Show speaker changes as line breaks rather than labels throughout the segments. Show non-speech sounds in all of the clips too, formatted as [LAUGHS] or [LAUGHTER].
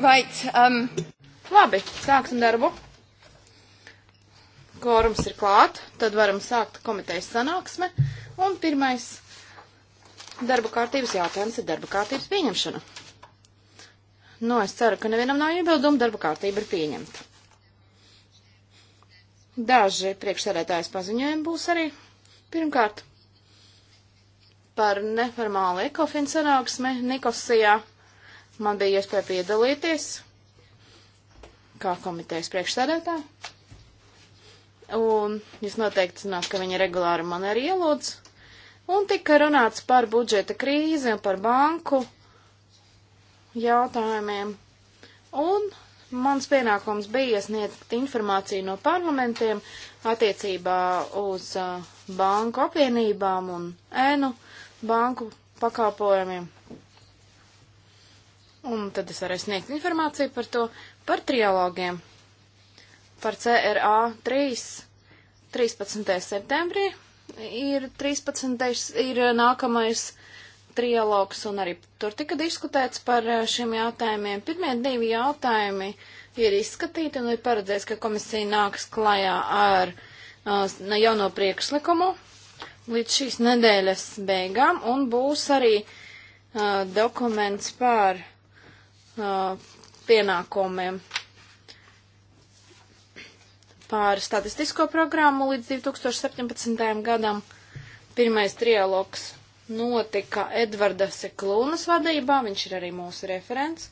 Right, um... Labi, sāksim darbu. Kvorums ir klāt, tad varam sākt komitejas sanāksme. Un pirmais darba kārtības jautājums ir darba kārtības pieņemšana. Nu, es ceru, ka nevienam nav iebildumu, darba kārtība ir pieņemta. Daži priekšsēdētājs paziņojumi būs arī. Pirmkārt, par neformālu ekofinu sanāksmi Nikosijā Man bija iespēja piedalīties kā komitejas priekšsēdētāja. Un jūs noteikti zināt, ka viņi regulāri man arī ielūdz. Un tika runāts par budžeta krīzi un par banku jautājumiem. Un mans pienākums bija sniegt informāciju no parlamentiem attiecībā uz uh, banku apvienībām un ēnu banku pakalpojumiem un tad es varēšu sniegt informāciju par to, par trialogiem. Par CRA 3, 13. septembrī ir 13. ir nākamais trialogs, un arī tur tika diskutēts par eh, šiem jautājumiem. Pirmie divi jautājumi ir izskatīti, un ir paredzēts, ka komisija nāks klajā ar uh, jauno priekšlikumu līdz šīs nedēļas beigām, un būs arī uh, dokuments par uh, Uh, pienākumiem pār statistisko programmu līdz 2017. gadam. Pirmais trialogs notika Edvarda Seklūnas vadībā, viņš ir arī mūsu referents.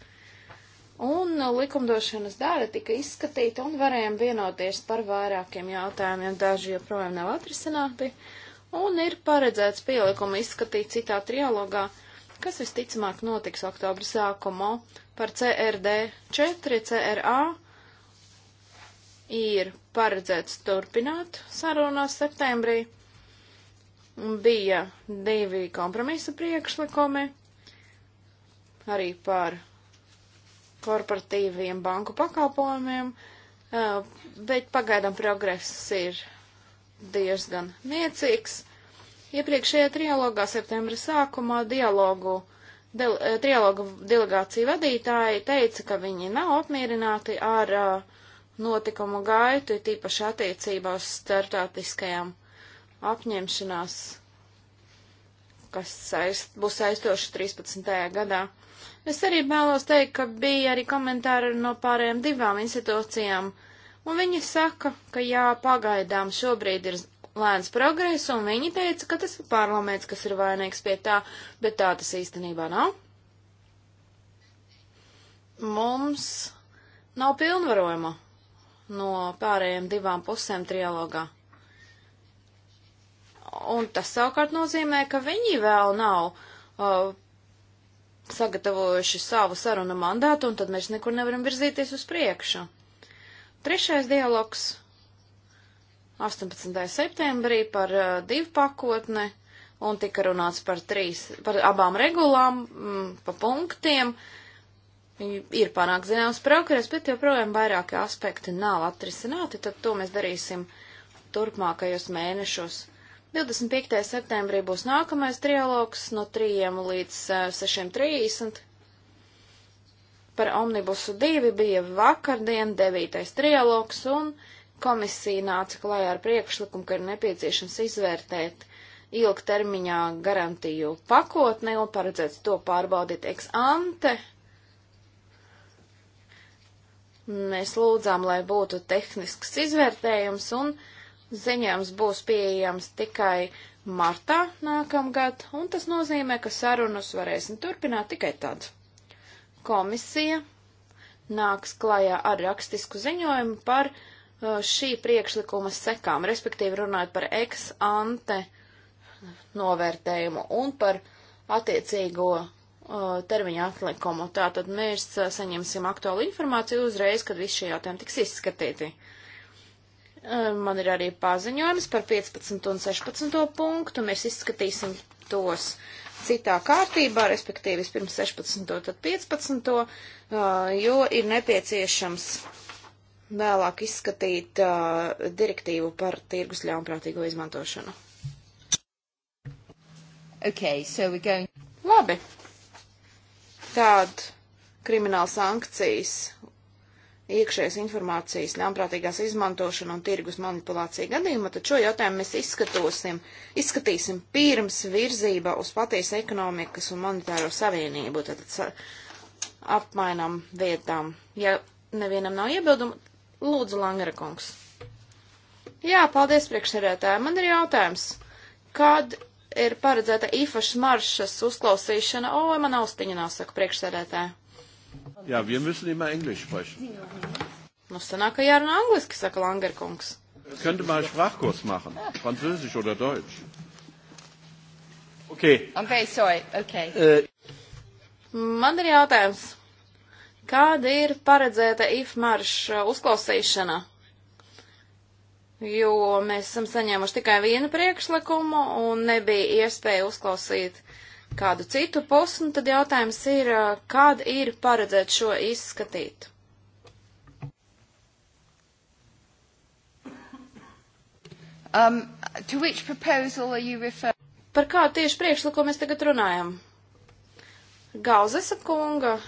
Un likumdošanas dāra tika izskatīta un varējām vienoties par vairākiem jautājumiem, daži joprojām nav atrisināti. Un ir paredzēts pielikumu izskatīt citā trialogā, kas visticamāk notiks oktobra sākumā par CRD 4, CRA ir paredzēts turpināt sarunās septembrī. Bija divi kompromisa priekšlikumi arī par korporatīviem banku pakalpojumiem, bet pagaidām progress ir diezgan niecīgs. Iepriekšējā trialogā septembra sākumā dialogu uh, del, eh, trialoga delegācija vadītāji teica, ka viņi nav apmierināti ar uh, notikumu gaitu, tīpaši attiecībā uz startautiskajām apņemšanās, kas saist, būs saistoši 13. gadā. Es arī vēlos teikt, ka bija arī komentāri no pārējām divām institūcijām, un viņi saka, ka jā, pagaidām šobrīd ir lēns progress, un viņi teica, ka tas ir parlaments, kas ir vainīgs pie tā, bet tā tas īstenībā nav. Mums nav pilnvarojuma no pārējiem divām pusēm trialogā. Un tas savukārt nozīmē, ka viņi vēl nav uh, sagatavojuši savu sarunu mandātu, un tad mēs nekur nevaram virzīties uz priekšu. Trešais dialogs 18. septembrī par uh, divu pakotni un tika runāts par, trīs, par abām regulām, m, mm, pa punktiem. Ir panāk zināms progress, bet joprojām vairāki aspekti nav atrisināti, tad to mēs darīsim turpmākajos mēnešos. 25. septembrī būs nākamais trialogs no 3 līdz uh, 6.30. Par omnibusu 2 bija vakardien 9. trialogs un uh, Komisija nāca klajā ar priekšlikumu, ka ir nepieciešams izvērtēt ilgtermiņā garantiju pakotni un paredzēts to pārbaudīt ex ante. Mēs lūdzām, lai būtu tehnisks izvērtējums un ziņojums būs pieejams tikai martā nākamgad, un tas nozīmē, ka sarunas varēsim turpināt tikai tad. Komisija nāks klajā ar rakstisku ziņojumu par Uh, šī priekšlikuma sekām, respektīvi runājot par ex ante novērtējumu un par attiecīgo uh, termiņa atlikumu. Tātad mēs uh, saņemsim aktuālu informāciju uzreiz, kad visi šie jautājumi tiks izskatīti. Uh, man ir arī paziņojums par 15 un 16 punktu. Mēs izskatīsim tos citā kārtībā, respektīvi vispirms 16, tad 15, uh, jo ir nepieciešams vēlāk izskatīt uh, direktīvu par tirgus ļaunprātīgo izmantošanu.
Okay, so we're going...
Labi. Tād krimināla sankcijas, iekšējas informācijas, ļaunprātīgās izmantošana un tirgus manipulācija gadījumā, tad šo jautājumu mēs izskatosim, izskatīsim pirms virzība uz patiesu ekonomikas un monetāro savienību. Tad apmainām vietām. Ja nevienam nav iebildumu, Lūdzu, Langera kungs. Jā, paldies priekšsarētāji. Man ir jautājums. Kad ir paredzēta īpaša maršas uzklausīšana? O, man austiņa nav, saka priekšsarētāji.
Jā, wir müssen immer Englisch sprechen.
Nu, sanāk, ka jārunā angliski, saka Langer
kungs. Könnte mal Sprachkurs machen. Französisch oder Deutsch.
Okay.
Okay, sorry. Okay. Uh. Man ir jautājums.
Kāda ir paredzēta IFMARŠ uh, uzklausīšana? Jo mēs esam saņēmuši tikai vienu priekšlikumu un nebija iespēja uzklausīt kādu citu pusi, un tad jautājums ir, uh, kāda ir
paredzēta šo izskatīt? Um, to which proposal are you referring? Par
kā tieši priekšlikumu mēs tagad runājam? Gauzesa kunga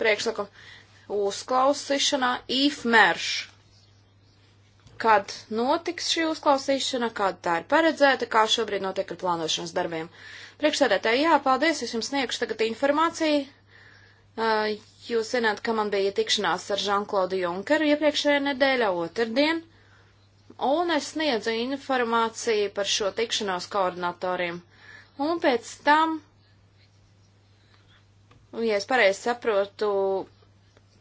priekšlikumu uzklausīšanā īfmērš. Kad notiks šī uzklausīšana, kad tā ir paredzēta, kā šobrīd notiek ar plānošanas darbiem. Priekšsēdētāji, jā, paldies, es jums sniegšu tagad informāciju. Uh, jūs zināt, ka man bija tikšanās ar Žanklodu Junkeru iepriekšējā nedēļā otrdien, un es sniedzu informāciju par šo tikšanos koordinatoriem. Un pēc tam Un, ja es pareizi saprotu,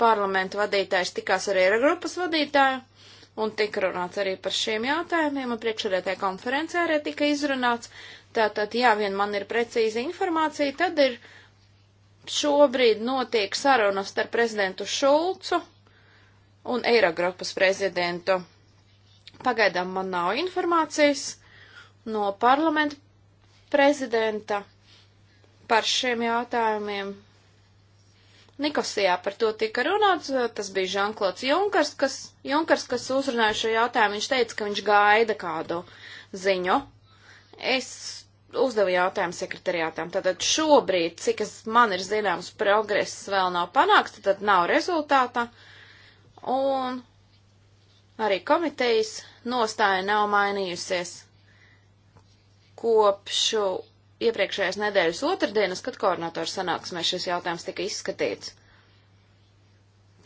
parlamentu vadītājs tikās ar Eirogrupas vadītāju, un tika runāts arī par šiem jautājumiem, un priekšredētajā konferencē arī tika izrunāts. Tātad, ja vien man ir precīza informācija, tad ir šobrīd notiek sarunas starp prezidentu Šulcu un Eirogrupas prezidentu. Pagaidām man nav informācijas no parlamenta prezidenta par šiem jautājumiem. Nikosijā par to tika runāts, tas bija Žanklots Junkars, kas, Junkars, kas uzrunāja šo jautājumu, viņš teica, ka viņš gaida kādu ziņu. Es uzdevu jautājumu sekretariātām, tātad šobrīd, cik es man ir zināms, progress vēl nav panākts, tad nav rezultāta, un arī komitejas nostāja nav mainījusies kopš iepriekšējās nedēļas otrdienas, kad koordinatoru sanāksmē šis jautājums tika izskatīts.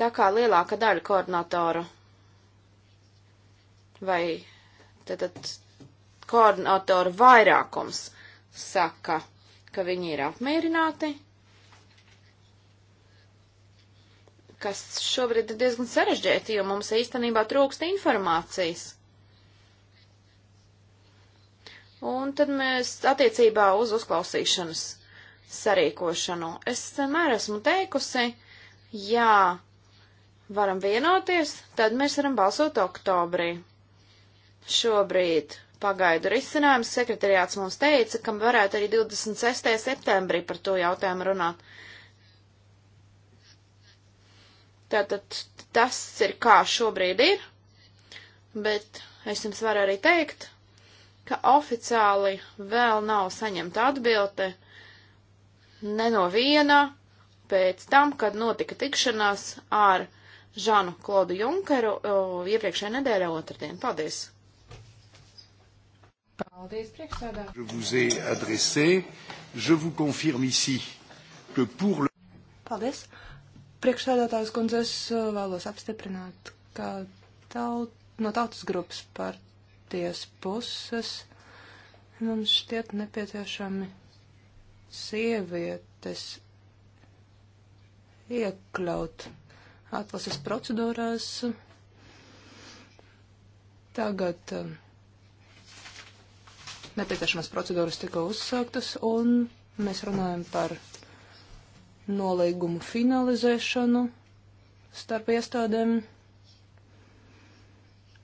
Tā kā lielāka daļa koordinatoru vai tad koordinatoru vairākums saka, ka viņi ir apmierināti, kas šobrīd ir diezgan sarežģīti, jo mums īstenībā trūkst informācijas Un tad mēs attiecībā uz uzklausīšanas sarīkošanu. Es vienmēr esmu teikusi, jā, varam vienoties, tad mēs varam balsot oktobrī. Šobrīd pagaidu risinājums sekretariāts mums teica, ka varētu arī 26. septembrī par to jautājumu runāt. Tātad tas ir kā šobrīd ir, bet es jums varu arī teikt, ka oficiāli vēl nav saņemta atbilde ne no viena pēc tam, kad notika tikšanās ar Žanu Klodu Junkeru iepriekšējā nedēļā otrdien. Paldies!
Paldies, priekšsēdā!
Paldies! Priekšsēdētājs kundze, es vēlos apstiprināt, ka taut, no tautas grupas par iesaistīties puses. Mums šķiet nepieciešami sievietes iekļaut atlases procedūrās. Tagad um, nepieciešamās procedūras tika uzsāktas, un mēs runājam par nolīgumu finalizēšanu starp iestādēm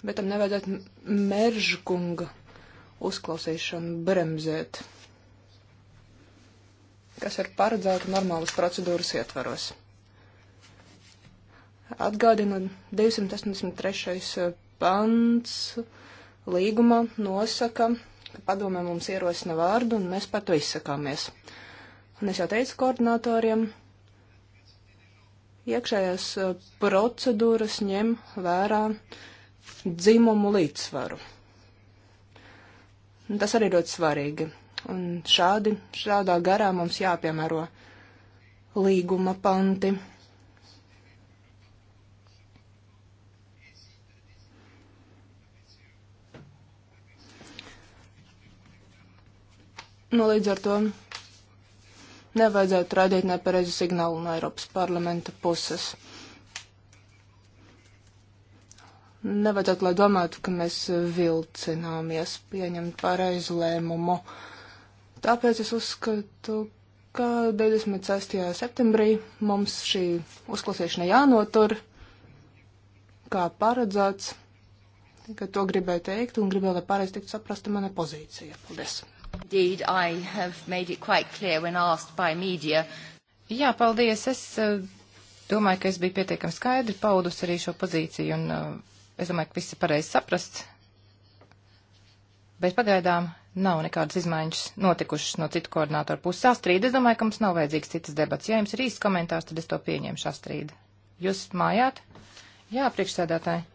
bet tam nevajadzētu meržkunga uzklausīšanu bremzēt, kas ir paredzēta normālas procedūras ietvaros. Atgādinu 283. Eh, pants līguma nosaka, ka padomē mums ierosina vārdu un mēs par to izsakāmies. Un es jau teicu koordinatoriem, iekšējās eh, procedūras ņem vērā uh, dzimumu līdzsvaru. Un tas arī ļoti svarīgi. Un šādi, šādā garā mums jāpiemēro līguma panti. Nu, no līdz ar to nevajadzētu raidīt nepareizu signālu no Eiropas parlamenta puses nevajadzētu, lai domātu, ka mēs vilcināmies pieņemt pareizu lēmumu. Tāpēc es uzskatu, ka 26. septembrī mums šī uzklausīšana jānotur, kā paredzēts. Tikai to gribēju teikt un gribēju, lai pareizi tiktu saprasta mana pozīcija.
Paldies! Indeed, I have made it quite clear when asked by media. Jā, paldies. Es uh, domāju, ka es biju pietiekami skaidri
paudus arī šo pozīciju un uh, Es domāju, ka viss ir pareizi saprasts. Bet pagaidām nav nekādas izmaiņas notikušas no citu koordinātoru puses. Astrīda, es domāju, ka mums nav vajadzīgs citas debats. Ja jums ir īsts komentārs, tad es to pieņemšu, Astrīda. Jūs mājāt? Jā, priekšsēdētāji.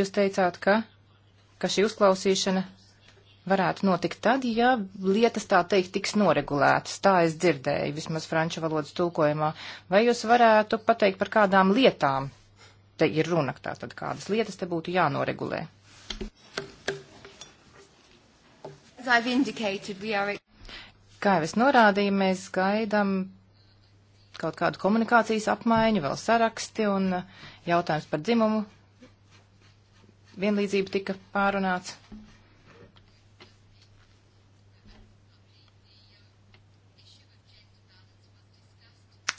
Jūs teicāt, ka, ka šī uzklausīšana varētu notikt tad, ja lietas tā teikt tiks noregulētas. Tā es dzirdēju, vismaz franču valodas tulkojumā. Vai jūs varētu pateikt par kādām lietām te ir runa, tātad kādas lietas te būtu jānoregulē.
Are...
Kā jau es norādīju, mēs gaidam kaut kādu komunikācijas apmaiņu, vēl saraksti un uh, jautājums par dzimumu vienlīdzību tika pārunāts.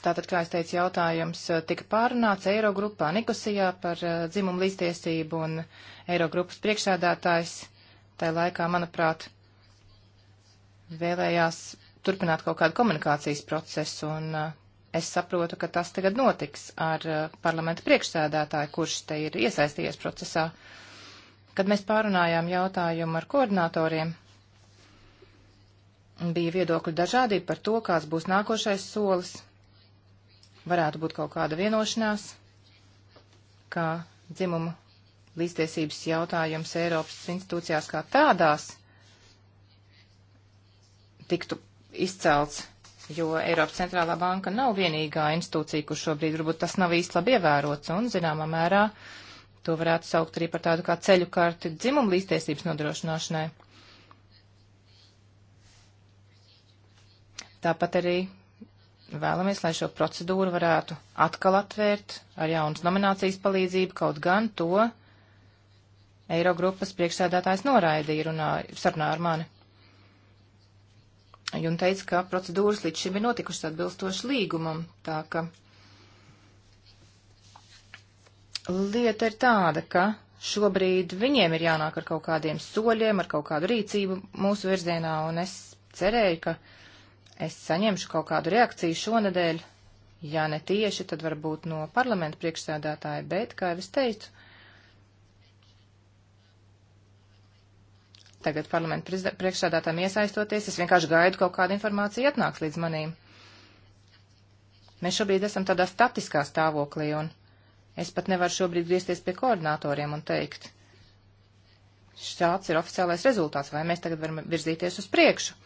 Tātad, kā es teicu, jautājums eh, tika pārunāts Eirogrupā Nikosijā par eh, dzimumu līdztiesību un Eirogrupas priekšsēdētājs tai laikā, manuprāt, vēlējās turpināt kaut kādu komunikācijas procesu un eh, es saprotu, ka tas tagad notiks ar parlamenta priekšsēdētāju, kurš te ir iesaistījies procesā. Kad mēs pārunājām jautājumu ar koordinatoriem, bija viedokļu dažādība par to, kāds būs nākošais solis varētu būt kaut kāda vienošanās, kā dzimuma līdztiesības jautājums Eiropas institūcijās kā tādās tiktu izcelts, jo Eiropas centrālā banka nav vienīgā institūcija, kur šobrīd varbūt tas nav īsti labi ievērots, un zināmā mērā to varētu saukt arī par tādu kā ceļu karti dzimuma līdztiesības nodrošināšanai. Tāpat arī Vēlamies, lai šo procedūru varētu atkal atvērt ar jaunas nominācijas palīdzību, kaut gan to Eirogrupas priekšsēdētājs noraidīja runāja, sarunā ar mani. Un teica, ka procedūras līdz šim ir notikušas atbilstoši līgumam, tā ka lieta ir tāda, ka šobrīd viņiem ir jānāk ar kaut kādiem soļiem, ar kaut kādu rīcību mūsu virzienā, un es cerēju, ka Es saņemšu kaut kādu reakciju šonadēļ, ja ne tieši, tad varbūt no parlamenta priekšsēdētāja, bet, kā jau es teicu, tagad parlamenta priekšsādātām iesaistoties, es vienkārši gaidu kaut kādu informāciju atnāks līdz manīm. Mēs šobrīd esam tādā statiskā stāvoklī, un es pat nevaru šobrīd griezties pie koordinatoriem un teikt, šāds ir oficiālais rezultāts, vai mēs tagad varam virzīties uz priekšu.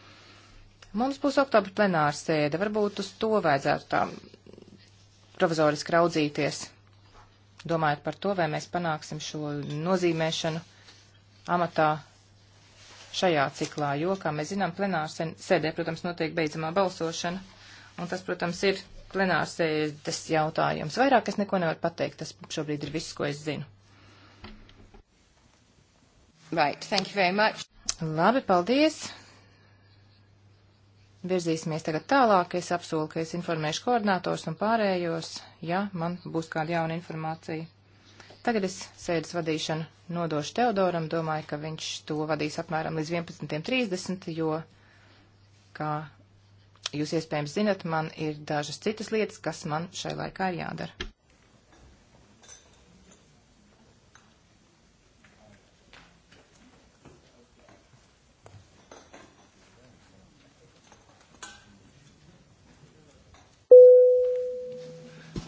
Mums būs oktobra plenāra sēde, varbūt uz to vajadzētu tā provizoriski raudzīties, domājot par to, vai mēs panāksim šo nozīmēšanu amatā šajā ciklā, jo, kā mēs zinām, plenāra sēdē, protams, notiek beidzamā balsošana, un tas, protams, ir plenāra sēdes jautājums. Vairāk es neko nevaru pateikt, tas šobrīd ir viss, ko es zinu. Right, thank you very much. Labi, paldies. Virzīsimies tagad tālāk. Es apsolu, ka es informēšu koordinātors un pārējos, ja man būs kāda jauna informācija. Tagad es sēdes vadīšanu nodošu Teodoram. Domāju, ka viņš to vadīs apmēram līdz 11.30, jo, kā jūs iespējams zinat, man ir dažas citas lietas, kas man šai laikā ir jādara.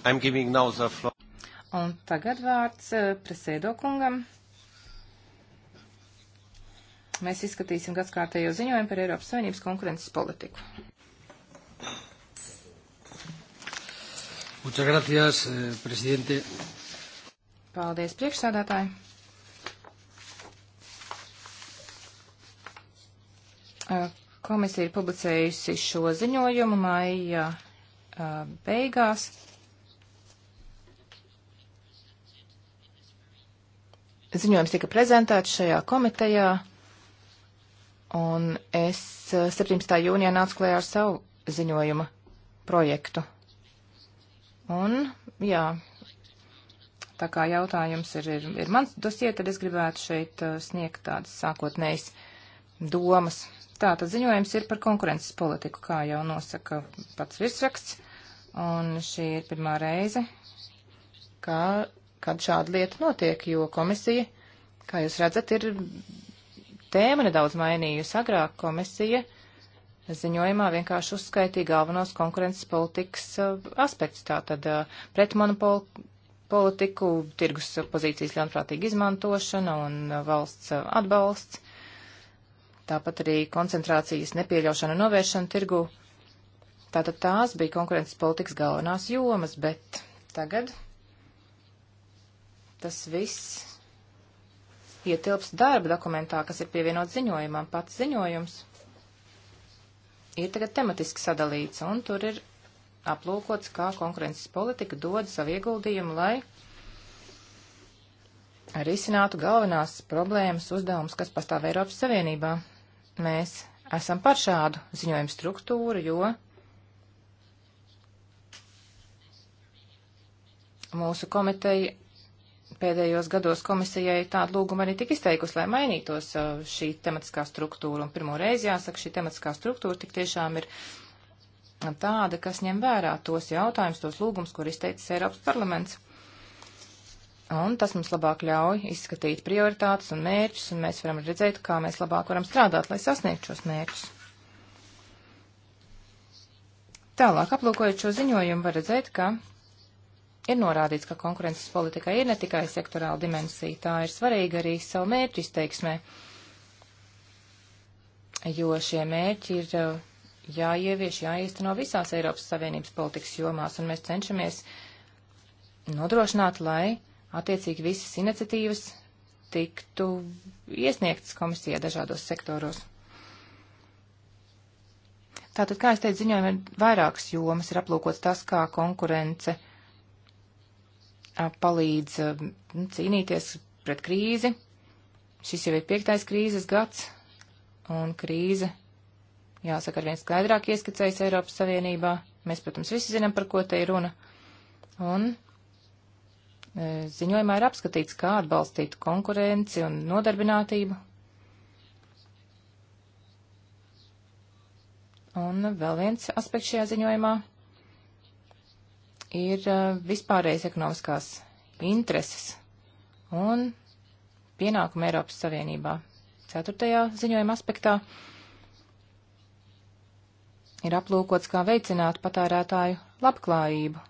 I'm giving now the floor.
Un tagad vārds eh, presēdo kungam. Mēs izskatīsim gadskārtējo ziņojumu par Eiropas Savienības konkurences politiku.
Muchas gracias, eh, presidente.
Paldies, priekšsādātāji. Eh, komisija ir publicējusi šo ziņojumu maija beigās. Ziņojums tika prezentēts šajā komitejā, un es 17. Eh, jūnijā nācu klajā ar savu ziņojumu projektu. Un, jā, tā kā jautājums ir, ir, ir mans dosie, tad es gribētu šeit uh, sniegt tādas sākotnējas domas. Tātad ziņojums ir par konkurences politiku, kā jau nosaka pats virsraksts, un šī ir pirmā reize, kā kad šāda lieta notiek, jo komisija, kā jūs redzat, ir tēma nedaudz mainījusi. Agrāk komisija ziņojumā vienkārši uzskaitīja galvenos konkurences politikas uh, aspektus, tātad uh, pretmonopolu politiku, tirgus pozīcijas ļaunprātīga izmantošana un uh, valsts atbalsts, tāpat arī koncentrācijas nepieļaušana un novēršana tirgu. Tātad tās bija konkurences politikas galvenās jomas, bet tagad Tas viss ietilps darba dokumentā, kas ir pievienot ziņojumam. Pats ziņojums ir tagad tematiski sadalīts, un tur ir aplūkots, kā konkurences politika dod savu ieguldījumu, lai risinātu galvenās problēmas uzdevums, kas pastāv Eiropas Savienībā. Mēs esam par šādu ziņojumu struktūru, jo mūsu komiteja pēdējos gados komisijai tādu lūgumu arī tika izteikusi, lai mainītos uh, šī tematiskā struktūra. Un pirmo reizi jāsaka, šī tematiskā struktūra tik tiešām ir tāda, kas ņem vērā tos jautājumus, tos lūgumus, kur izteicis Eiropas parlaments. Un tas mums labāk ļauj izskatīt prioritātes un mērķus, un mēs varam redzēt, kā mēs labāk varam strādāt, lai sasniegtu šos mērķus. Tālāk aplūkojot šo ziņojumu, var redzēt, ka ir norādīts, ka konkurences politika ir ne tikai sektorāla dimensija, tā ir svarīga arī savu mērķu izteiksmē, jo šie mērķi ir uh, jāievieš, jāīsteno visās Eiropas Savienības politikas jomās, un mēs cenšamies nodrošināt, lai attiecīgi visas iniciatīvas tiktu iesniegtas komisijā dažādos sektoros. Tātad, kā es teicu, ziņojumi ir vairākas jomas, ir aplūkots tas, kā konkurence uh, palīdz nu, cīnīties pret krīzi. Šis jau ir piektais krīzes gads, un krīze, jāsaka, arvien skaidrāk ieskicējas Eiropas Savienībā. Mēs, protams, visi zinām, par ko te ir runa. Un ziņojumā ir apskatīts, kā atbalstīt konkurenci un nodarbinātību. Un vēl viens aspekts šajā ziņojumā ir vispārējais ekonomiskās intereses un pienākumi Eiropas Savienībā. Ceturtajā ziņojuma aspektā ir aplūkots, kā veicināt patērētāju labklājību.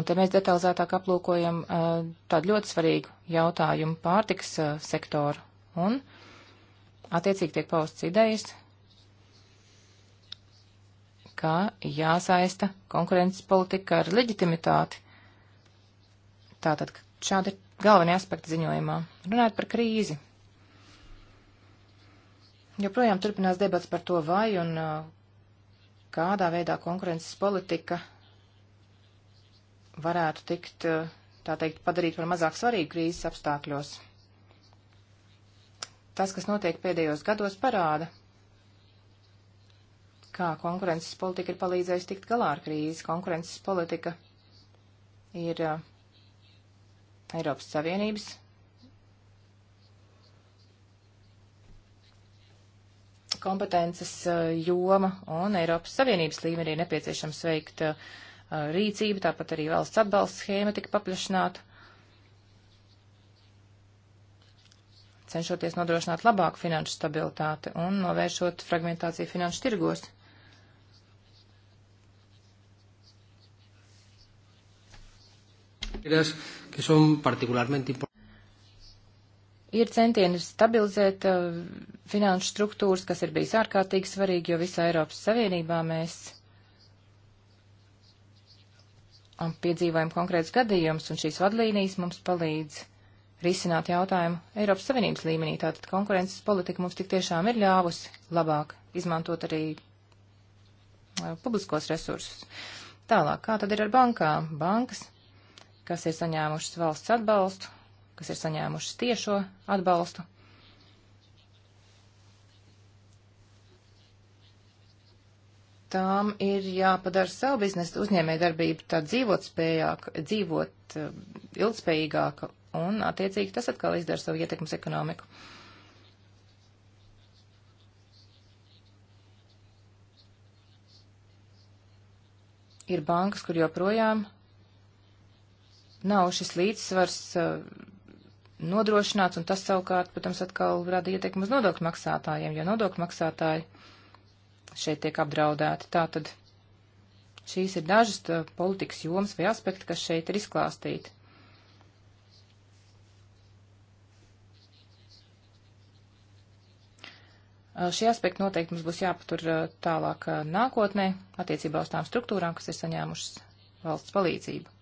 Un te mēs detalizētāk aplūkojam uh, tādu ļoti svarīgu jautājumu pārtiks uh, sektoru. Un attiecīgi tiek pausts idejas, ka jāsaista konkurences politika ar leģitimitāti. Tātad šādi ir galvenie aspekti ziņojumā. Runājot par krīzi. Joprojām turpinās debats par to, vai un uh, kādā veidā konkurences politika varētu tikt, uh, tā teikt, padarīt par mazāk svarīgu krīzes apstākļos. Tas, kas notiek pēdējos gados, parāda, kā konkurences politika ir palīdzējusi tikt galā ar krīzi. Konkurences politika ir uh, Eiropas Savienības kompetences uh, joma un Eiropas Savienības līmenī ir nepieciešams veikt uh, uh, rīcību, tāpat arī valsts atbalsts schēma tika paplašināta, cenšoties nodrošināt labāku finanšu stabilitāti un novēršot fragmentāciju finanšu tirgos. Ir centieni stabilizēt uh, finanšu struktūras, kas ir bijis ārkārtīgi svarīgi, jo visā Eiropas Savienībā mēs um, piedzīvojam konkrēts gadījums, un šīs vadlīnijas mums palīdz risināt jautājumu Eiropas Savienības līmenī. Tātad konkurences politika mums tik tiešām ir ļāvusi labāk izmantot arī uh, publiskos resursus. Tālāk, kā tad ir ar bankām? Bankas kas ir saņēmušas valsts atbalstu, kas ir saņēmušas tiešo atbalstu. Tām ir jāpadara savu biznesu uzņēmē darbību tā dzīvot spējāk, dzīvot eh, ilgspējīgāka un, attiecīgi, tas atkal izdara savu ietekmes ekonomiku. ir bankas, kur joprojām nav šis līdzsvars uh, nodrošināts, un tas savukārt, protams, atkal rada ietekmi uz nodokļu maksātājiem, jo nodokļu maksātāji šeit tiek apdraudēti. Tātad šīs ir dažas uh, politikas jomas vai aspekti, kas šeit ir izklāstīti. Uh, šie aspekti noteikti mums būs jāpatur tālāk nākotnē attiecībā uz tām struktūrām, kas ir saņēmušas valsts palīdzību.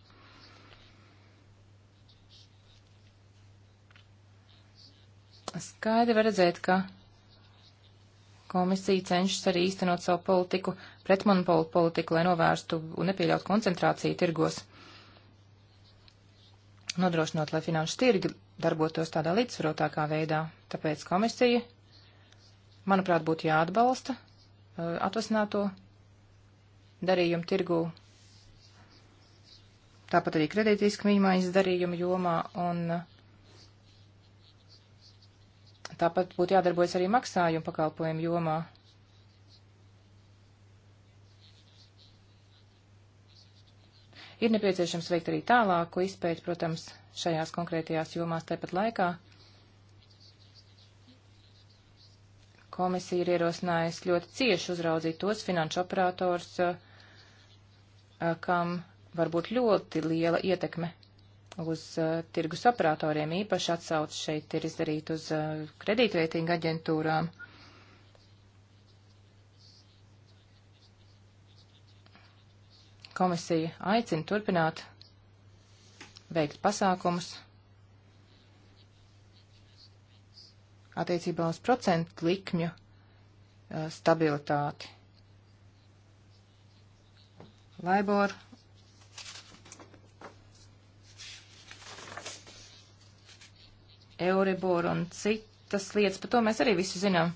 Skaidri var redzēt, ka komisija cenšas arī īstenot savu politiku, pretmonopolu politiku, lai novērstu un nepieļautu koncentrāciju tirgos, nodrošinot, lai finanšu tirgi darbotos tādā līdzsvarotākā veidā. Tāpēc komisija, manuprāt, būtu jāatbalsta eh, atvasināto darījumu tirgū, tāpat arī kredītiskuma izmaiņas darījumu jomā un uh, Tāpat būtu jādarbojas arī maksājumu pakalpojumu jomā. Ir nepieciešams veikt arī tālāku izpēti, protams, šajās konkrētajās jomās tāpat laikā. Komisija ir ierosinājusi ļoti cieši uzraudzīt tos finanšu operators, eh, kam var būt ļoti liela ietekme uz uh, tirgus operatoriem. Īpaši atsauc šeit ir izdarīt uz uh, kredītveitinga aģentūrām. Komisija aicina turpināt veikt pasākumus attiecībā uz procentu likmju uh, stabilitāti. Laibor Euribor un citas lietas, par to mēs arī visu zinām.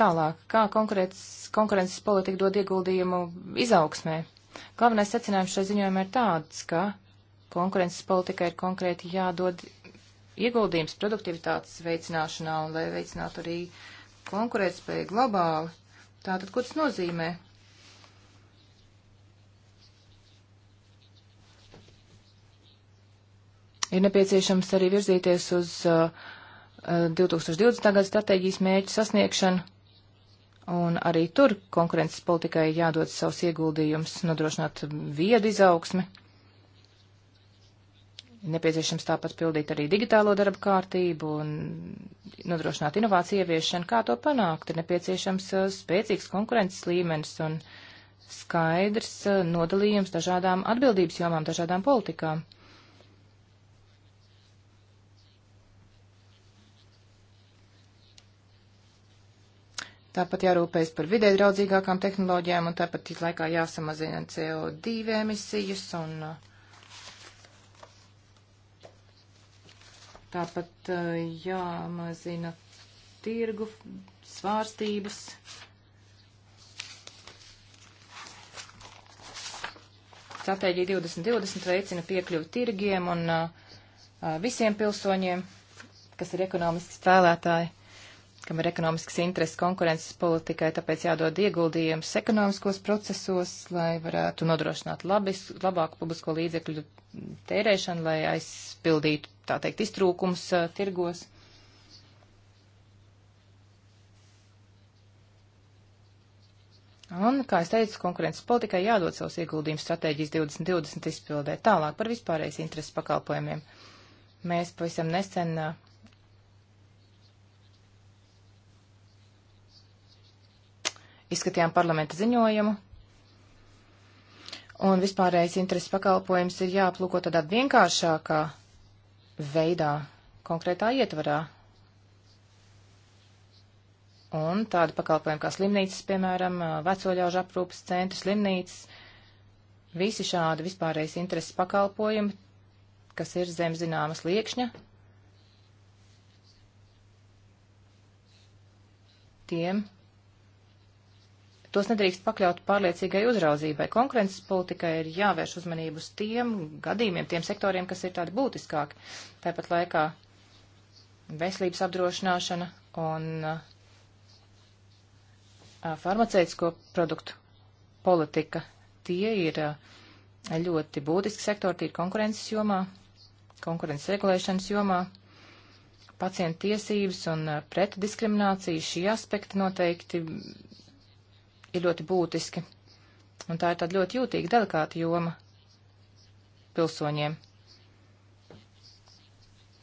Tālāk, kā konkurences politika dod ieguldījumu izaugsmē? Galvenais secinājums šai ziņojumā ir tāds, ka konkurences politikai ir konkrēti jādod ieguldījums produktivitātes veicināšanā un lai veicinātu arī konkurētspēju globāli. Tātad, ko tas nozīmē? ir nepieciešams arī virzīties uz uh, 2020. Uh, gada stratēģijas mēģu sasniegšanu, un arī tur konkurences politikai jādod savus ieguldījumus, nodrošināt viedu izaugsmi. Nepieciešams tāpat pildīt arī digitālo darba kārtību un nodrošināt inovāciju ieviešanu. Kā to panākt? Ir nepieciešams uh, spēcīgs konkurences līmenis un skaidrs uh, nodalījums dažādām atbildības jomām, dažādām politikām. Tāpat jārūpējas par vidē draudzīgākām tehnoloģijām un tāpat it laikā jāsamazina CO2 emisijas un uh, tāpat uh, jāmazina tirgu svārstības. Stratēģija 2020 veicina piekļuvi tirgiem un uh, visiem pilsoņiem, kas ir ekonomiski spēlētāji kam ir ekonomisks intereses konkurences politikai, tāpēc jādod ieguldījums ekonomiskos procesos, lai varētu nodrošināt labis, labāku publisko līdzekļu tērēšanu, lai aizpildītu, tā teikt, iztrūkums uh, tirgos. Un, kā es teicu, konkurences politikai jādod savus ieguldījumus stratēģijas 2020 izpildē tālāk par vispārējais intereses pakalpojumiem. Mēs pavisam nesen uh, izskatījām parlamenta ziņojumu. Un vispārējais intereses pakalpojums ir jāaplūko tādā vienkāršākā veidā, konkrētā ietvarā. Un tādi pakalpojumi kā slimnīcas, piemēram, vecoļaužu aprūpas centri, slimnīcas, visi šādi vispārējais intereses pakalpojumi, kas ir zem zināmas liekšņa, tiem Tos nedrīkst pakļaut pārliecīgai uzraudzībai. Konkurences politikai ir jāvērš uzmanību uz tiem gadījumiem, tiem sektoriem, kas ir tādi būtiskāki. Tāpat laikā veselības apdrošināšana un farmaceitisko produktu politika. Tie ir ļoti būtiski sektori, tie ir konkurences jomā, konkurences regulēšanas jomā, pacienta tiesības un pretdiskriminācija. Šie aspekti noteikti ir ļoti būtiski. Un tā ir tāda ļoti jūtīga, delikāta joma pilsoņiem.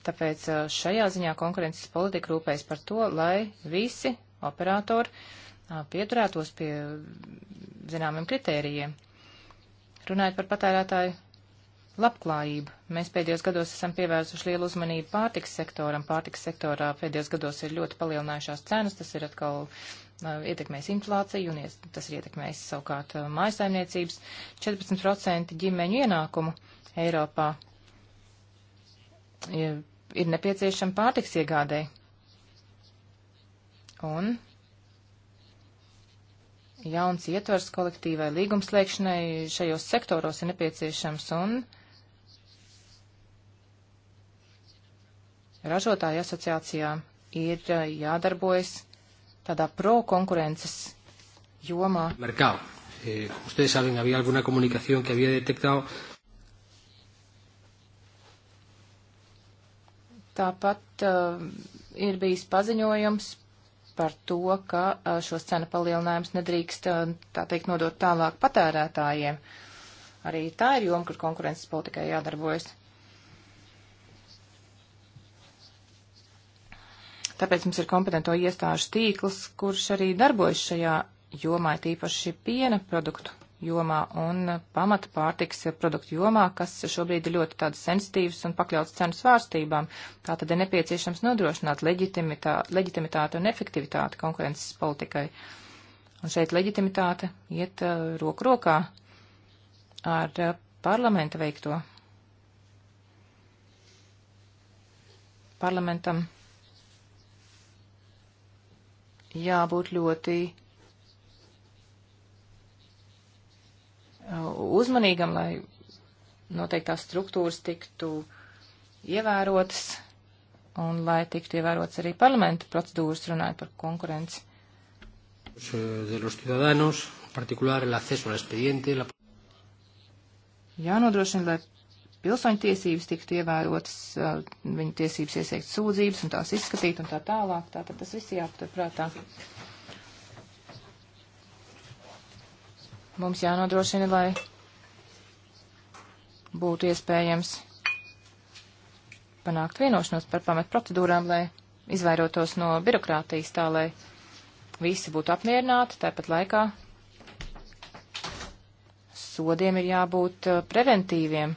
Tāpēc šajā ziņā konkurences politika rūpējas par to, lai visi operatori pieturētos pie zināmiem kritērijiem. Runājot par patērētāju labklājību, mēs pēdējos gados esam pievērsuši lielu uzmanību pārtiks sektoram. Pārtiks sektorā pēdējos gados ir ļoti palielinājušās cenas, tas ir atkal Uh, ietekmēs inflāciju un tas ir ietekmēs savukārt uh, mājasaimniecības 14% ģimeņu ienākumu Eiropā ir nepieciešama pārtiks iegādēji. Un jauns ietvers kolektīvai līgumslēgšanai šajos sektoros ir nepieciešams un ražotāju asociācijām ir uh, jādarbojas tādā pro-konkurences jomā.
Merkau. Eh, ustedes saben, había alguna comunicación que había detectado.
Tāpat uh, ir bijis paziņojums par to, ka uh, šos cenu palielinājumus nedrīkst, uh, tā teikt, nodot tālāk patērētājiem. Arī tā ir joma, kur konkurences politikai jādarbojas. Tāpēc mums ir kompetento iestāžu tīkls, kurš arī darbojas šajā jomā, tīpaši piena produktu jomā un pamata pārtiks produktu jomā, kas šobrīd ir ļoti tāds sensitīvs un pakļauts cenu svārstībām. Tā tad ir nepieciešams nodrošināt leģitimitā, leģitimitāti un efektivitāti konkurences politikai. Un šeit leģitimitāte iet uh, roku rokā ar uh, parlamenta veikto. Parlamentam jābūt ļoti uh, uzmanīgam, lai noteiktās struktūras tiktu ievērotas un lai tiktu ievērotas arī parlamenta procedūras runājot par konkurenci. Jānodrošina, lai pilsoņtiesības tiktu ievērotas, viņu tiesības iesniegt sūdzības un tās izskatīt un tā tālāk. Tātad tas viss jāpatur prātā. Mums jānodrošina, lai būtu iespējams panākt vienošanos par pamat procedūrām, lai izvairotos no birokrātijas tā, lai visi būtu apmierināti, tāpat laikā sodiem ir jābūt preventīviem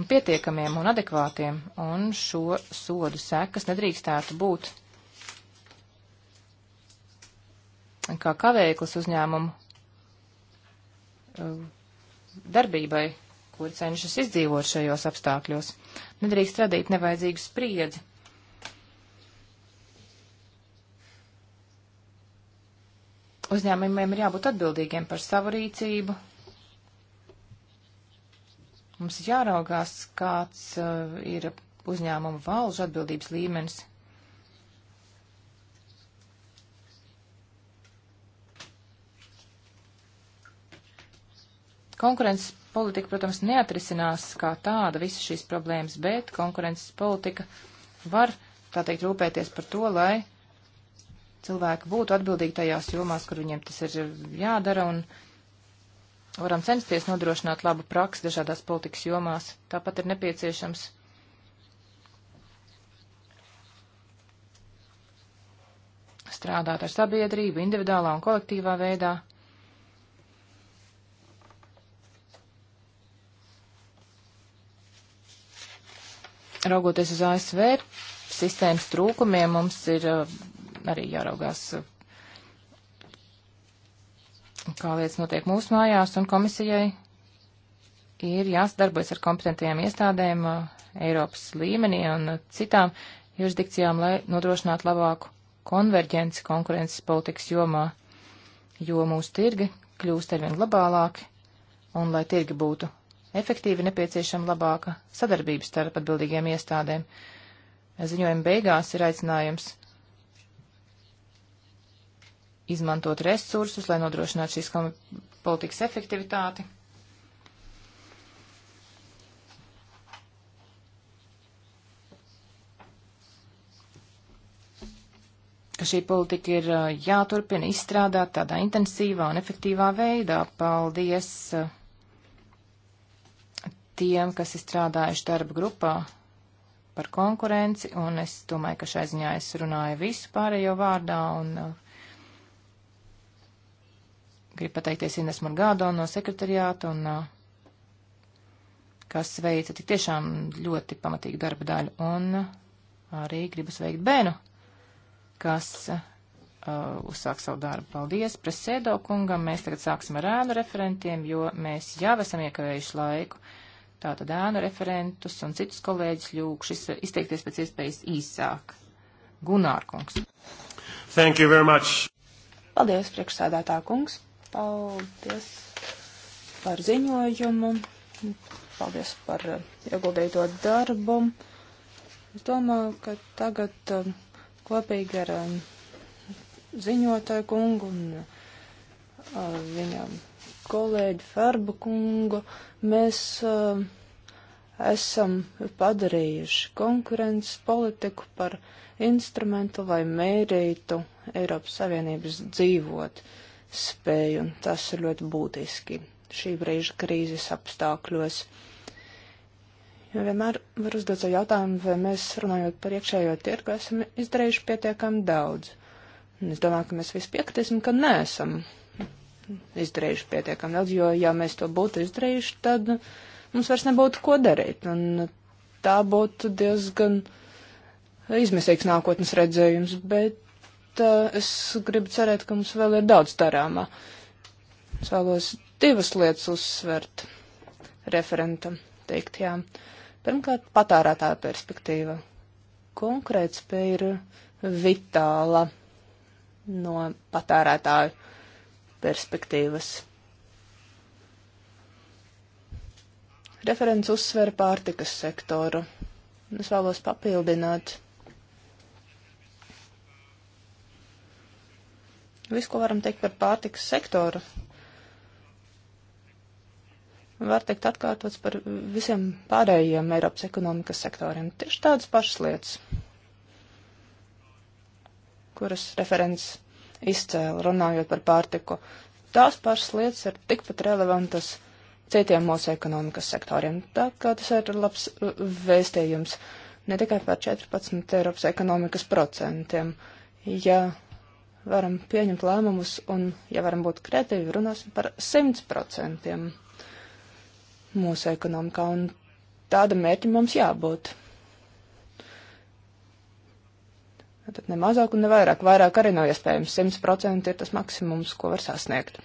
un pietiekamiem un adekvātiem, un šo sodu sekas nedrīkstētu būt kā kavēklis uzņēmumu uh, darbībai, kur cenšas izdzīvot šajos apstākļos. Nedrīkst radīt nevajadzīgu spriedzi. Uzņēmumiem ir jābūt atbildīgiem par savu rīcību, Mums jāraugās, kāds uh, ir uzņēmuma valžu atbildības līmenis. Konkurences politika, protams, neatrisinās kā tāda visas šīs problēmas, bet konkurences politika var, tā teikt, rūpēties par to, lai cilvēki būtu atbildīgi tajās jomās, kur viņiem tas ir jādara, un varam censties nodrošināt labu praksi dažādās politikas jomās. Tāpat ir nepieciešams strādāt ar sabiedrību individuālā un kolektīvā veidā. Raugoties uz ASV sistēmas trūkumiem, mums ir eh, arī jāraugās kā lietas notiek mūsu mājās, un komisijai ir jāsadarbojas ar kompetentajām iestādēm uh, Eiropas līmenī un uh, citām jurisdikcijām, lai nodrošinātu labāku konverģenci konkurences politikas jomā, jo mūsu tirgi kļūst arvien globālāki, un lai tirgi būtu efektīvi, nepieciešama labāka sadarbība starp atbildīgiem iestādēm. Ziņojuma beigās ir aicinājums izmantot resursus, lai nodrošinātu šīs politikas efektivitāti. ka šī politika ir uh, jāturpina izstrādāt tādā intensīvā un efektīvā veidā. Paldies uh, tiem, kas ir strādājuši darba grupā par konkurenci, un es domāju, ka šai ziņā es runāju visu pārējo vārdā, un uh, Gribu pateikties Ines Morgādo no sekretariāta un eh, kas veica tik tiešām ļoti pamatīgu darba daļu. Un eh, arī gribu sveikt Benu, kas uh, uzsāk savu darbu. Paldies presēdo kungam. Mēs tagad sāksim ar ēnu referentiem, jo mēs jau esam iekavējuši laiku. Tātad ēnu referentus un citus kolēģus ļūkšu izteikties pēc iespējas īsāk. Gunār kungs.
Thank you very much.
Paldies, priekšsēdētā kungs. Paldies par ziņojumu, paldies par eh, ieguldīto darbu. Es domāju, ka tagad eh, kopīgi ar eh, ziņotāju kungu un viņa kolēģi Ferba kungu mēs esam padarījuši konkurences politiku par instrumentu, lai mērītu Eiropas Savienības dzīvot. Uh, spēju, un tas ir ļoti būtiski šī brīža krīzes apstākļos. Jo vienmēr var uzdot sev jautājumu, vai mēs runājot par iekšējo tirgu esam izdarījuši pietiekami daudz. Un es domāju, ka mēs visi piekritīsim, ka neesam izdarījuši pietiekami daudz, jo ja mēs to būtu izdarījuši, tad mums vairs nebūtu ko darīt. Un tā būtu diezgan izmisīgs nākotnes redzējums, bet es gribu cerēt, ka mums vēl ir daudz darāmā. Es vēlos divas lietas uzsvert referentam teikt, jā. Pirmkārt, patārētāja perspektīva. Konkrētspēja ir vitāla no patērētāju perspektīvas. Referents uzsver pārtikas sektoru. Es vēlos papildināt Viss, ko varam teikt par pārtikas sektoru, var teikt atkārtots par visiem pārējiem Eiropas ekonomikas sektoriem. Tieši tādas pašas lietas, kuras referents izcēla, runājot par pārtiku. Tās pašas lietas ir tikpat relevantas citiem mūsu ekonomikas sektoriem. Tā kā tas ir labs vēstījums ne tikai par 14 Eiropas ekonomikas procentiem. Ja varam pieņemt lēmumus un, ja varam būt kreatīvi, runāsim par 100% mūsu ekonomikā. Un tāda mērķa mums jābūt. Tad ne mazāk un ne vairāk. Vairāk arī nav iespējams. 100% ir tas maksimums, ko var sasniegt.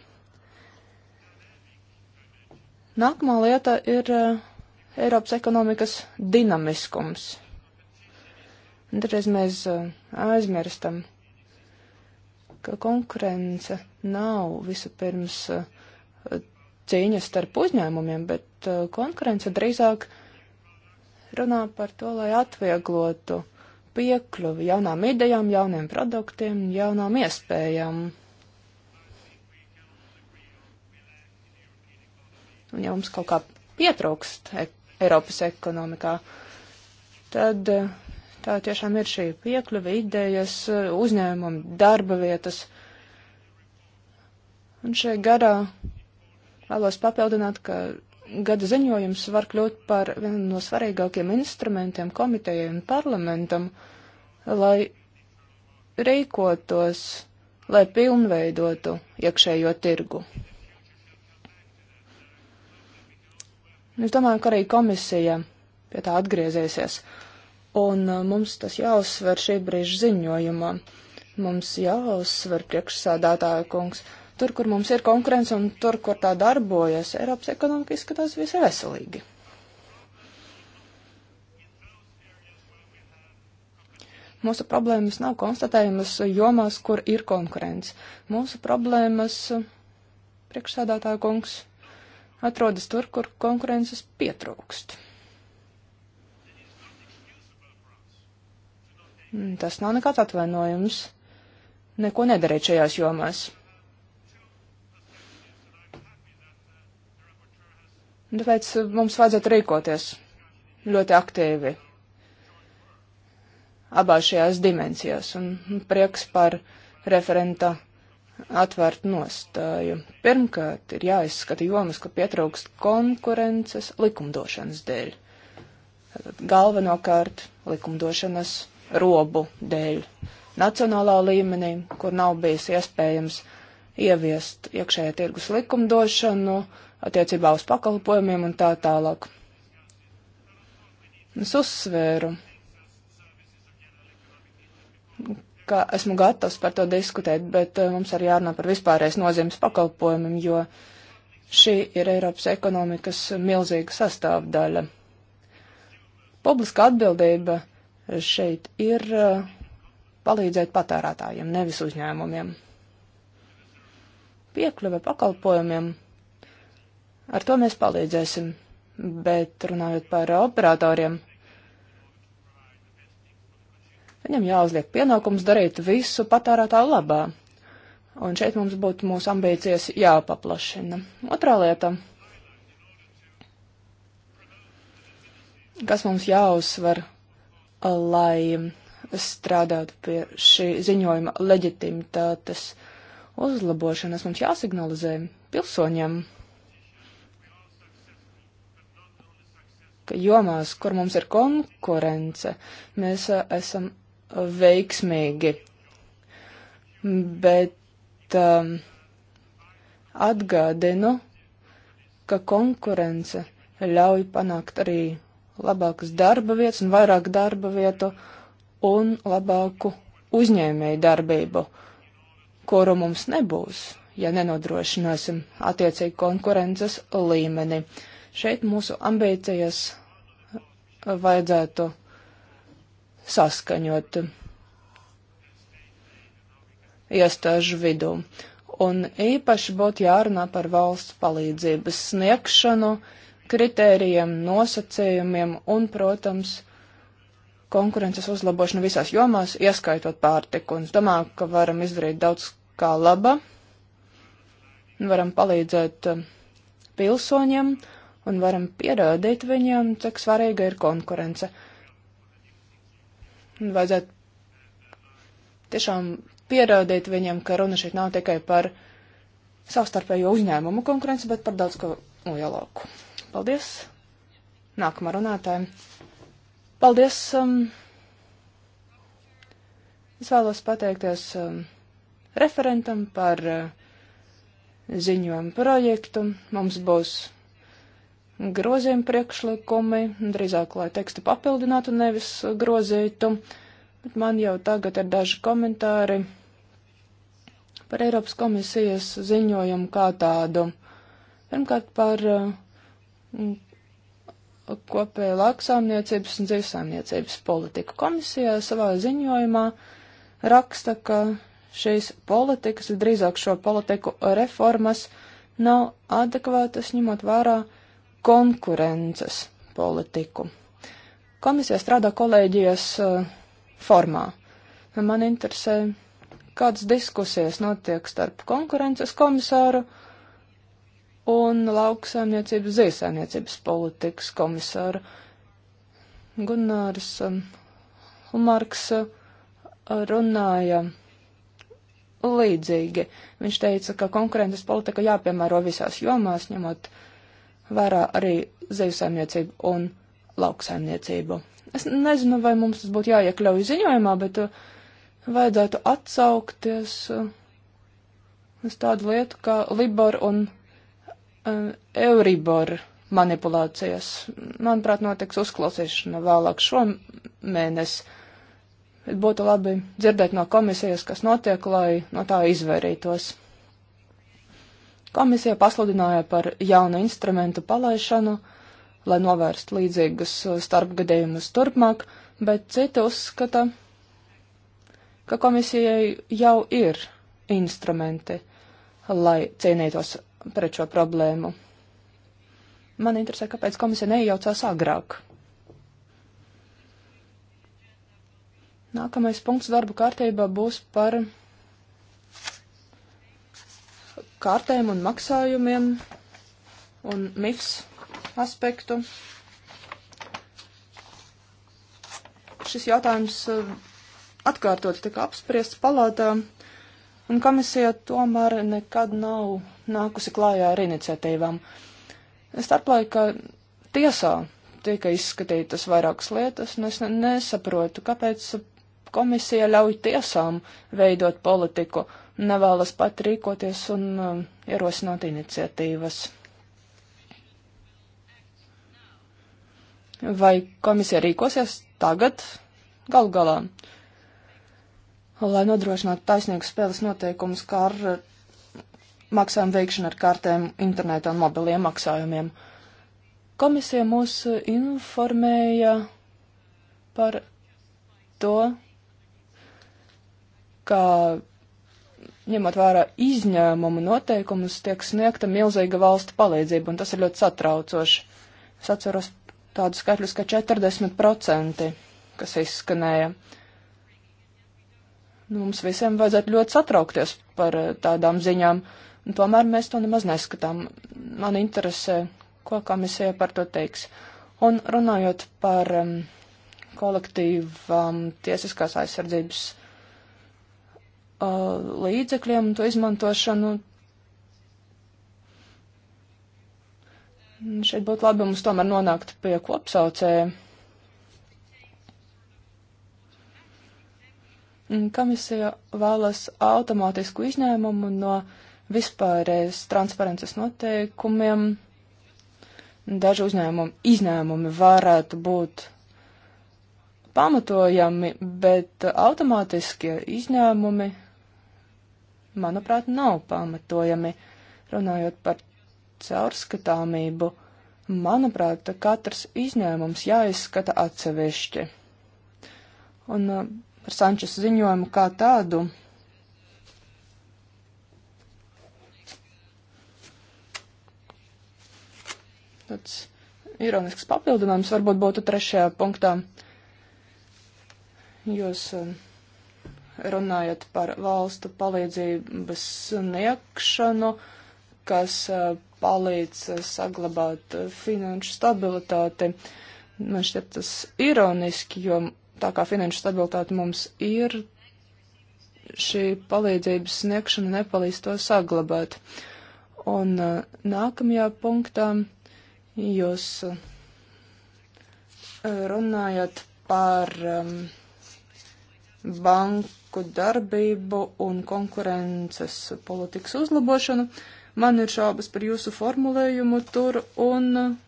Nākamā lieta ir eh, Eiropas ekonomikas dinamiskums. Dažreiz mēs eh, aizmirstam ka konkurence nav vispirms eh, cīņa starp uzņēmumiem, bet eh, konkurence drīzāk runā par to, lai atvieglotu piekļuvi jaunām idejām, jauniem produktiem, jaunām iespējām. Un ja mums kaut kā pietrūkst e Eiropas ekonomikā, tad uh, Tā tiešām ir šī piekļuva idejas uzņēmumu darba vietas. Un šajā garā vēlos papildināt, ka gada ziņojums var kļūt par vienu no svarīgākiem instrumentiem komitejai un parlamentam, lai rīkotos, lai pilnveidotu iekšējo tirgu. Es domāju, ka arī komisija pie tā atgriezīsies. Uh, un uh, mums tas jāuzsver šī brīža ziņojumā. Mums jāuzsver priekšsādātāja kungs. Tur, kur mums ir konkurence un tur, kur tā darbojas, Eiropas ekonomika izskatās visai veselīgi. Mūsu problēmas nav konstatējamas jomās, kur ir konkurence. Mūsu problēmas, priekšsādātāja kungs, atrodas tur, kur konkurences pietrūkst. Mm, tas nav nekāds atvainojums. Neko nedarīt šajās jomās. Tāpēc uh, mums vajadzētu rīkoties ļoti aktīvi abās šajās dimensijās un prieks par referenta atvērtu nostāju. Pirmkārt, ir jāizskata jomas, ka pietrūkst konkurences likumdošanas dēļ. Galvenokārt likumdošanas robu dēļ nacionālā līmenī, kur nav bijis iespējams ieviest iekšējā tirgus likumdošanu attiecībā uz pakalpojumiem un tā tālāk. Es uzsvēru, ka esmu gatavs par to diskutēt, bet eh, mums arī jārunā par vispārējais nozīmes pakalpojumiem, jo šī ir Eiropas ekonomikas milzīga sastāvdaļa. Publiska atbildība šeit ir eh, palīdzēt patērētājiem, nevis uzņēmumiem. Piekļuve pakalpojumiem, ar to mēs palīdzēsim, bet runājot par operatoriem, viņam jāuzliek pienākums darīt visu patērētāju labā. Un šeit mums būtu mūsu ambīcijas jāpaplašina. Otrā lieta, kas mums jāuzsver lai strādātu pie šī ziņojuma leģitimitātes uzlabošanas. Mums jāsignalizē pilsoņiem, ka jomās, kur mums ir konkurence, mēs esam veiksmīgi. Bet um, atgādinu, ka konkurence ļauj panākt arī labākas darba vietas un vairāk darba vietu un labāku uzņēmēju darbību, kuru mums nebūs, ja nenodrošināsim attiecīgi konkurences līmeni. Šeit mūsu ambīcijas vajadzētu saskaņot iestāžu vidū. Un īpaši būtu jārunā par valsts palīdzības sniegšanu, uh, kritērijiem, nosacējumiem un, protams, konkurences uzlabošanu visās jomās, ieskaitot pārtiku. Un es domāju, ka varam izdarīt daudz kā laba, varam palīdzēt eh, pilsoņiem un varam pierādīt viņiem, cik svarīga ir konkurence. Un vajadzētu tiešām pierādīt viņiem, ka runa šeit nav tikai par savstarpējo uzņēmumu konkurenci, bet par daudz ko nu, lielāku. No Paldies. Nākamā runātāja. Paldies. Um, es vēlos pateikties um, referentam par uh, ziņojumu projektu. Mums būs grozījuma priekšlikumi, drīzāk, lai tekstu papildinātu, nevis grozītu. Bet man jau tagad ir daži komentāri par Eiropas komisijas ziņojumu kā tādu. Pirmkārt, par uh, kopēja lauksaimniecības un dzīvesaimniecības politika. Komisija savā ziņojumā raksta, ka šīs politikas, drīzāk šo politiku reformas, nav adekvātas ņemot vērā konkurences politiku. Komisija strādā kolēģijas uh, formā. Man interesē, kādas diskusijas notiek starp konkurences komisāru, uh, un lauksaimniecības zīsaimniecības politikas komisāru. Gunārs Humarks um, uh, runāja līdzīgi. Viņš teica, ka konkurences politika jāpiemēro visās jomās, ņemot vērā arī zīsaimniecību un lauksaimniecību. Es nezinu, vai mums tas būtu jāiekļauj ziņojumā, bet uh, vajadzētu atsaukties uh, uz tādu lietu kā Libor un Eh, Euribor manipulācijas. Manuprāt, notiks uzklausīšana vēlāk šomēnes. Bet būtu labi dzirdēt no komisijas, kas notiek, lai no tā izvairītos. Komisija pasludināja par jaunu instrumentu palaišanu, lai novērstu līdzīgus eh, starpgadījumus turpmāk, bet citi uzskata, ka komisijai jau ir instrumenti, lai cīnītos pret šo problēmu. Man interesē, kāpēc komisija neiejaucās agrāk. Nākamais punkts darba kārtībā būs par kārtēm un maksājumiem un MIFS aspektu. Šis jautājums eh, atkārtot tika apspriests palātā, un komisija tomēr nekad nav nākusi klājā ar iniciatīvām. Starplaika tiesā tika izskatītas vairākas lietas, un es nesaprotu, kāpēc komisija ļauj tiesām veidot politiku, nevēlas pat rīkoties un uh, ierosināt iniciatīvas. Vai komisija rīkosies tagad, gal galā, lai nodrošinātu taisnīgus spēles noteikumus, kā ar maksājumu veikšanu ar kartēm, internetu un mobiliem maksājumiem. Komisija mūs informēja par to, ka ņemot vērā izņēmumu noteikumus, tiek sniegta milzīga valsta palīdzība, un tas ir ļoti satraucoši. Es atceros tādu skaitļus, ka 40%, kas izskanēja. Nu, mums visiem vajadzētu ļoti satraukties par eh, tādām ziņām. Uh, Un tomēr mēs to nemaz neskatām. Man interesē, ko komisija par to teiks. Un runājot par um, kolektīvām um, tiesiskās aizsardzības uh, līdzekļiem un to izmantošanu, šeit būtu labi mums tomēr nonākt pie kopsaucēja. Komisija vēlas automātisku izņēmumu no uh, vispārējais transparences noteikumiem. Daži uzņēmumi, izņēmumi varētu būt pamatojami, bet automātiskie izņēmumi, manuprāt, nav pamatojami. Runājot par caurskatāmību, manuprāt, katrs izņēmums jāizskata atsevišķi. Un uh, par Sančes ziņojumu kā tādu Tāds ironisks papildinājums varbūt būtu trešajā punktā. Jūs um, runājat par valstu palīdzības sniegšanu, kas uh, palīdz uh, saglabāt finanšu stabilitāti. Man šķiet tas ironiski, jo tā kā finanšu stabilitāte mums ir, šī palīdzības sniegšana nepalīdz to saglabāt. Un uh, nākamajā punktā Jūs eh, runājat par um, banku darbību un konkurences politikas uzlabošanu. Man ir šaubas par jūsu formulējumu tur, un eh,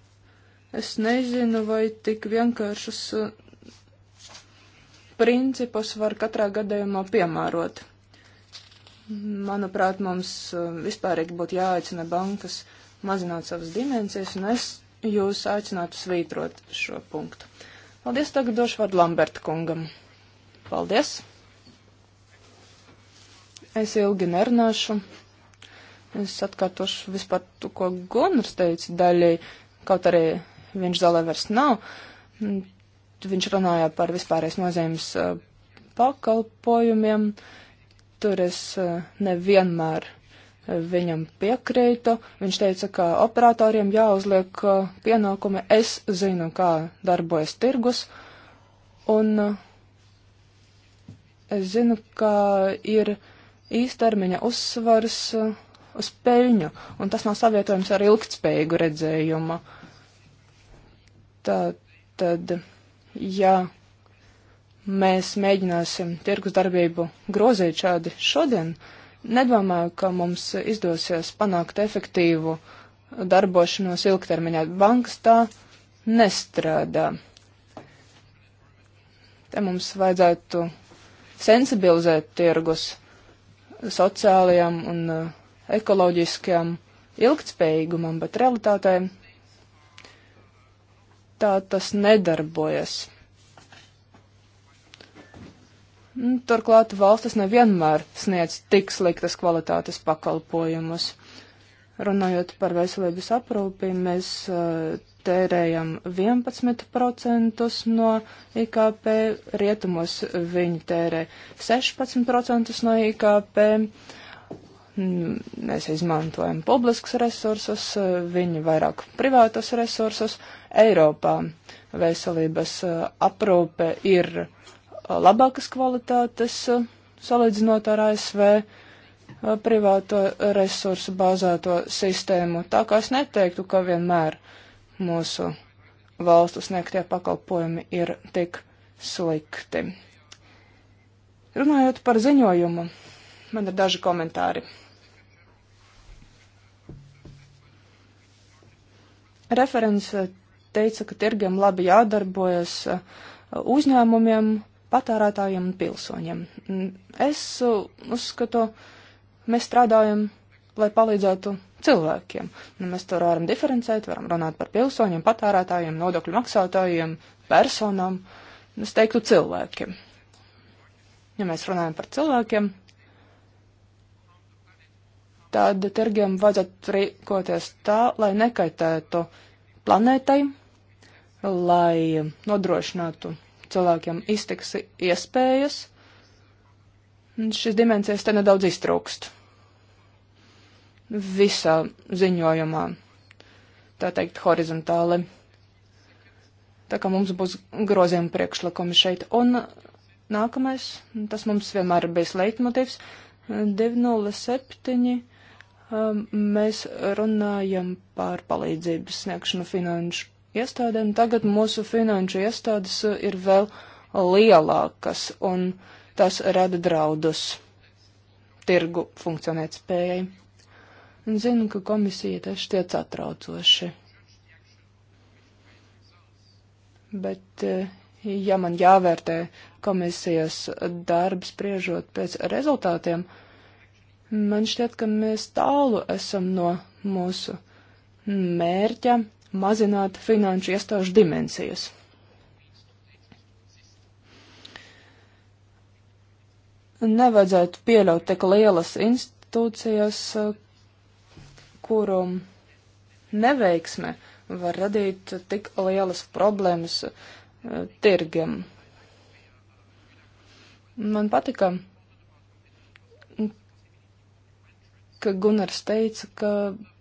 es nezinu, vai tik vienkāršus eh, principus var katrā gadījumā piemērot. Manuprāt, mums vispārīgi būtu jāaicina bankas uh, mazināt savas dimensijas, un es jūs aicinātu svītrot šo punktu. Paldies, tagad došu vārdu Lamberta kungam. Paldies! Es ilgi nerunāšu. Es atkārtošu vispār to, ko Gunārs teica daļai, kaut arī viņš zālē vairs nav. Viņš runāja par vispārreiz nozīmes eh, pakalpojumiem. Tur es eh, nevienmēr viņam piekrītu. Viņš teica, ka operatoriem jāuzliek uh, pienākumi, es zinu, kā darbojas tirgus, un uh, es zinu, ka ir īstermiņa uzsvars uh, uz peļņu, un tas nav savietojams ar ilgtspējīgu redzējumu. Tā tad, jā. Ja mēs mēģināsim tirgus darbību grozīt šādi šodien, uh, Nedomāju, ka mums izdosies panākt efektīvu darbošanos ilgtermiņā. Bankas tā nestrādā. Te mums vajadzētu sensibilizēt tirgus sociālajam un uh, ekoloģiskajam ilgtspējīgumam, bet realitātē tā tas nedarbojas. Nu, turklāt valstis nevienmēr sniedz tik sliktas kvalitātes pakalpojumus. Runājot par veselības aprūpi, mēs eh, tērējam 11% no IKP, rietumos viņi tērē 16% no IKP. Mm, mēs izmantojam publiskus resursus, eh, viņi vairāk privātus resursus. Eiropā veselības eh, aprūpe ir labākas kvalitātes salīdzinot ar ASV privāto resursu bāzēto sistēmu. Tā kā es neteiktu, ka vienmēr mūsu valstu sniegtie pakalpojumi ir tik slikti. Runājot par ziņojumu, man ir daži komentāri. Referents teica, ka tirgiem labi jādarbojas uzņēmumiem, uh, patērētājiem un pilsoņiem. Mm, es uh, uzskatu, mēs strādājam, lai palīdzētu cilvēkiem. Nu, mēs to varam diferencēt, varam runāt par pilsoņiem, patērētājiem, nodokļu maksātājiem, personām, nu, es teiktu cilvēkiem. Ja mēs runājam par cilvēkiem, tad tirgiem vajadzētu rīkoties tā, lai nekaitētu planētai, lai nodrošinātu cilvēkiem iztiks iespējas, šis dimensijas te nedaudz iztrūkst visā ziņojumā, tā teikt, horizontāli. Tā kā mums būs grozījuma priekšlikumi šeit. Un nākamais, tas mums vienmēr ir bijis leitmotivs, 207. Um, mēs runājam par palīdzības sniegšanu finanšu iestādēm, tagad mūsu finanšu iestādes uh, ir vēl lielākas, un tas rada draudus tirgu funkcionēt spējai. Un zinu, ka komisija tas šķiet satraucoši. Bet, uh, ja man jāvērtē komisijas darbs priežot pēc rezultātiem, man šķiet, ka mēs tālu esam no mūsu mērķa mazināt finanšu iestāžu dimensijas. Nevajadzētu pieļaut tik lielas institūcijas, kuru neveiksme var radīt tik lielas problēmas eh, tirgiem. Man patika, ka Gunārs teica, ka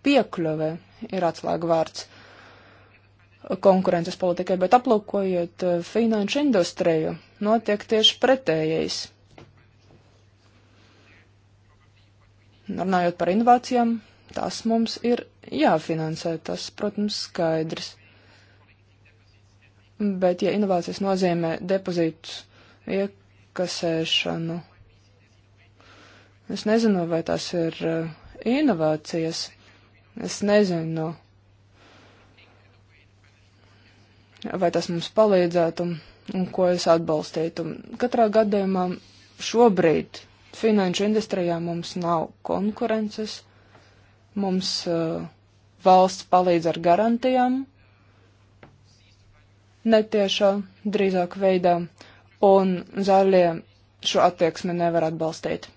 piekļuve ir atslēga vārds konkurences politikai, bet aplūkojot eh, finanšu industriju, notiek tieši pretējais. Runājot par inovācijām, tas mums ir jāfinansē, tas, protams, skaidrs. Bet, ja inovācijas nozīmē depozītus iekasēšanu, es nezinu, vai tas ir eh, inovācijas. Es nezinu, vai tas mums palīdzētu un ko es atbalstītu. Katrā gadījumā šobrīd finanšu industrijā mums nav konkurences, mums uh, valsts palīdz ar garantijām, netiešā drīzāk veidā, un zaļie šo attieksmi nevar atbalstīt.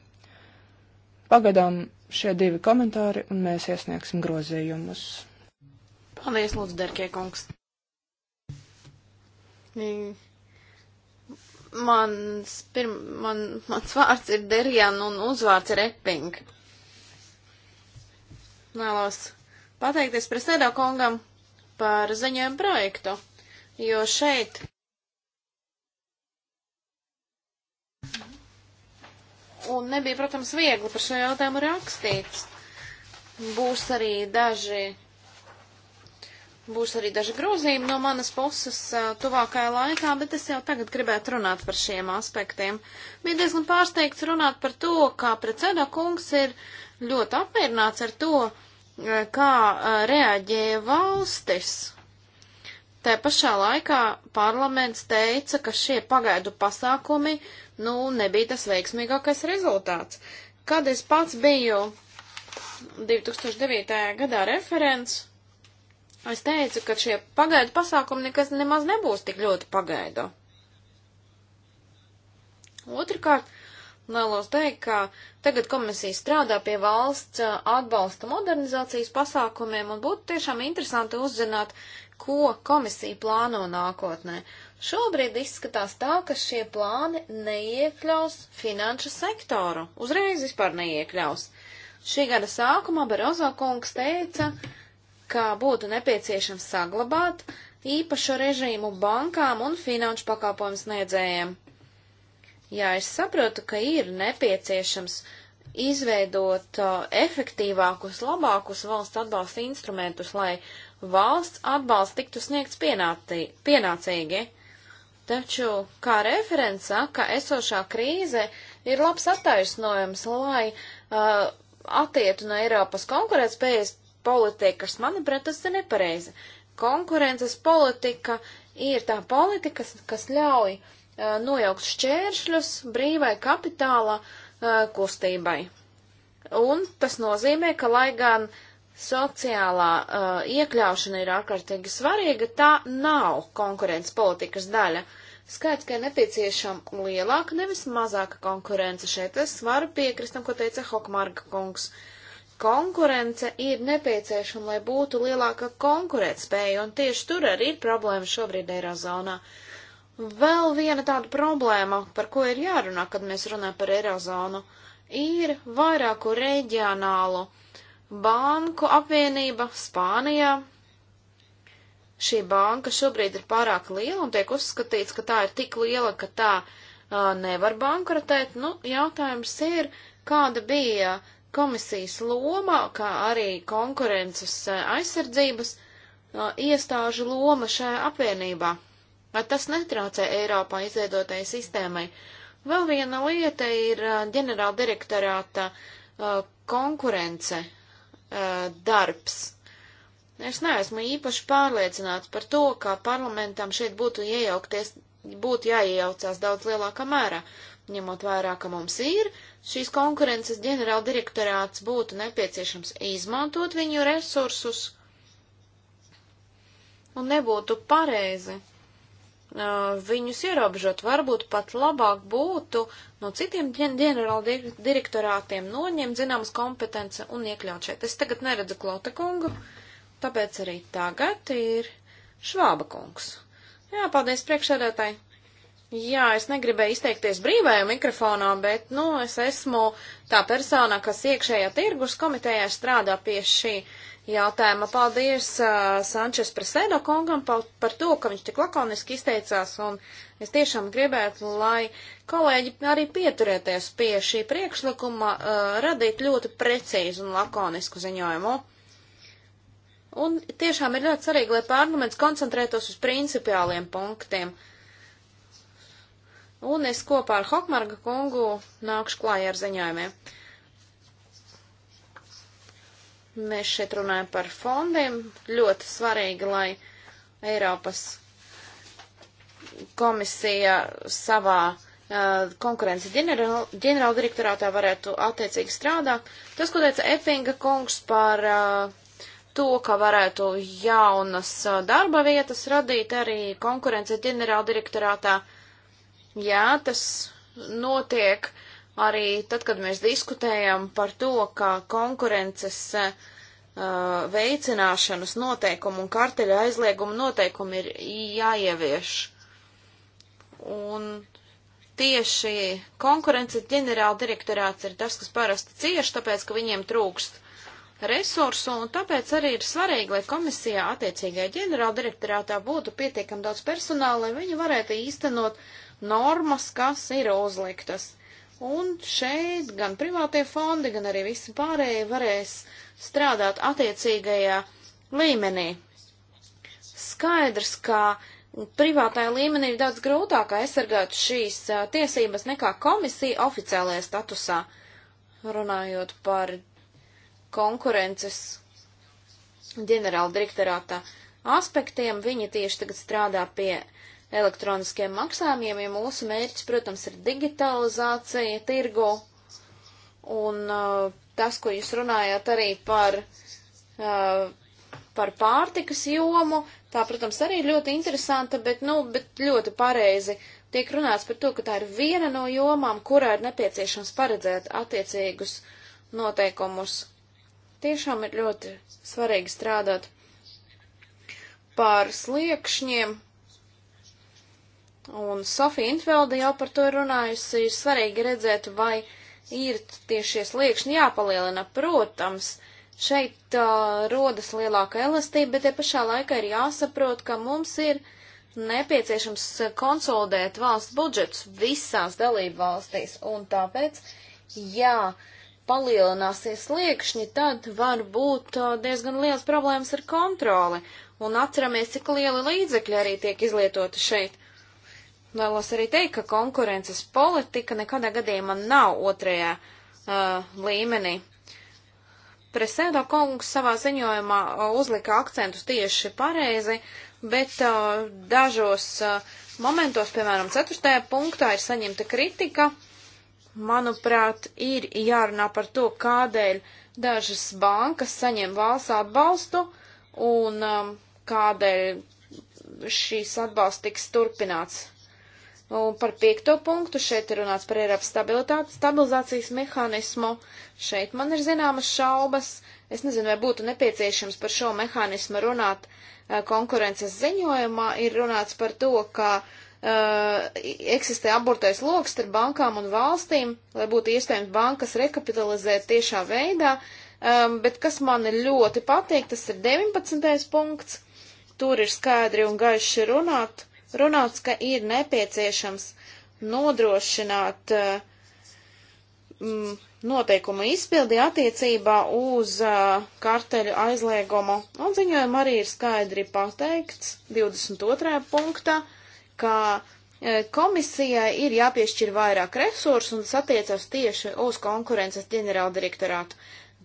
Pagaidām šie divi komentāri, un mēs iesniegsim grozījumus.
Paldies, Lūdzu, Derkie kungs! Mans, pirm, man, mans vārds ir Derjan un uzvārds ir Epping. Vēlos pateikties Presēdā kungam par ziņojumu projektu, jo šeit un nebija, protams, viegli par šo jautājumu rakstīt. Būs arī daži Būs arī daži grozījumi no manas puses tuvākajā laikā, bet es jau tagad gribētu runāt par šiem aspektiem. Bija diezgan pārsteigts runāt par to, kā precēdā kungs ir ļoti apmierināts ar to, kā reaģēja valstis. Tā pašā laikā parlaments teica, ka šie pagaidu pasākumi, nu, nebija tas veiksmīgākais rezultāts. Kad es pats biju 2009. gadā referents, Es teicu, ka šie pagaidu pasākumi nekas nemaz nebūs tik ļoti pagaidu. Otrakārt, vēlos teikt, ka tagad komisija strādā pie valsts uh, atbalsta modernizācijas pasākumiem un būtu tiešām interesanti uzzināt, ko komisija plāno nākotnē. Šobrīd izskatās tā, ka šie plāni neiekļaus finanšu sektoru. Uzreiz vispār neiekļaus. Šī gada sākumā Barozo kungs teica, uh, ka būtu nepieciešams saglabāt īpašo režīmu bankām un finanšu pakalpojumu sniedzējiem. Jā, es saprotu, ka ir nepieciešams izveidot uh, efektīvākus, labākus valsts atbalsta instrumentus, lai valsts atbalsts tiktu sniegts pienātī, pienācīgi. Taču, kā referents saka, esošā krīze ir labs attaisnojums, lai uh, attietu no Eiropas konkurētspējas politikas. Manuprāt, tas ir nepareizi. Konkurences politika ir tā politika, kas, kas ļauj uh, nojaukt šķēršļus brīvai kapitāla uh, kustībai. Un tas nozīmē, ka lai gan sociālā uh, iekļaušana ir ārkārtīgi svarīga, tā nav konkurences politikas daļa. Skaidrs, ka ir nepieciešama lielāka, nevis mazāka konkurence. Šeit es varu piekrist tam, ko teica Hokmarga kungs. Uh, konkurence ir nepieciešama, lai būtu lielāka konkurētspēja, un tieši tur arī ir problēma šobrīd Eirozonā. Vēl viena tāda problēma, par ko ir jārunā, kad mēs runājam par Eirozonu, ir vairāku reģionālu banku apvienība Spānijā. Šī banka šobrīd ir pārāk liela un tiek uzskatīts, ka tā ir tik liela, ka tā uh, nevar bankrotēt. Nu, jautājums ir, kāda bija uh, komisijas loma, kā arī konkurences e, aizsardzības e, iestāžu loma šajā apvienībā. Vai tas netraucē Eiropā izveidotajai sistēmai? Vēl viena lieta ir e, ģenerāla direktorāta konkurence darbs. Es neesmu īpaši pārliecināts par to, ka parlamentam šeit būtu iejaukties, būtu jāiejaucās daudz lielākā mērā. Ņemot vērā, ka mums ir šīs konkurences ģenerāla direktorāts, būtu nepieciešams izmantot viņu resursus un nebūtu pareizi viņus ierobežot. Varbūt pat labāk būtu no citiem ģenerāla direktorātiem noņemt zināmas kompetence un iekļaut šeit. Es tagad neredzu Klota kungu, tāpēc arī tagad ir Švāba kungs. Jā, paldies priekšsēdētāji. Jā, es negribēju izteikties brīvajā mikrofonā, bet, nu, es esmu tā persona, kas iekšējā tirgus komitejā strādā pie šī jautājuma. Paldies uh, Sančes Presēdo kungam par, par to, ka viņš tik lakoniski izteicās, un es tiešām gribētu, lai kolēģi arī pieturēties pie šī priekšlikuma, uh, radīt ļoti precīzu un lakonisku ziņojumu. Un tiešām ir ļoti svarīgi, lai parlaments koncentrētos uz principiāliem punktiem. Uh, un es kopā ar Hokmarga kungu nākšu klājā ar ziņojumiem. Mēs šeit runājam par fondiem. Ļoti svarīgi, lai Eiropas komisija savā uh, konkurences ģenerāldirektorātā varētu attiecīgi strādāt. Tas, ko teica Epinga kungs par uh, to, ka varētu jaunas uh, darba vietas radīt arī konkurences ģenerāldirektorātā. direktorātā Jā, tas notiek arī tad, kad mēs diskutējam par to, kā konkurences uh, veicināšanas noteikumu un karteļa aizliegumu noteikumu ir jāievieš. Un tieši konkurences ģenerāla direktorāts ir tas, kas parasti cieš, tāpēc, ka viņiem trūkst resursu, un tāpēc arī ir svarīgi, lai komisijā attiecīgajā ģenerāla direktorātā būtu pietiekam daudz personāla, lai viņi varētu īstenot uh, normas, kas ir uzliktas. Un šeit gan privātie fondi, gan arī visi pārējie varēs strādāt attiecīgajā līmenī. Skaidrs, ka privātajā līmenī ir daudz grūtāk aizsargāt šīs tiesības nekā komisija oficiālajā statusā, runājot par konkurences ģenerāla direktorātā aspektiem. Viņi tieši tagad strādā pie uh, elektroniskiem maksājumiem, jo mūsu mērķis, protams, ir digitalizācija tirgu. Un uh, tas, ko jūs runājāt arī par, uh, par pārtikas jomu, tā, protams, arī ir ļoti interesanta, bet, nu, bet ļoti pareizi tiek runāts par to, ka tā ir viena no jomām, kurā ir nepieciešams paredzēt attiecīgus noteikumus. Tiešām ir ļoti svarīgi strādāt pār sliekšņiem, Un Sofija Intvelda jau par to ir runājusi, ir svarīgi redzēt, vai ir tieši šie sliekšņi jāpalielina. Protams, šeit uh, rodas lielāka elastība, bet te pašā laikā ir jāsaprot, ka mums ir nepieciešams konsolidēt valsts budžetus visās dalību valstīs. Un tāpēc, jā, palielināsies sliekšņi, tad var būt uh, diezgan liels problēmas ar kontroli. Un atceramies, cik lieli līdzekļi arī tiek izlietoti šeit. Vēlos arī teikt, ka konkurences politika nekādā gadījumā nav otrajā uh, līmenī. Presēdo kungs savā ziņojumā uh, uzlika akcentus tieši pareizi, bet uh, dažos uh, momentos, piemēram, ceturtajā punktā ir saņemta kritika. Manuprāt, ir jārunā par to, kādēļ dažas bankas saņem valsts atbalstu un um, kādēļ šīs atbalsts tiks turpināts Un par piekto punktu šeit ir runāts par Eiropas stabilizācijas mehānismu. Šeit man ir zināmas šaubas. Es nezinu, vai būtu nepieciešams par šo mehānismu runāt eh, konkurences ziņojumā. Ir runāts par to, ka uh, eksistē aburtais loks starp bankām un valstīm, lai būtu iespējams bankas rekapitalizēt tiešā veidā. Um, bet kas man ļoti patīk, tas ir 19. punkts. Tur ir skaidri un gaiši runāt runāts, ka ir nepieciešams nodrošināt eh, noteikumu izpildi attiecībā uz eh, karteļu aizliegumu, un ziņojumā arī ir skaidri pateikts 22. punktā, ka eh, komisijai ir jāpiešķir vairāk resursu, un tas attiecas tieši uz konkurences ģenerāldirektorātu.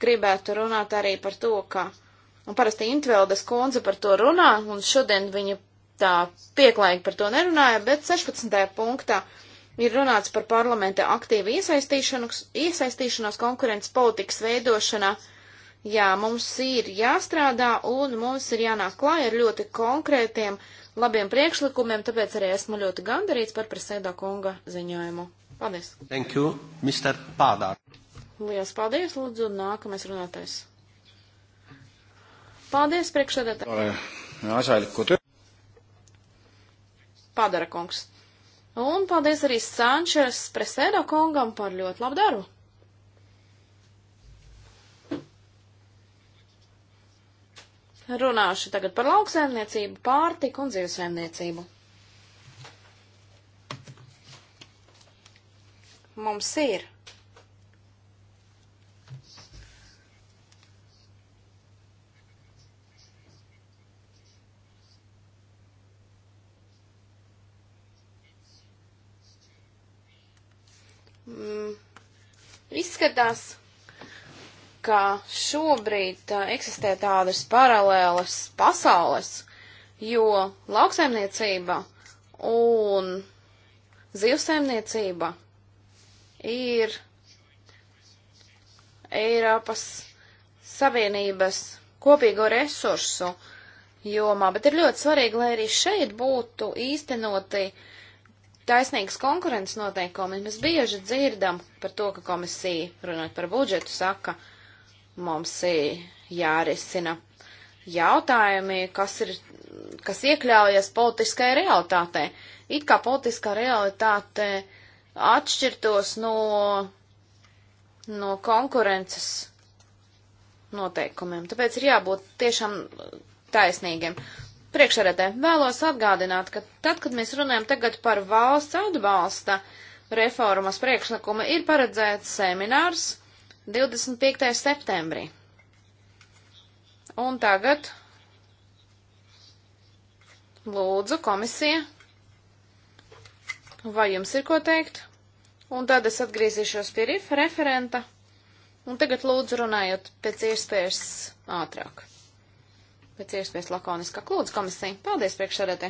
Gribētu runāt arī par to, ka, un parasti Intveldes kundze par to runā, un šodien viņa tā pieklājīgi par to nerunāja, bet 16. punktā ir runāts par parlamenta aktīvu iesaistīšanos, iesaistīšanos konkurences politikas veidošanā. Jā, mums ir jāstrādā un mums ir jānāk klāj ar ļoti konkrētiem labiem priekšlikumiem, tāpēc arī esmu ļoti gandarīts par Presēdā kunga ziņojumu. Paldies!
Thank you, Mr. Pādār!
Lielas paldies, lūdzu, nākamais runātais. Paldies, priekšsēdētāji.
Asjalikku töö.
Padara kungs. Un paldies arī Sančers Presēdo kungam par ļoti labu darbu. Runāšu tagad par lauksēmniecību, pārtiku un dzīvesēmniecību. Mums ir mm, izskatās, ka šobrīd uh, eksistē tādas paralēlas pasaules, jo lauksaimniecība un zivsaimniecība ir Eiropas Savienības kopīgo resursu jomā, bet ir ļoti svarīgi, lai arī šeit būtu īstenoti uh, taisnīgas konkurences noteikumi. Mēs bieži dzirdam par to, ka komisija, runājot par budžetu, saka, mums ir jārisina jautājumi, kas, ir, kas iekļaujas politiskajā realitātē. It kā politiskā realitāte atšķirtos no, no konkurences noteikumiem. Tāpēc ir jābūt tiešām taisnīgiem. Priekšsēdētē vēlos atgādināt, ka tad, kad mēs runājam tagad par valsts atbalsta reformas priekšlikumu, ir paredzēts seminārs 25. septembrī. Un tagad lūdzu komisija, vai jums ir ko teikt? Un tad es atgriezīšos pie referenta. Un tagad lūdzu runājot pēc iespējas ātrāk pēc iespējas lakoniskāk. Lūdzu, komisija. Paldies, priekšsēdētē.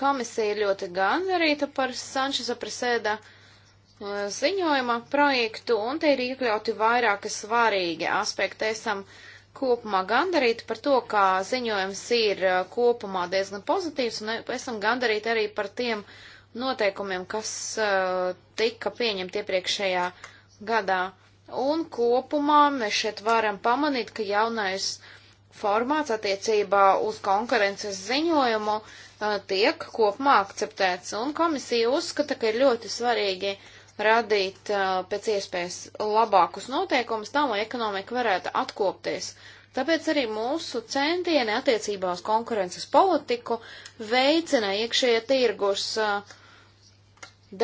Komisija ir ļoti gandarīta par Sančesa presēdā uh, ziņojuma projektu, un te ir iekļauti vairāki svarīgi aspekti. Esam kopumā gandarīti par to, kā ziņojums ir uh, kopumā diezgan pozitīvs, un esam gandarīti arī par tiem noteikumiem, kas uh, tika pieņemti iepriekšējā gadā. Un kopumā mēs šeit varam pamanīt, ka jaunais uh, formāts attiecībā uz konkurences ziņojumu uh, tiek kopumā akceptēts, un komisija uzskata, ka ir ļoti svarīgi radīt uh, pēc iespējas labākus noteikumus tam, lai ekonomika varētu atkopties. Tāpēc arī mūsu centieni attiecībā uz konkurences politiku veicina iekšējā tirgus uh,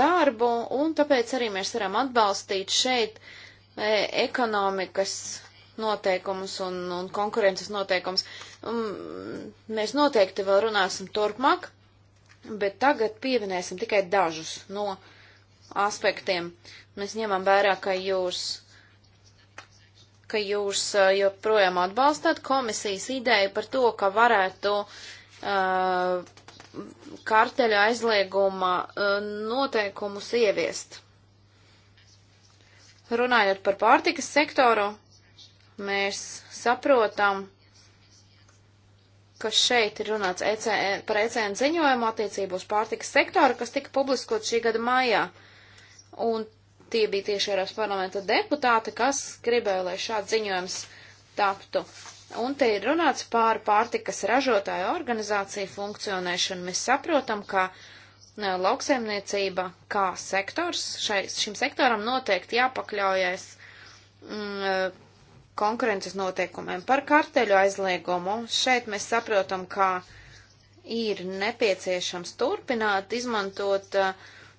darbu, un tāpēc arī mēs varam atbalstīt šeit ekonomikas noteikumus un, un konkurences noteikumus. Um, mēs noteikti vēl runāsim turpmāk, bet tagad pieminēsim tikai dažus no aspektiem. Mēs ņemam vērā, ka jūs, ka jūs uh, joprojām atbalstāt komisijas ideju par to, ka varētu uh, karteļa aizlieguma uh, noteikumus ieviest. Runājot par pārtikas sektoru, mēs saprotam, ka šeit ir runāts ECN, par ECN ziņojumu attiecību uz pārtikas sektoru, kas tika publiskot šī gada maijā. Un tie bija tieši Eiropas parlamenta deputāti, kas gribēja, lai šāds ziņojums taptu. Un te ir runāts par pārtikas ražotāju organizāciju funkcionēšanu. Mēs saprotam, ka ne, lauksaimniecība kā sektors, šai, šim sektoram noteikti jāpakļaujas mm, e, konkurences noteikumiem. Par karteļu aizliegumu šeit mēs saprotam, ka ir nepieciešams turpināt izmantot uh,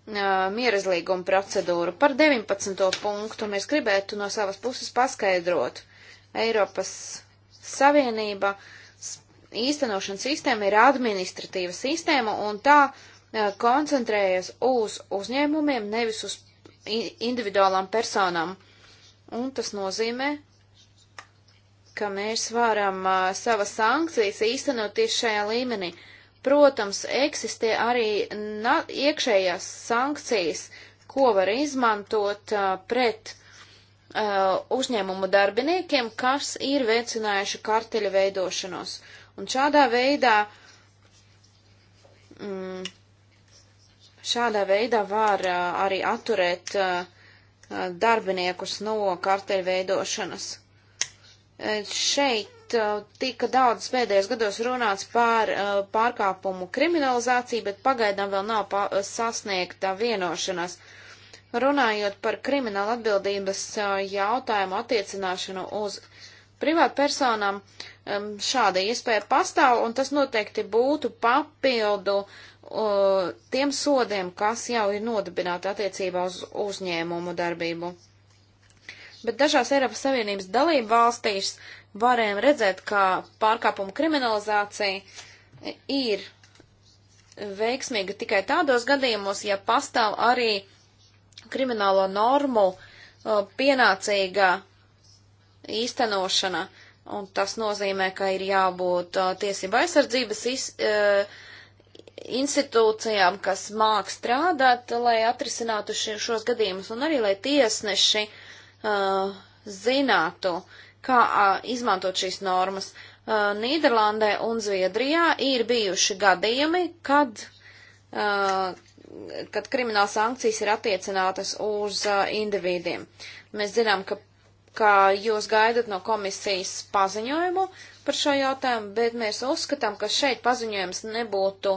uh mierazlīguma procedūru. Par 19. punktu mēs gribētu no savas puses paskaidrot. Eiropas Savienība īstenošanas sistēma ir administratīva sistēma un tā uh, koncentrējas uz uzņēmumiem, nevis uz individuālām personām. Un tas nozīmē, ka mēs varam uh, savas sankcijas īstenot tieši šajā līmenī. Protams, eksistē arī iekšējās sankcijas, ko var izmantot uh, pret uh, uzņēmumu darbiniekiem, kas ir veicinājuši karteļu veidošanos. Un šādā veidā, mm, šādā veidā var arī atturēt darbiniekus no karteļu veidošanas. Šeit uh, tika daudz pēdējos gados runāts par uh, pārkāpumu kriminalizāciju, bet pagaidām vēl nav uh, sasniegta vienošanās. Runājot par krimināla atbildības jautājumu attiecināšanu uz privātpersonām, um, šāda iespēja pastāv, un tas noteikti būtu papildu tiem sodiem, kas jau ir nodibināti attiecībā uz uzņēmumu darbību bet dažās Eiropas Savienības dalību valstīs varējām redzēt, ka pārkāpuma kriminalizācija ir veiksmīga tikai tādos gadījumos, ja pastāv arī kriminālo normu uh, pienācīga īstenošana. Un tas nozīmē, ka ir jābūt uh, tiesība aizsardzības iz, uh, institūcijām, kas māk strādāt, lai atrisinātu šie, šos gadījumus, un arī, lai tiesneši uh, uh, zinātu, kā uh, izmantot šīs normas. Uh, Nīderlandē un Zviedrijā ir bijuši gadījumi, kad, uh, kad krimināla sankcijas ir attiecinātas uz uh, individiem. Mēs zinām, ka, ka jūs gaidat no komisijas paziņojumu par šo jautājumu, bet mēs uzskatām, ka šeit paziņojums nebūtu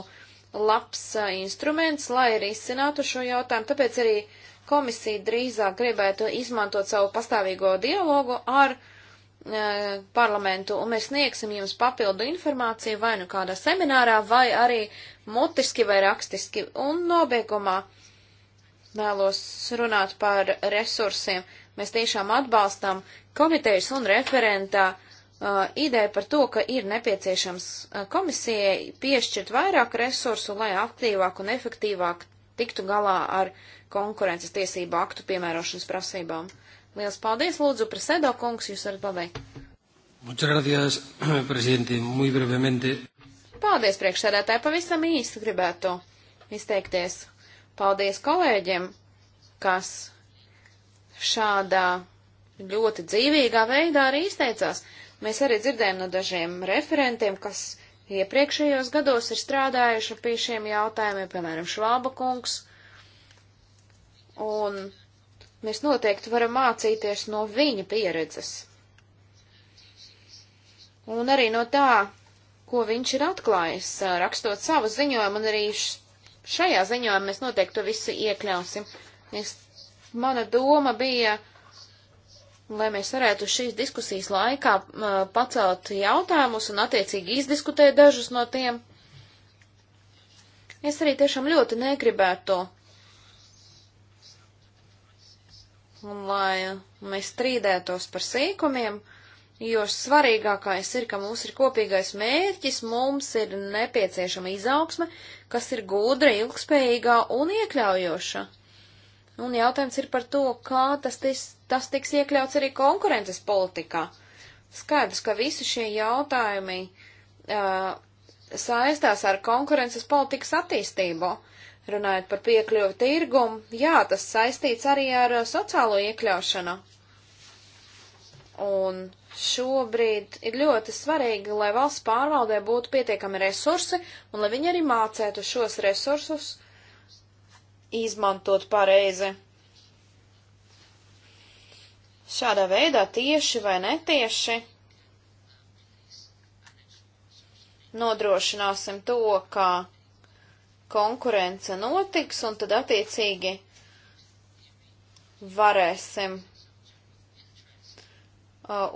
labs uh, instruments, lai arī izcinātu šo jautājumu. Tāpēc arī uh, komisija drīzāk gribētu izmantot savu pastāvīgo dialogu ar e, parlamentu, un mēs sniegsim jums papildu informāciju vai nu kādā seminārā, vai arī mutiski vai rakstiski. Un nobeigumā vēlos runāt par resursiem. Mēs tiešām atbalstam komitejas un referentā Uh, e, ideja par to, ka ir nepieciešams uh, komisijai piešķirt vairāk resursu, lai aktīvāk un efektīvāk tiktu galā ar konkurences tiesību aktu piemērošanas prasībām. Lielas paldies, lūdzu, Presedo kungs, jūs varat pabeigt.
Muchas gracias, [CLEARS THROAT] presidente, muy brevemente.
Paldies, priekšsēdētāji, pavisam īsti gribētu izteikties. Paldies kolēģiem, kas šādā ļoti dzīvīgā veidā arī izteicās. Mēs arī dzirdējām no dažiem referentiem, kas iepriekšējos gados ir strādājuši pie šiem jautājumiem, piemēram, Švāba kungs un mēs noteikti varam mācīties no viņa pieredzes. Un arī no tā, ko viņš ir atklājis, rakstot savu ziņojumu, un arī šajā ziņojumā mēs noteikti to visu iekļausim. Es, mana doma bija, lai mēs varētu šīs diskusijas laikā pacelt jautājumus un attiecīgi izdiskutēt dažus no tiem. Es arī tiešām ļoti negribētu to un lai mēs strīdētos par sīkumiem, jo svarīgākais ir, ka mums ir kopīgais mērķis, mums ir nepieciešama izaugsme, kas ir gudra, ilgspējīgā un iekļaujoša. Un jautājums ir par to, kā tas, tis, tas tiks iekļauts arī konkurences politikā. Skaidrs, ka visi šie jautājumi uh, saistās ar konkurences politikas attīstību. Uh, Runājot par piekļuvu tirgumu, jā, tas saistīts arī ar uh, sociālo iekļaušanu. Un šobrīd ir ļoti svarīgi, lai valsts pārvaldē būtu pietiekami resursi un lai viņi arī mācētu šos resursus izmantot pareizi. Šādā veidā tieši vai netieši nodrošināsim to, ka konkurence notiks, un tad attiecīgi varēsim uh,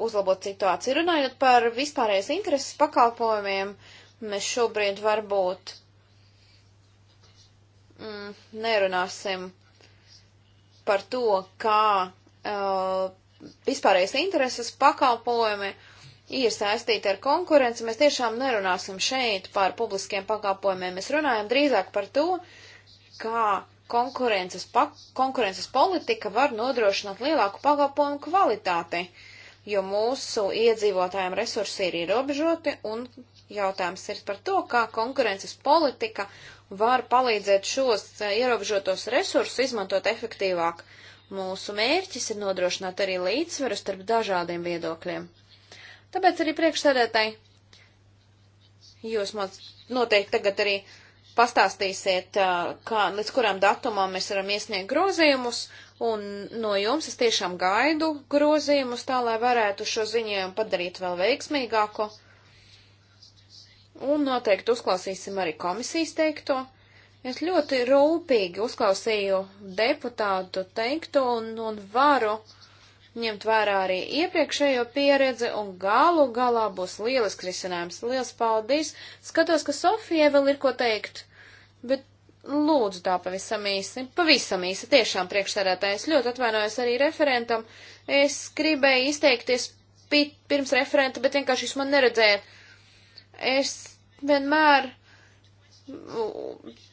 uzlabot situāciju. Runājot par vispārējais intereses pakalpojumiem, mēs šobrīd varbūt mm, nerunāsim par to, kā uh, vispārējais intereses pakalpojumi uh, ir saistīti ar konkurenci, mēs tiešām nerunāsim šeit par publiskiem pakāpojumiem. Mēs runājam drīzāk par to, kā konkurences, pa, konkurences politika var nodrošināt lielāku pakāpojumu kvalitāti, jo mūsu iedzīvotājiem resursi ir ierobežoti un jautājums ir par to, kā konkurences politika var palīdzēt šos eh, ierobežotos resursus izmantot efektīvāk. Mūsu mērķis ir nodrošināt arī līdzsveru starp dažādiem viedokļiem. Tāpēc arī priekšsēdētāji, jūs mums noteikti tagad arī pastāstīsiet, kā, līdz kuram datumam mēs varam iesniegt grozījumus, un no jums es tiešām gaidu grozījumus tā, lai varētu šo ziņojumu padarīt vēl veiksmīgāko. Un noteikti uzklausīsim arī komisijas teikto. Es ļoti rūpīgi uzklausīju deputātu teikto un, un varu uh, ņemt vērā arī iepriekšējo pieredzi un galu galā būs lielisks risinājums. Lielas paldies! Skatos, ka Sofija vēl ir ko teikt, bet lūdzu tā pavisam īsi. Pavisam īsi, tiešām priekšsēdētājs ļoti atvainojos arī referentam. Es gribēju izteikties pirms referenta, bet vienkārši jūs man neredzējat. Es vienmēr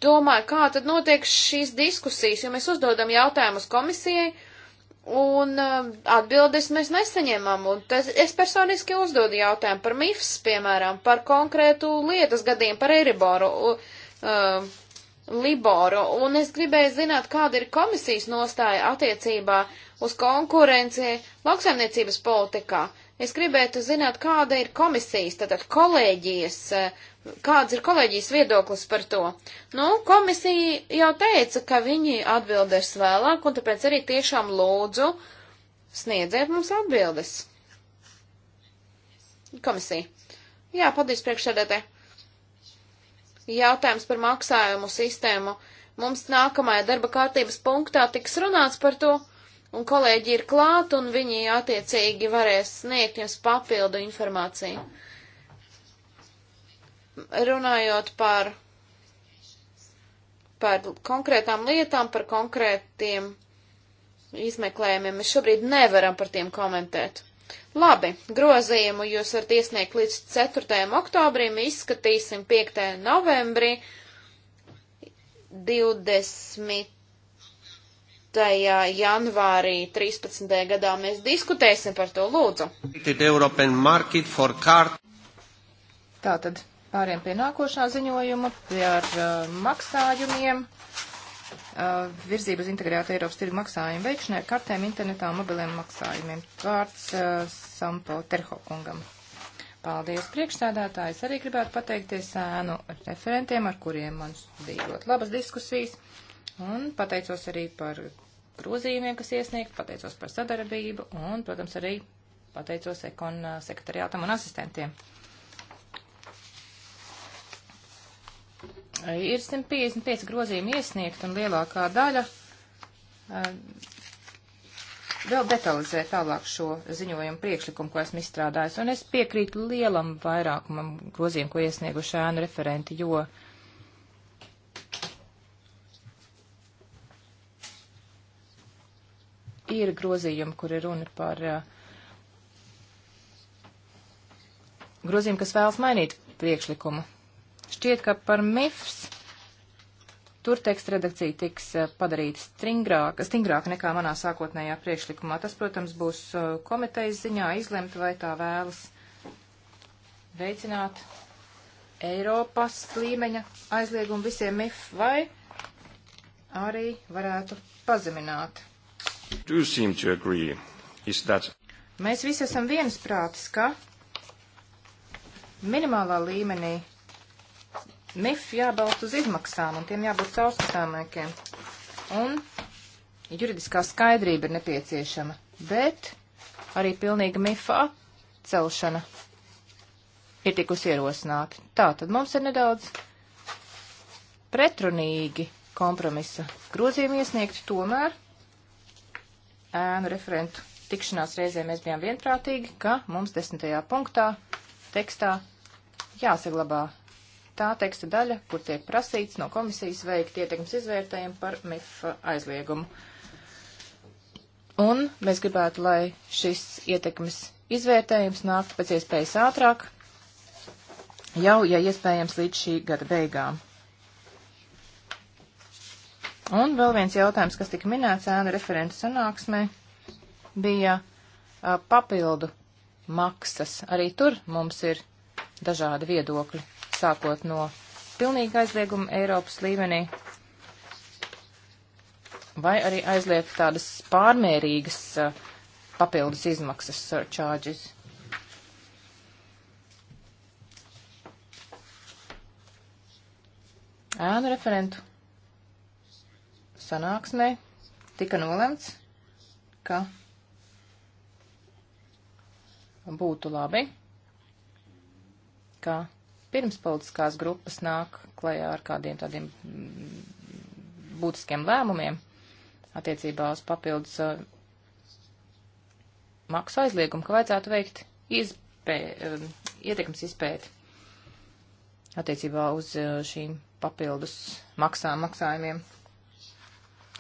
domāju, kā tad notiek šīs diskusijas, jo mēs uzdodam jautājumus komisijai Un um, atbildes mēs nesaņemam, un tas, es personiski uzdodu jautājumu par MIFS, piemēram, par konkrētu lietas gadījumu, par Eriboru, uh, Liboru, un es gribēju zināt, kāda ir komisijas nostāja attiecībā uz konkurenci lauksaimniecības politikā. Uh, Es gribētu zināt, kāda ir komisijas, tātad kolēģijas, eh, kāds ir kolēģijas viedoklis par to. Nu, komisija jau teica, ka viņi atbildēs vēlāk, un tāpēc arī tiešām lūdzu sniedziet mums atbildes. Komisija. Jā, paldies priekšsēdētē. Jautājums par maksājumu sistēmu. Mums nākamajā darba kārtības punktā tiks runāts par to un kolēģi ir klāt, un viņi attiecīgi varēs sniegt jums papildu informāciju. Runājot par, par konkrētām lietām, par konkrētiem izmeklējumiem, mēs šobrīd nevaram par tiem komentēt. Labi, grozījumu jūs varat iesniegt līdz 4. oktobrim, izskatīsim 5. novembrī 20 janvārī 13. gadā mēs diskutēsim par to lūdzu.
Tātad pāriem pie nākošā ziņojuma par uh, maksājumiem. Uh, virzību uz integrētu Eiropas tirgu maksājumu veikšanai ar kartēm, internetā un mobiliem maksājumiem. Vārds uh, Sampo Terhokungam. Paldies priekšsādātājs. Arī gribētu pateikties ēnu referentiem, ar kuriem man bija ļoti labas diskusijas. Un pateicos arī par grozījumiem, kas iesniegt, pateicos par sadarbību un, protams, arī pateicos ekon sekretariātam un asistentiem. Ir 155 grozījumi iesniegt un lielākā daļa vēl detalizē tālāk šo ziņojumu priekšlikumu, ko esmu izstrādājis, un es piekrītu lielam vairākumam grozījumu, ko iesnieguši ēnu referenti, jo uh, ir grozījumi, kur ir runa par eh, grozījumi, kas vēlas mainīt priekšlikumu. Šķiet, ka par MIFS tur teksta redakcija tiks eh, padarīta stingrāka, stingrāka nekā manā sākotnējā priekšlikumā. Tas, protams, būs eh, komitejas ziņā izlemt, vai tā vēlas veicināt Eiropas līmeņa aizliegumu visiem MIF vai arī varētu pazemināt
Agree, that...
Mēs visi esam viensprātis, ka minimālā līmenī NIF jābalst uz izmaksām un tiem jābūt caurskatāmākiem. Un juridiskā skaidrība ir nepieciešama, bet arī pilnīga MIFA atcelšana ir tikusi ierosināta. Tā tad mums ir nedaudz pretrunīgi kompromisa grozījumi iesniegti tomēr ēnu referentu tikšanās reizē mēs bijām vienprātīgi, ka mums desmitajā punktā tekstā jāsaglabā tā teksta daļa, kur tiek prasīts no komisijas veikt ietekmes izvērtējumu par MIF aizliegumu. Un mēs gribētu, lai šis ietekmes izvērtējums nāktu pēc iespējas ātrāk, jau, ja iespējams, līdz šī gada beigām. Un vēl viens jautājums, kas tika minēts ēnu referentu sanāksmē, bija a, papildu maksas. Arī tur mums ir dažādi viedokļi, sākot no pilnīga aizlieguma Eiropas līmenī, vai arī aizliegt tādas pārmērīgas a, papildus izmaksas surcharges. Ēnu referentu sanāksmē tika nolemts, ka būtu labi, ka pirms politiskās grupas nāk klajā ar kādiem tādiem mm, būtiskiem lēmumiem attiecībā uz papildus uh, maksu aizliegumu, ka vajadzētu veikt izpē, uh, ietekmes izpēti attiecībā uz uh, šīm papildus maksām, maksājumiem.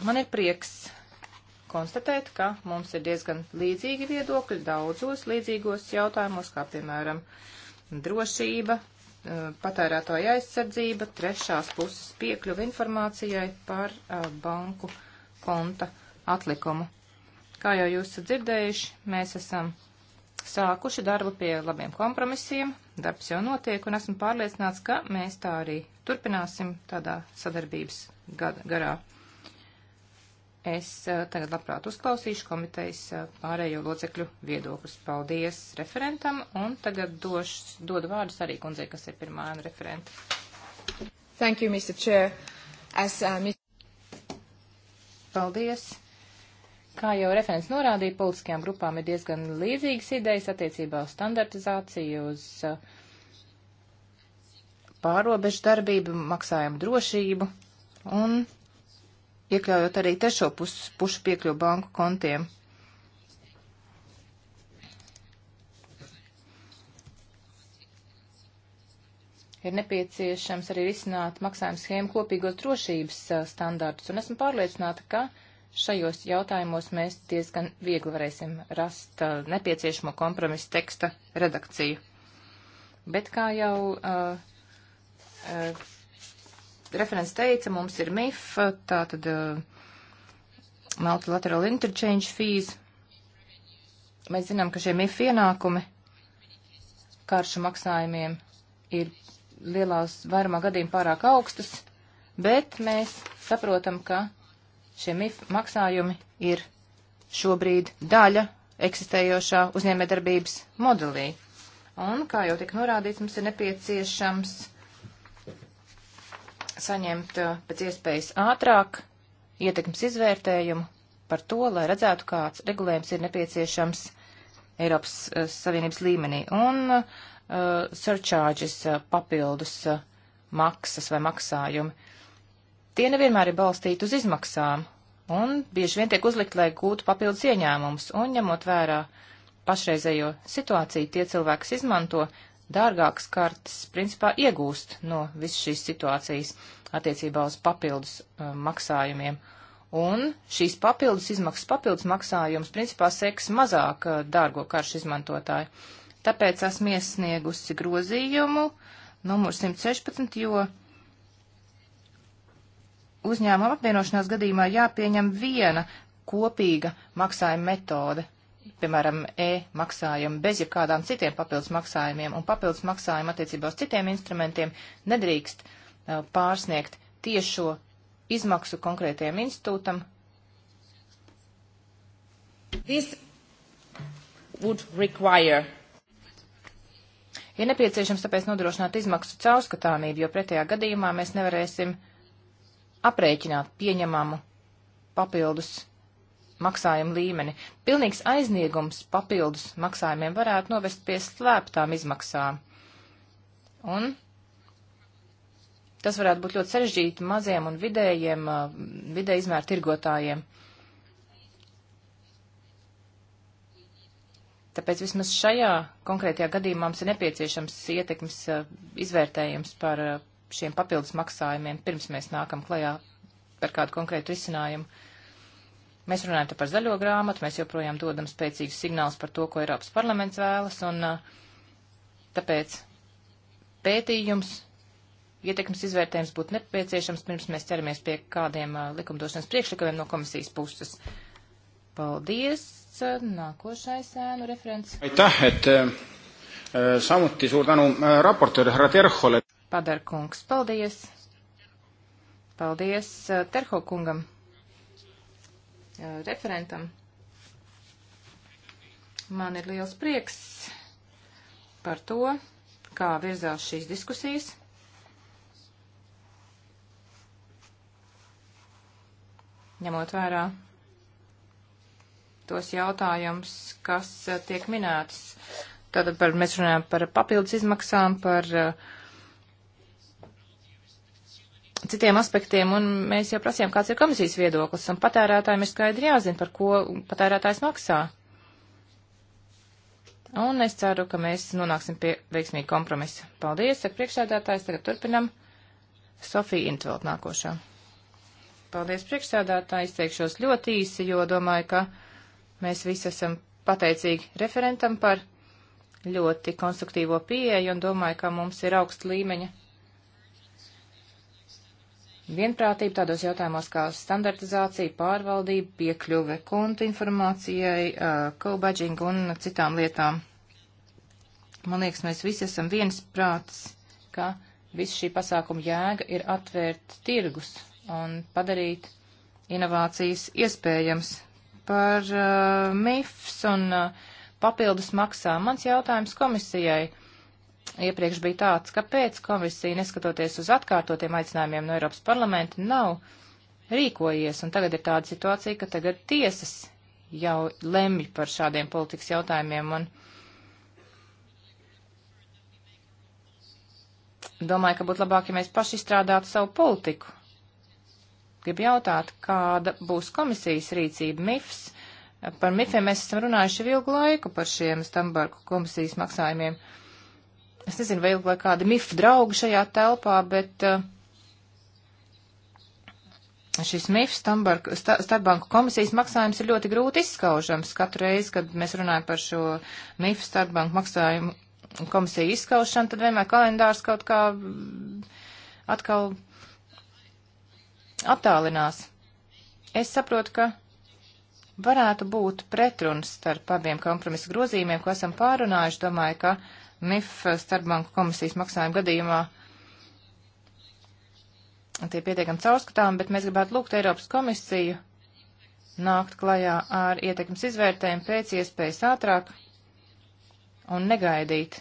Man ir prieks konstatēt, ka mums ir diezgan līdzīgi viedokļi daudzos līdzīgos jautājumos, kā piemēram drošība, eh, patērētāja aizsardzība, trešās puses piekļuva informācijai par eh, banku konta atlikumu. Kā jau jūs esat dzirdējuši, mēs esam sākuši darbu pie labiem kompromisiem, darbs jau notiek un esmu pārliecināts, ka mēs tā arī turpināsim tādā sadarbības garā. Es eh, tagad labprāt uzklausīšu komitejas eh, pārējo locekļu viedokļus. Paldies referentam un tagad došu, dodu vārdus arī kundzei, kas ir pirmā referenta. Thank you, Mr. Chair. As, um... Paldies. Kā jau referents norādīja, politiskajām grupām ir diezgan līdzīgas idejas attiecībā uz standartizāciju, uz eh, pārobežu darbību, maksājumu drošību un iekļaujot arī trešo pušu piekļuvu banku kontiem. Ir nepieciešams arī risināt maksājumu schēmu kopīgos drošības standārtus, un esmu pārliecināta, ka šajos jautājumos mēs diezgan viegli varēsim rast uh, nepieciešamo kompromisu teksta redakciju. Bet kā jau uh, uh, referents teica, mums ir MIF, tā tad uh, multilateral interchange fees. Mēs zinām, ka šie MIF ienākumi karšu maksājumiem ir lielās vairumā gadījumā pārāk augstas, bet mēs saprotam, ka šie MIF maksājumi ir šobrīd daļa eksistējošā uzņēmēdarbības modelī. Un, kā jau tika norādīts, mums ir nepieciešams saņemt eh, pēc iespējas ātrāk ietekmes izvērtējumu par to, lai redzētu, kāds regulējums ir nepieciešams Eiropas uh, Savienības līmenī. Un uh, surcharges uh, papildus uh, maksas vai maksājumi. Tie nevienmēr ir balstīti uz izmaksām, un bieži vien tiek uzlikt, lai gūtu papildus ieņēmumus, un ņemot vērā pašreizējo situāciju, tie cilvēks izmanto dārgākas kartes principā iegūst no visas šīs situācijas attiecībā uz papildus uh, maksājumiem. Un šīs papildus izmaksas, papildus maksājums principā seks mazāk uh, dārgo karšu izmantotāju. Tāpēc esmu iesniegusi grozījumu numur 116, jo uzņēmuma apvienošanās gadījumā jāpieņem viena kopīga maksājuma metode piemēram, e-maksājumu bez jebkādām citiem papildus maksājumiem un papildus maksājumu attiecībā uz citiem instrumentiem nedrīkst uh, pārsniegt tiešo izmaksu konkrētajam institūtam. Ir nepieciešams tāpēc nodrošināt izmaksu caurskatāmību, jo pretējā gadījumā mēs nevarēsim aprēķināt pieņemamu papildus maksājumu līmeni. Pilnīgs aizniegums papildus maksājumiem varētu novest pie slēptām izmaksām. Un tas varētu būt ļoti sarežģīti maziem un vidējiem, vidē izmēra tirgotājiem. Tāpēc vismaz šajā konkrētajā gadījumā mums ir nepieciešams ietekmes izvērtējums par šiem papildus maksājumiem, pirms mēs nākam klajā par kādu konkrētu risinājumu. Mēs runājam par zaļo grāmatu, mēs joprojām dodam spēcīgus signālus par to, ko Eiropas parlaments vēlas, un tāpēc pētījums, ietekmes izvērtējums būtu nepieciešams, pirms mēs ķeramies pie kādiem likumdošanas priekšlikumiem no komisijas puses. Paldies! Nākošais ēnu referents. Aitäh,
et samuti suur tänu raportööri härra Terhole. Padarkungs,
paldies! Paldies Terho kungam! referentam. Man ir liels prieks par to, kā virzās šīs diskusijas. Ņemot vērā tos jautājumus, kas tiek minētas. Tātad par, mēs runājam par papildus izmaksām, par uh, citiem aspektiem, un mēs jau prasījām, kāds ir komisijas viedoklis, un patērētājiem ir skaidri jāzina, par ko patērētājs maksā. Un es ceru, ka mēs nonāksim pie veiksmīga kompromisa. Paldies, saka priekšsēdētājs, tagad turpinam. Sofija Intvelt nākošā. Paldies, priekšsēdētāji, izteikšos ļoti īsi, jo domāju, ka mēs visi esam pateicīgi referentam par ļoti konstruktīvo pieeju un domāju, ka mums ir augsta līmeņa vienprātību tādos jautājumos kā standartizācija, pārvaldība, piekļuve kontu informācijai, co-badging un citām lietām. Man liekas, mēs visi esam viens prāts, ka viss šī pasākuma jēga ir atvērt tirgus un padarīt inovācijas iespējams. Par uh, MIFS un uh, papildus maksām mans jautājums komisijai. Uh, iepriekš bija tāds, kāpēc komisija, neskatoties uz atkārtotiem aicinājumiem no Eiropas parlamenta, nav rīkojies, un tagad ir tāda situācija, ka tagad tiesas jau lemj par šādiem politikas jautājumiem, un domāju, ka būtu labāk, ja mēs paši izstrādātu savu politiku. Gribu jautāt, kāda būs komisijas rīcība MIFS. Par MIFiem mēs esam runājuši ilgu laiku par šiem Stambarku komisijas maksājumiem. Uh, Es nezinu, vai ilgi vai kādi MIF draugi šajā telpā, bet eh, šis MIF starpbanku komisijas maksājums ir ļoti grūti izskaužams. Katru reizi, kad mēs runājam par šo MIF starpbanku maksājumu komisiju izskaušanu, tad vienmēr kalendārs kaut kā mm, atkal attālinās. Es saprotu, ka varētu būt pretruns starp abiem kompromisu grozījumiem, ko esam pārunājuši. Domāju, ka uh, MIF starpbanku komisijas maksājuma gadījumā. Tie pietiekami caurskatām, bet mēs gribētu lūgt Eiropas komisiju nākt klajā ar ietekmes izvērtējumu pēc iespējas ātrāk un negaidīt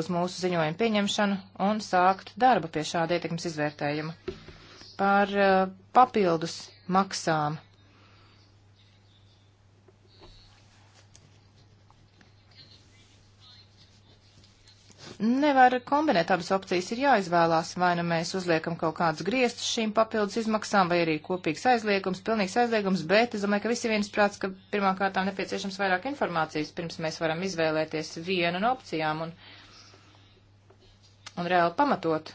uz mūsu ziņojumu pieņemšanu un sākt darbu pie šāda ietekmes izvērtējuma. Par uh, papildus maksām Nevar kombinēt abas opcijas, ir jāizvēlās, vai nu mēs uzliekam kaut kādus griestus šīm papildus izmaksām, vai arī kopīgs aizliegums, pilnīgs aizliegums, bet es domāju, ka visi viens prāts, ka pirmkārtām nepieciešams vairāk informācijas, pirms mēs varam izvēlēties vienu no opcijām un, un reāli pamatot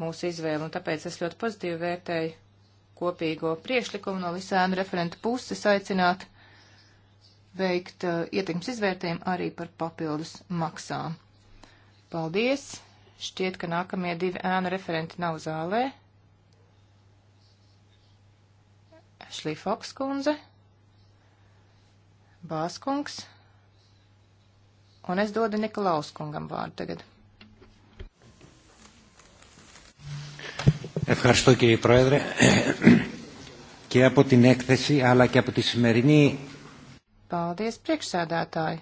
mūsu izvēli, un tāpēc es ļoti pozitīvi vērtēju kopīgo priešlikumu no Lisēna referenta puses aicināt veikt uh, ietekmes izvērtējumu arī par papildus maksām. Paldies! Šķiet, ka nākamie divi ēnu referenti nav zālē. Šlifoks kundze, Bāskungs, un es dodu Nikolaus kungam vārdu tagad.
Ευχαριστώ κύριε Πρόεδρε [COUGHS] και από την έκθεση αλλά και από τη σημερινή
Paldies, priekšsēdētāji!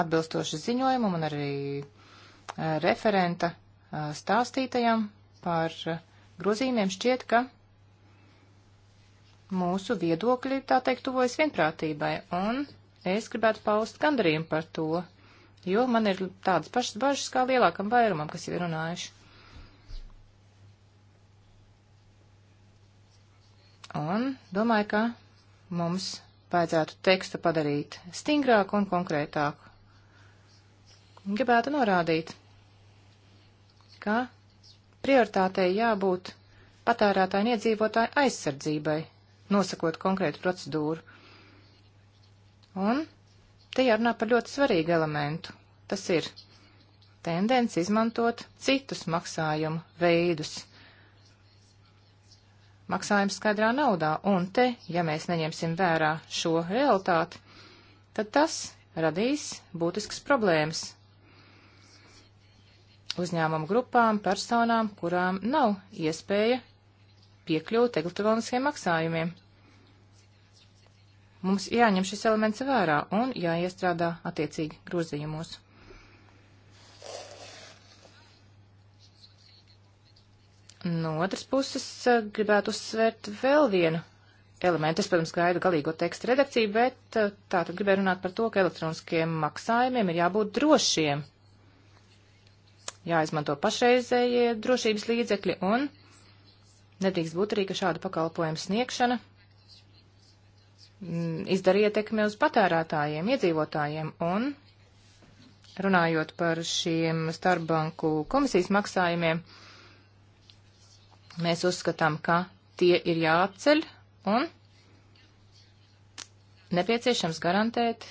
Atbilstoši ziņojumam un arī e, referenta e, stāstītajam par e, grozījumiem šķiet, ka mūsu viedokļi, tā teikt, tuvojas vienprātībai, un es gribētu paust gandarījumu par to, jo man ir tādas pašas bažas kā lielākam vairumam, kas jau ir runājuši. Un domāju, ka mums vajadzētu tekstu padarīt stingrāku un konkrētāku. Gribētu norādīt, ka prioritātei jābūt patērētāju un iedzīvotāju aizsardzībai, nosakot konkrētu procedūru. Un te jārunā par ļoti svarīgu elementu. Tas ir tendence izmantot citus maksājumu veidus maksājums skaidrā naudā. Un te, ja mēs neņemsim vērā šo realitāti, tad tas radīs būtiskas problēmas uzņēmumu grupām, personām, kurām nav iespēja piekļūt elektroniskiem maksājumiem. Mums jāņem šis elements vērā un jāiestrādā attiecīgi grozījumos. No otras puses eh, gribētu uzsvērt vēl vienu elementu. Es, protams, gaidu galīgo tekstu redakciju, bet eh, tātad gribēju runāt par to, ka elektroniskiem maksājumiem ir jābūt drošiem. Jāizmanto pašreizējie drošības līdzekļi un nedrīkst būt arī, ka šāda pakalpojuma sniegšana mm, izdara ietekmi uz patērētājiem, iedzīvotājiem un runājot par šiem starpbanku komisijas maksājumiem. Uh, Mēs uzskatām, ka tie ir jāatceļ un nepieciešams garantēt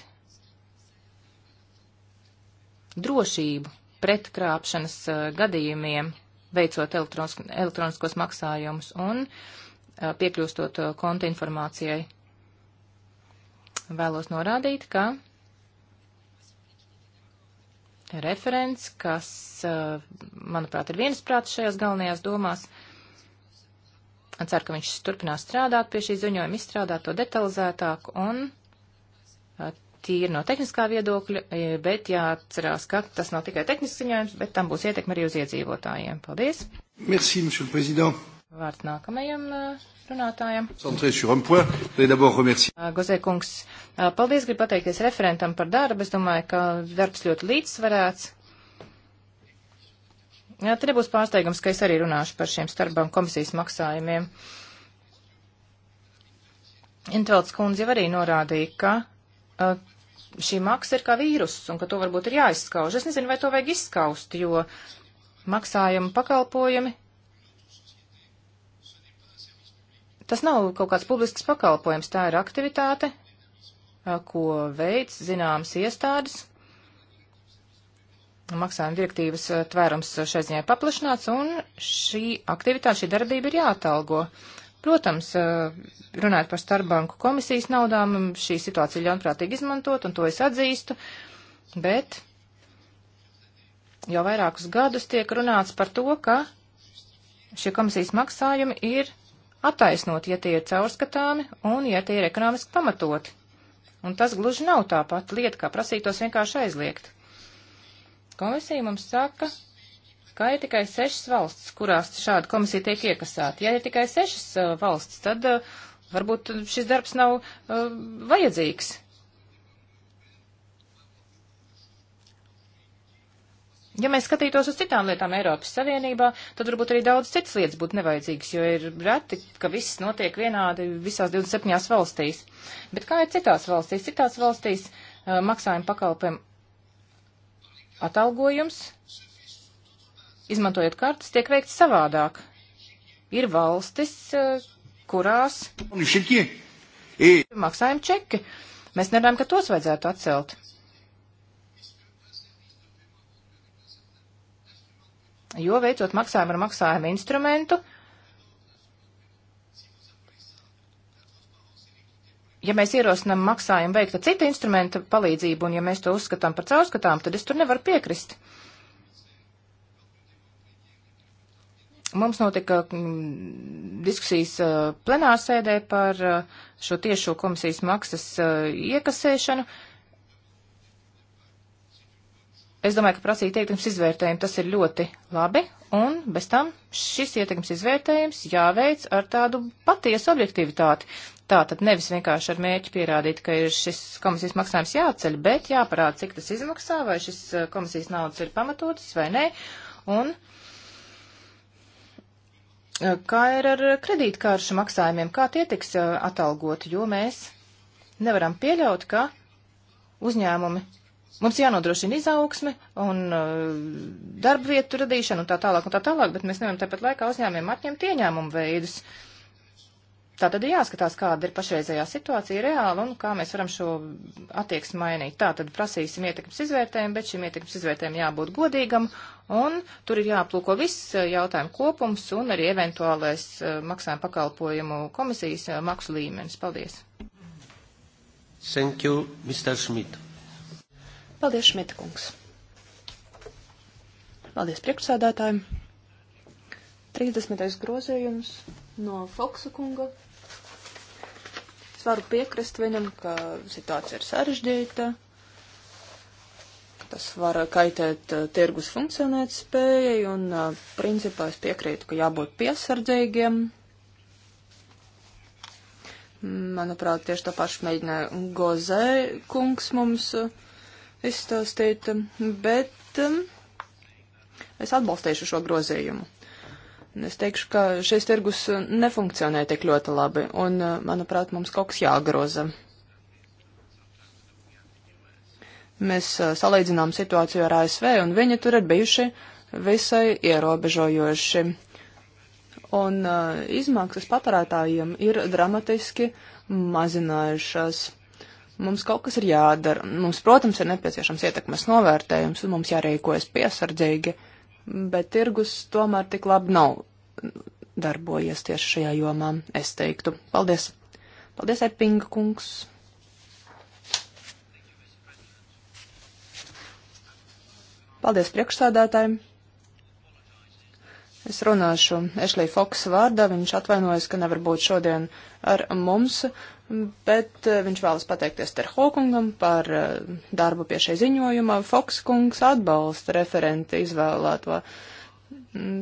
drošību pret krāpšanas uh, gadījumiem, veicot elektroniskos maksājumus un uh, piekļūstot uh, konta informācijai. Vēlos norādīt, ka referents, kas, manuprāt, ir viensprāts šajās galvenajās domās, Ceru, ka viņš turpinās strādāt pie šī ziņojuma, izstrādāt to detalizētāk un tīri no tehniskā viedokļa, e, bet jāatcerās, ka tas nav tikai tehnisks ziņojums, bet tam būs ietekme arī uz iedzīvotājiem. Paldies!
Merci, monsieur le président!
Vārds nākamajam runātājam. Gozē kungs, paldies, gribu pateikties referentam par darbu. Es domāju, ka darbs ļoti līdzsvarēts Jā, te nebūs pārsteigums, ka es arī runāšu par šiem starpbanku komisijas maksājumiem. Intvelds kundze jau arī norādīja, ka uh, šī maksa ir kā vīruss un ka to varbūt ir jāizskauž. Es nezinu, vai to vajag izskaust, jo maksājumu pakalpojumi. Tas nav kaut kāds publisks pakalpojums, tā ir aktivitāte, uh, ko veids zināmas iestādes maksājuma direktīvas eh, tvērums šai ziņai paplašināts, un šī aktivitāte, šī darbība ir jāatalgo. Protams, eh, runājot par starpbanku komisijas naudām, šī situācija ļaunprātīgi izmantot, un to es atzīstu, bet jau vairākus gadus tiek runāts par to, ka šie komisijas maksājumi ir attaisnoti, ja tie ir caurskatāmi un ja tie ir ekonomiski pamatoti. Un tas gluži nav tā pati lieta, kā prasītos vienkārši aizliegt. Komisija mums saka, ka ir tikai sešas valstis, kurās šāda komisija tiek iekasēta. Ja ir tikai sešas uh, valstis, tad uh, varbūt šis darbs nav uh, vajadzīgs. Ja mēs skatītos uz citām lietām Eiropas Savienībā, tad varbūt arī daudz citas lietas būtu nevajadzīgas, jo ir reti, ka viss notiek vienādi visās 27 valstīs. Bet kā ir citās valstīs? Citās valstīs uh, maksājuma pakalpojumi atalgojums, izmantojot kartas, tiek veikts savādāk. Ir valstis, eh, kurās maksājam čeki. Mēs nerunājam, ka tos vajadzētu atcelt. Jo veicot maksājumu ar maksājumu instrumentu, ja mēs ierosinām maksājumu veikt ar citu instrumentu palīdzību, un ja mēs to uzskatām par caurskatām, tad es tur nevaru piekrist. Mums notika mm, diskusijas uh, plenārsēdē par uh, šo tiešo komisijas maksas uh, iekasēšanu. Es domāju, ka prasīt ietekmes izvērtējumu tas ir ļoti labi, un bez tam šis ietekmes izvērtējums jāveic ar tādu patiesu objektivitāti. Tā tad nevis vienkārši ar mēķi pierādīt, ka ir šis komisijas maksājums jāceļ, bet jāparāda, cik tas izmaksā, vai šis eh, komisijas naudas ir pamatotas vai nē. Un eh, kā ir ar kredītkāršu maksājumiem, kā tie tiks eh, atalgoti, jo mēs nevaram pieļaut, ka uzņēmumi Mums jānodrošina izaugsme un uh, darba vietu radīšana un tā tālāk un tā tālāk, bet mēs nevaram tāpat laikā uzņēmiem atņemt ieņēmumu veidus. Uh, Tā tad ir jāskatās, kāda ir pašreizējā situācija reāli un kā mēs varam šo attieksmi mainīt. Tā tad prasīsim ietekmes izvērtējumu, bet šim ietekmes izvērtējumam jābūt godīgam un tur ir jāplūko viss eh, jautājumu kopums un arī eventuālais eh, maksājuma pakalpojumu komisijas eh, maksu līmenis. Paldies.
Thank you, Mr. Schmidt.
Paldies, Šmita kungs. Paldies priekšsādātājiem. 30. grozījums no Foksa kunga. Es varu piekrist viņam, ka situācija ir sarežģīta, ka tas var kaitēt eh, tirgus funkcionēt spējai, un eh, principā es piekrītu, ka jābūt piesardzīgiem. Manuprāt, tieši to pašu mēģināja Gozē kungs mums eh, izstāstīt, bet es atbalstīšu šo grozījumu. Es teikšu, ka šis tirgus nefunkcionē tik ļoti labi, un, eh, manuprāt, mums kaut kas jāgroza. Mēs eh, salīdzinām situāciju ar ASV, un viņi tur ir bijuši visai ierobežojoši. Un uh, izmaksas patērētājiem ir dramatiski mazinājušās. Mums kaut kas ir jādara. Mums, protams, ir nepieciešams ietekmes novērtējums, un mums jārīkojas piesardzīgi. Uh, bet tirgus tomēr tik labi nav darbojies tieši šajā jomā, es teiktu. Paldies! Paldies, Epinga kungs! Paldies priekšsādātājiem! Es runāšu Ešlī Foksa vārdā, viņš atvainojas, ka nevar būt šodien ar mums bet eh, viņš vēlas pateikties Terhokungam par eh, darbu pie šai ziņojuma. Fokskungs atbalsta referenti izvēlēto mm,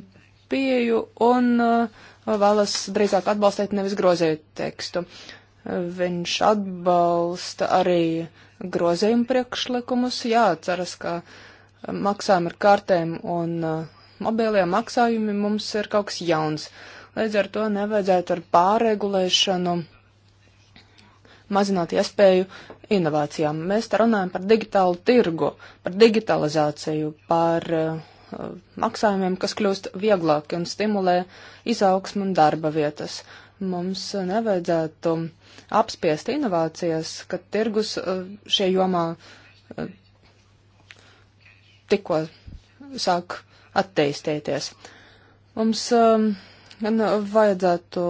pieju un eh, vēlas drīzāk atbalstīt nevis grozēt tekstu. Viņš atbalsta arī grozījumu priekšlikumus. Jāatceras, ka maksājumi ar kartēm un mobiliem maksājumi mums ir kaut kas jauns. Līdz ar to nevajadzētu ar pārregulēšanu mazināt iespēju inovācijām. Mēs te runājam par digitālu tirgu, par digitalizāciju, par uh, maksājumiem, kas kļūst vieglāki un stimulē izaugsmu un darba vietas. Mums nevajadzētu apspiest inovācijas, ka tirgus uh, eh, šie jomā uh, tikko sāk attīstīties. Mums um, vajadzētu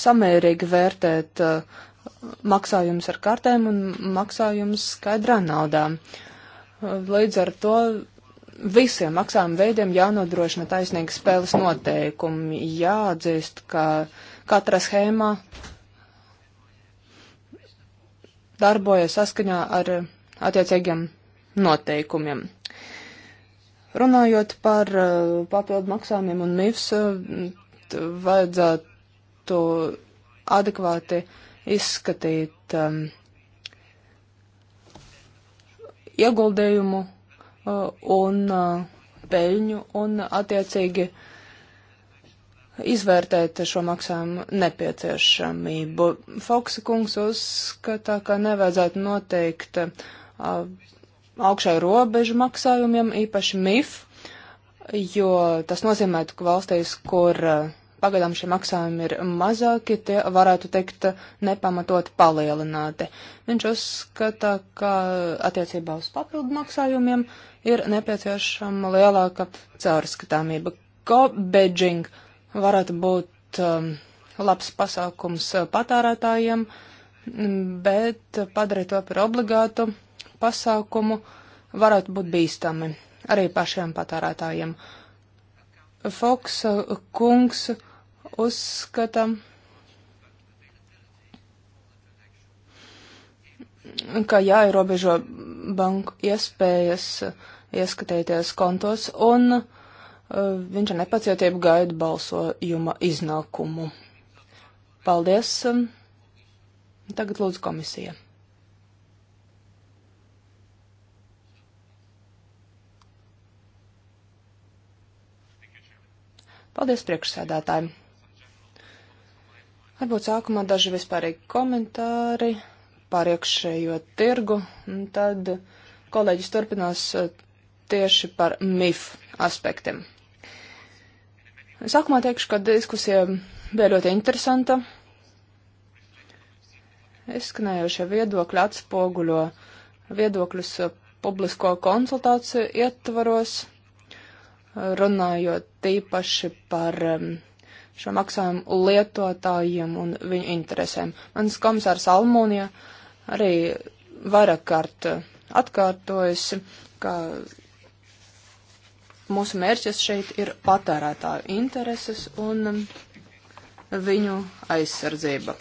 samērīgi vērtēt uh, maksājums ar kartēm un maksājums skaidrā naudā. Līdz ar to visiem maksājuma veidiem jānodrošina taisnīgi spēles noteikumi. Jāatzīst, ka katra schēma darbojas saskaņā ar attiecīgiem noteikumiem. Runājot par uh, papildu maksājumiem un MIFS, uh, vajadzētu adekvāti uh, izskatīt um, ieguldījumu uh, un uh, peļņu un attiecīgi izvērtēt šo maksājumu nepieciešamību. Foksa kungs uzskata, ka nevajadzētu noteikt uh, augšēju robežu maksājumiem, īpaši MIF, jo tas nozīmētu, ka valstīs, kur uh, pagaidām šie maksājumi ir mazāki, tie varētu teikt nepamatot palielināti. Viņš uzskata, ka attiecībā uz papildu maksājumiem ir nepieciešama lielāka caurskatāmība. Ko Beijing varētu būt um, labs pasākums patērētājiem, bet padarīt to par obligātu pasākumu varētu būt bīstami arī pašiem patērētājiem. Foksa kungs uzskata, ka jāierobežo banku iespējas ieskatīties kontos, un uh, viņš ar nepacietību gaida balsojuma iznākumu. Paldies! Um, tagad lūdzu komisija. Paldies priekšsēdētājiem! Varbūt sākumā daži vispārīgi komentāri par iekšējo tirgu, un tad kolēģis turpinās eh, tieši par MIF aspektiem. Sākumā teikšu, ka diskusija bija ļoti interesanta. Izskanējošie viedokļi atspoguļo viedokļus publisko konsultāciju ietvaros, runājot tīpaši par um, šo maksājumu lietotājiem un viņu interesēm. Mans komisārs Almūnija arī vairākārt eh, atkārtojas, ka mūsu mērķis šeit ir patērētāju intereses un mm, viņu aizsardzība.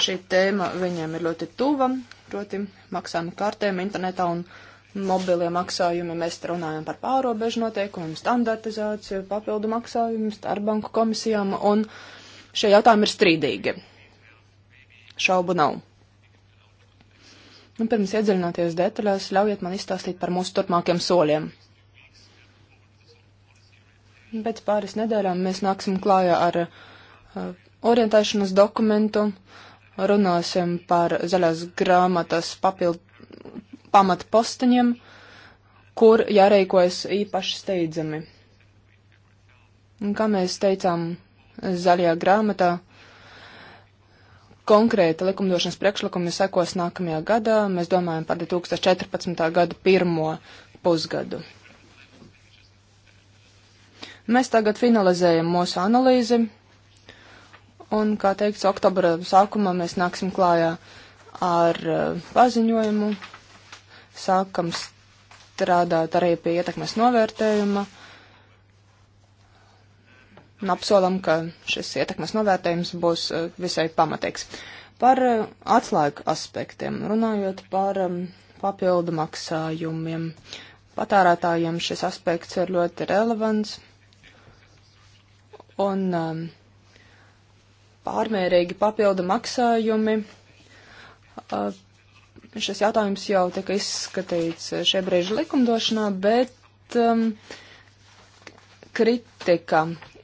Šī tēma viņiem ir ļoti tuva, proti maksājuma kartēm internetā un internetā mobilie maksājumi, mēs runājam par pārobežu noteikumiem, standartizāciju, papildu maksājumu, starpbanku komisijām, un šie jautājumi ir strīdīgi. Šaubu nav. Un nu, pirms iedziļināties detaļās, ļaujiet man izstāstīt par mūsu turpmākiem soļiem. Pēc pāris nedēļām mēs nāksim klājā ar uh, orientēšanas dokumentu, runāsim par zaļās grāmatas papildu pamatpostaņiem, kur jārīkojas īpaši steidzami. Un, kā mēs teicām zaļajā grāmatā, konkrēta likumdošanas priekšlikumi sekos nākamajā gadā. Mēs domājam par 2014. gada pirmo pusgadu. Mēs tagad finalizējam mūsu analīzi, un, kā teikts, oktobra sākumā mēs nāksim klājā ar uh, paziņojumu sākam strādāt arī pie ietekmes novērtējuma. Un apsolam, ka šis ietekmes novērtējums būs uh, visai pamatīgs. Par uh, atslēgu aspektiem runājot par um, papildu maksājumiem. Patērētājiem šis aspekts ir ļoti relevants un um, pārmērīgi papildu maksājumi uh, Šis jautājums jau tika izskatīts šie brīži likumdošanā, bet um, kritika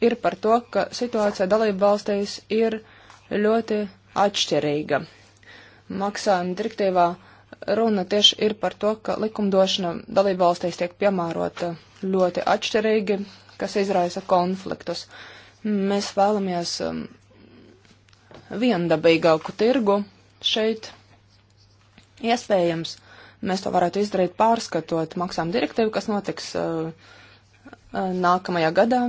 ir par to, ka situācija dalība valstīs ir ļoti atšķirīga. Maksājuma direktīvā runa tieši ir par to, ka likumdošana dalība valstīs tiek piemērota ļoti atšķirīgi, kas izraisa konfliktus. Mēs vēlamies um, viendabīgāku tirgu šeit Iespējams, mēs to varētu izdarīt pārskatot maksām direktīvu, kas notiks uh, uh, nākamajā gadā.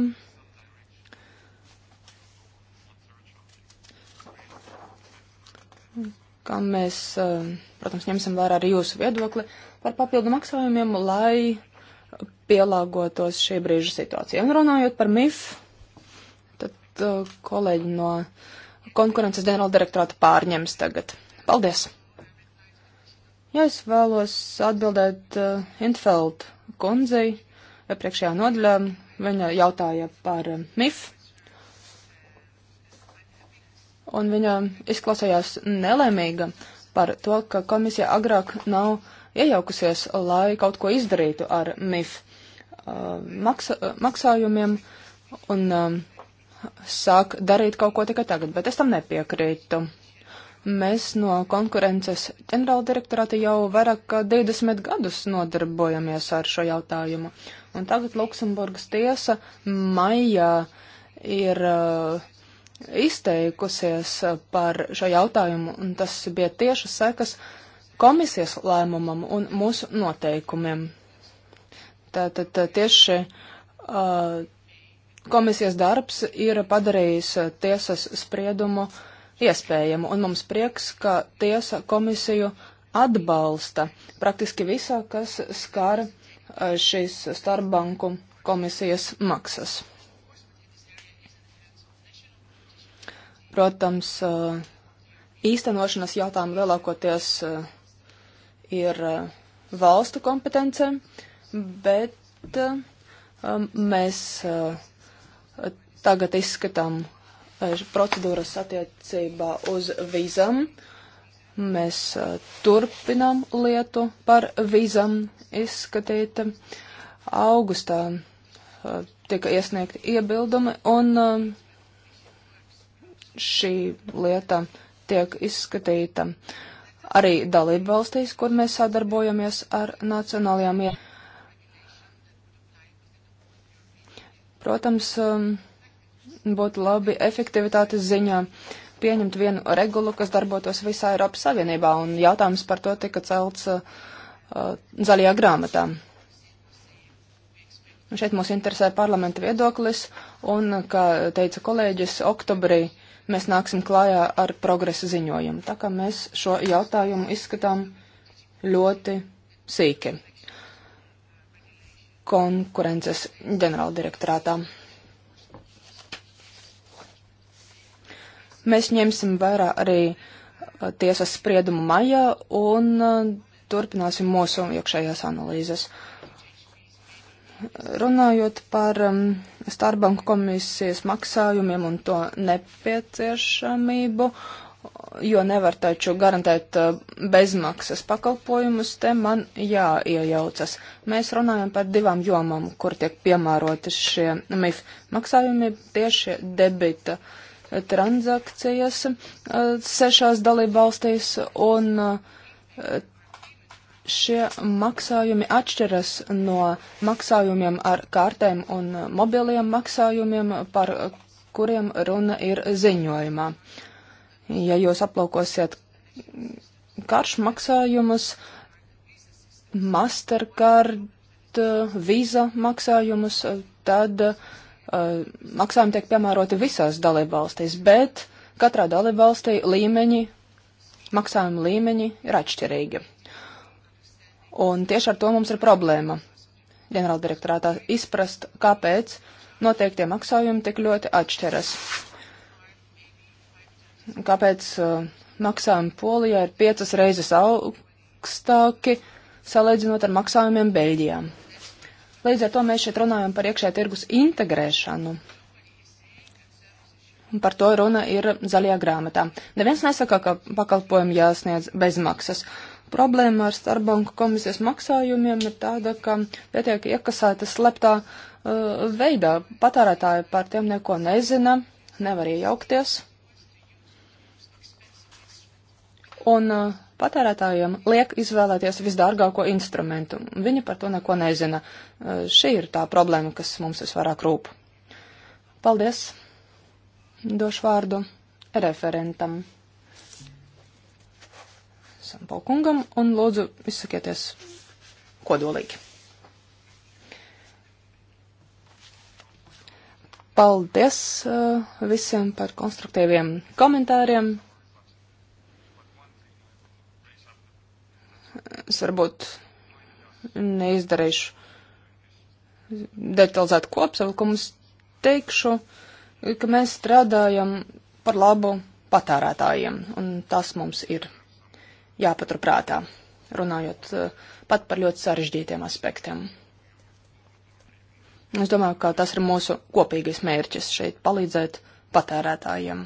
Kā mēs, uh, protams, ņemsim vērā arī jūsu viedokli par papildu maksājumiem, lai pielāgotos šī brīža situācija. Un runājot par MIF, tad uh, kolēģi no konkurences ģenerāla direktorāta pārņems tagad. Paldies! Ja es vēlos atbildēt uh, Intfeld kundzei, iepriekšējā eh, nodaļā viņa jautāja par uh, MIF, un viņa izklausījās nelēmīga par to, ka komisija agrāk nav iejaukusies, lai kaut ko izdarītu ar MIF uh, maksa, uh, maksājumiem, un uh, sāk darīt kaut ko tikai tagad, bet es tam nepiekrītu. Mēs no konkurences ģenerāldirektorāta jau vairāk kā 20 gadus nodarbojamies ar šo jautājumu. Un tagad Luksemburgas tiesa maijā ir uh, izteikusies par šo jautājumu, un tas bija tieši sekas komisijas lēmumam un mūsu noteikumiem. Tātad uh, tieši uh, komisijas darbs ir padarījis tiesas spriedumu uh, iespējamu, un mums prieks, ka tiesa komisiju atbalsta praktiski visā, kas skar šīs starpbanku komisijas maksas. Protams, īstenošanas jautājumi lielākoties ir valstu kompetence, bet mēs tagad izskatām procedūras attiecībā uz vīzam. Mēs turpinām lietu par vīzam izskatīt. Augustā tika iesniegti iebildumi un šī lieta tiek izskatīta arī dalību valstīs, kur mēs sadarbojamies ar nacionālajām iestādēm. Protams, um, būtu labi efektivitātes ziņā pieņemt vienu regulu, kas darbotos visā Eiropas Savienībā, un jautājums par to tika celts uh, uh, zaļajā grāmatā. Un šeit mūs interesē parlamenta viedoklis, un, kā teica kolēģis, oktobrī mēs nāksim klājā ar progresa ziņojumu. Tā kā mēs šo jautājumu izskatām ļoti sīki konkurences ģenerāldirektorātā. Mēs ņemsim vērā arī uh, tiesas spriedumu maijā un uh, turpināsim mūsu iekšējās analīzes. Runājot par um, starpbanku komisijas maksājumiem un to nepieciešamību, jo nevar taču garantēt uh, bezmaksas pakalpojumus, te man jāiejaucas. Mēs runājam par divām jomām, kur tiek piemēroti šie MIF maksājumi tieši debita uh, transakcijas uh, sešās dalībvalstīs, un uh, šie maksājumi atšķiras no maksājumiem ar kārtēm un mobiliem maksājumiem, par kuriem runa ir ziņojumā. Ja jūs aplaukosiet karšu maksājumus, Mastercard, uh, Visa maksājumus, tad uh, Uh, maksājumi tiek piemēroti visās dalībvalstīs, bet katrā dalībvalstī līmeņi, maksājumu līmeņi ir atšķirīgi. Un tieši ar to mums ir problēma ģenerāldirektorātā izprast, kāpēc noteiktie maksājumi tik ļoti atšķiras. Kāpēc uh, maksājumi Polijā ir piecas reizes augstāki salīdzinot ar maksājumiem Beļģijām? Līdz ar to mēs šeit runājam par iekšē tirgus integrēšanu. Un par to runa ir zaļajā grāmatā. Neviens nesaka, ka pakalpojumi jāsniedz bezmaksas. Problēma ar starpbanku komisijas maksājumiem ir tāda, ka tie tiek iekasēti sleptā uh, veidā. Patērētāji par tiem neko nezina, nevar iejaukties. Un uh, patērētājiem liek izvēlēties visdārgāko instrumentu. Viņi par to neko nezina. Šī ir tā problēma, kas mums visvairāk rūp. Paldies! Došu vārdu referentam Sampaukungam un lūdzu izsakieties kodolīgi. Paldies uh, visiem par konstruktīviem komentāriem, es varbūt neizdarīšu detalizētu kopsavilkumus, teikšu, ka mēs strādājam par labu patērētājiem, un tas mums ir jāpaturprātā, runājot eh, pat par ļoti sarežģītiem aspektiem. Es domāju, ka tas ir mūsu kopīgais mērķis šeit palīdzēt patērētājiem.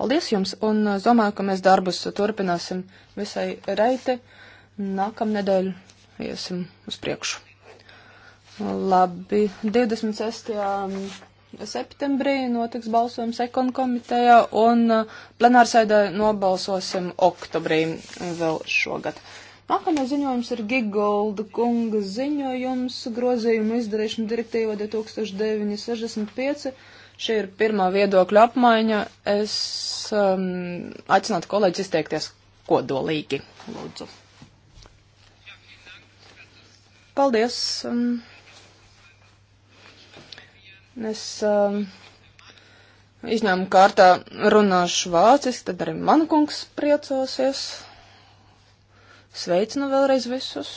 Paldies jums, un es uh, domāju, ka mēs darbus turpināsim visai reiti. Nākamnedēļ iesim uz priekšu. Labi, 26. Um, septembrī notiks balsojums ekonu komitejā, un uh, plenārsēdē nobalsosim oktobrī vēl šogad. Nākamais ziņojums ir Gigolda kunga ziņojums grozījuma izdarīšana direktīva 2965 Šī ir pirmā viedokļa apmaiņa. Es um, aicinātu kolēģis izteikties kodolīgi, lūdzu. Paldies. Um, es um, izņēmu kārtā runāšu vāciski, tad arī man kungs priecosies. Sveicinu vēlreiz visus.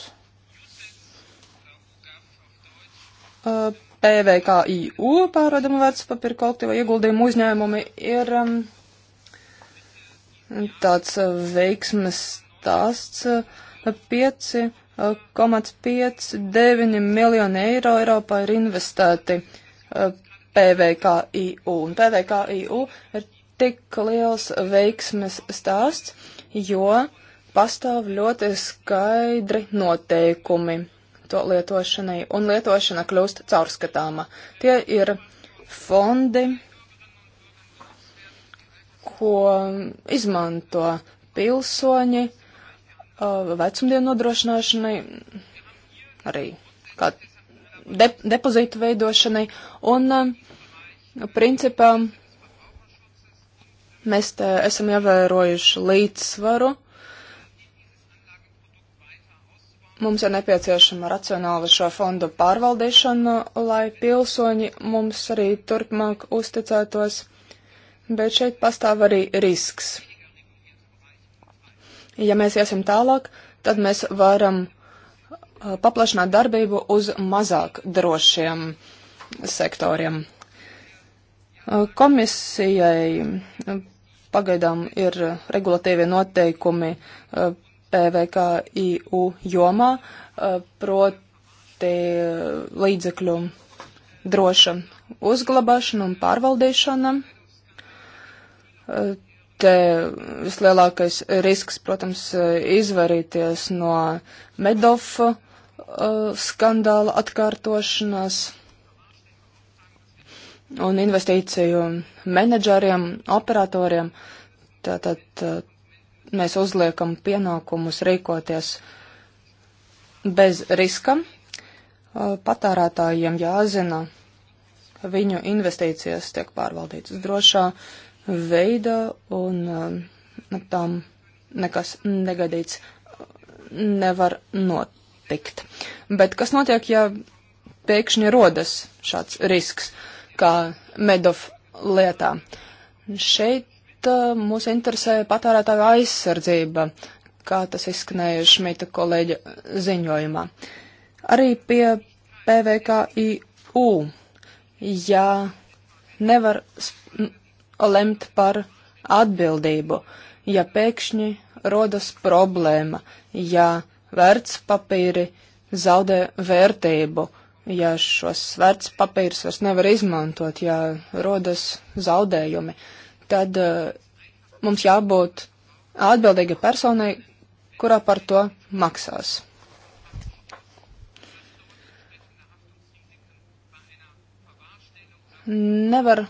Uh, PVKIU e pārādama vērtspapīra kolektīva ieguldījuma uzņēmumi ir um, tāds uh, veiksmes stāsts. 5,59 uh, uh, miljoni eiro Eiropā ir investēti PVKIU. Un PVKIU ir tik liels veiksmes stāsts, jo pastāv ļoti skaidri noteikumi to lietošanai, un lietošana kļūst caurskatāma. Tie ir fondi, ko izmanto pilsoņi uh, vecumdienu nodrošināšanai, arī kā de depozītu veidošanai, un uh, principā mēs esam ievērojuši līdzsvaru Mums ir nepieciešama racionāla šo fondu pārvaldīšana, lai pilsoņi mums arī turpmāk uzticētos, bet šeit pastāv arī risks. Ja mēs iesim tālāk, tad mēs varam uh, paplašināt darbību uz mazāk drošiem sektoriem. Uh, komisijai uh, pagaidām ir regulatīvie noteikumi PVKIU e jomā, e, proti e, līdzekļu droša uzglabāšana un pārvaldīšana. Te vislielākais risks, protams, izvairīties no Medofa skandāla atkārtošanās un investīciju menedžeriem, operatoriem. Tātad mēs uzliekam pienākumus rīkoties bez riska. Patērētājiem jāzina, ka viņu investīcijas tiek pārvaldītas drošā veidā un nu, tam nekas negadīts nevar notikt. Bet kas notiek, ja pēkšņi rodas šāds risks, kā Medov lietā? Šeit Uh, mūs interesē patērētāju aizsardzība, kā tas izskanēja Šmita kolēģa ziņojumā. Arī pie PVKIU, ja nevar lemt par atbildību, ja pēkšņi rodas problēma, ja vērtspapīri zaudē vērtību, ja šos vērtspapīrus vairs nevar izmantot, ja rodas zaudējumi. Uh, tad uh, eh, mums jābūt atbildīga personai, kurā par to maksās. Nevar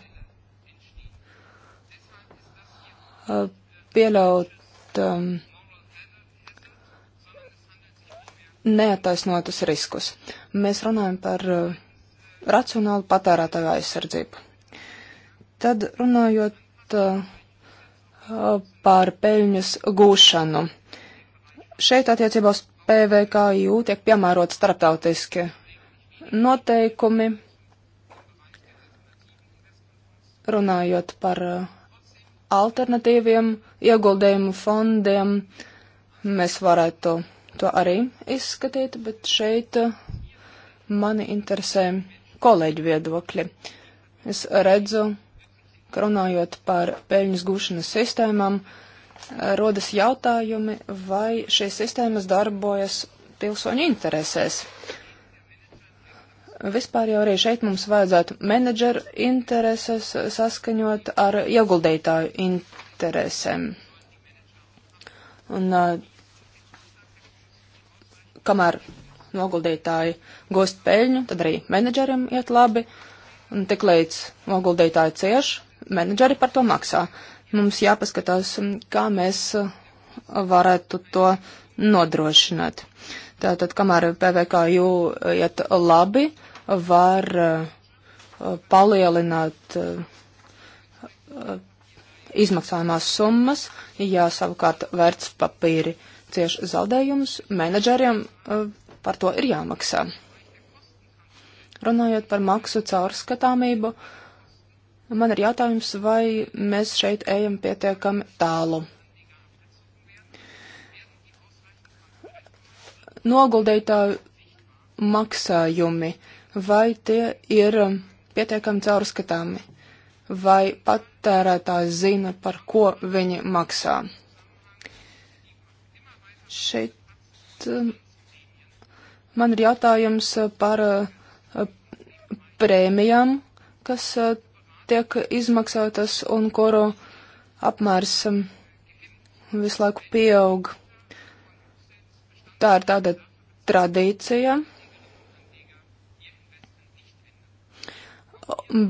uh, pieļaut um, ehm, neataisnotus riskus. Mēs runājam par uh, racionālu patērētāju aizsardzību. Tad runājot Eh, par peļņas gūšanu. Šeit attiecībā uz PVKU tiek piemērot starptautiski noteikumi, runājot par eh, alternatīviem ieguldījumu fondiem. Mēs varētu to arī izskatīt, bet šeit eh, mani interesē kolēģi viedokļi. Es redzu, ka runājot par peļņas gūšanas sistēmām, eh, rodas jautājumi, vai šīs sistēmas darbojas pilsoņu interesēs. Vispār jau arī šeit mums vajadzētu menedžeru intereses saskaņot ar ieguldītāju interesēm. Un eh, kamēr noguldītāji gūst peļņu, tad arī menedžerim iet labi. Un tik līdz noguldītāji cieš, menedžeri par to maksā. Mums jāpaskatās, um, kā mēs uh, varētu to nodrošināt. Tātad, kamēr PVKU iet labi, var uh, palielināt uh, izmaksājumās summas, ja savukārt vērts papīri cieši zaudējumus, menedžeriem par to ir jāmaksā. Runājot par maksu caurskatāmību, uh, Man ir jautājums, vai mēs šeit ejam pietiekami tālu. Noguldītāju maksājumi, vai tie ir um, pietiekami caurskatāmi, vai patērētājs zina, par ko viņi maksā. Šeit um, man ir jautājums uh, par uh, prēmijām, kas uh, tiek izmaksātas un kuru apmērs um, visu laiku pieaug. Tā ir tāda tradīcija,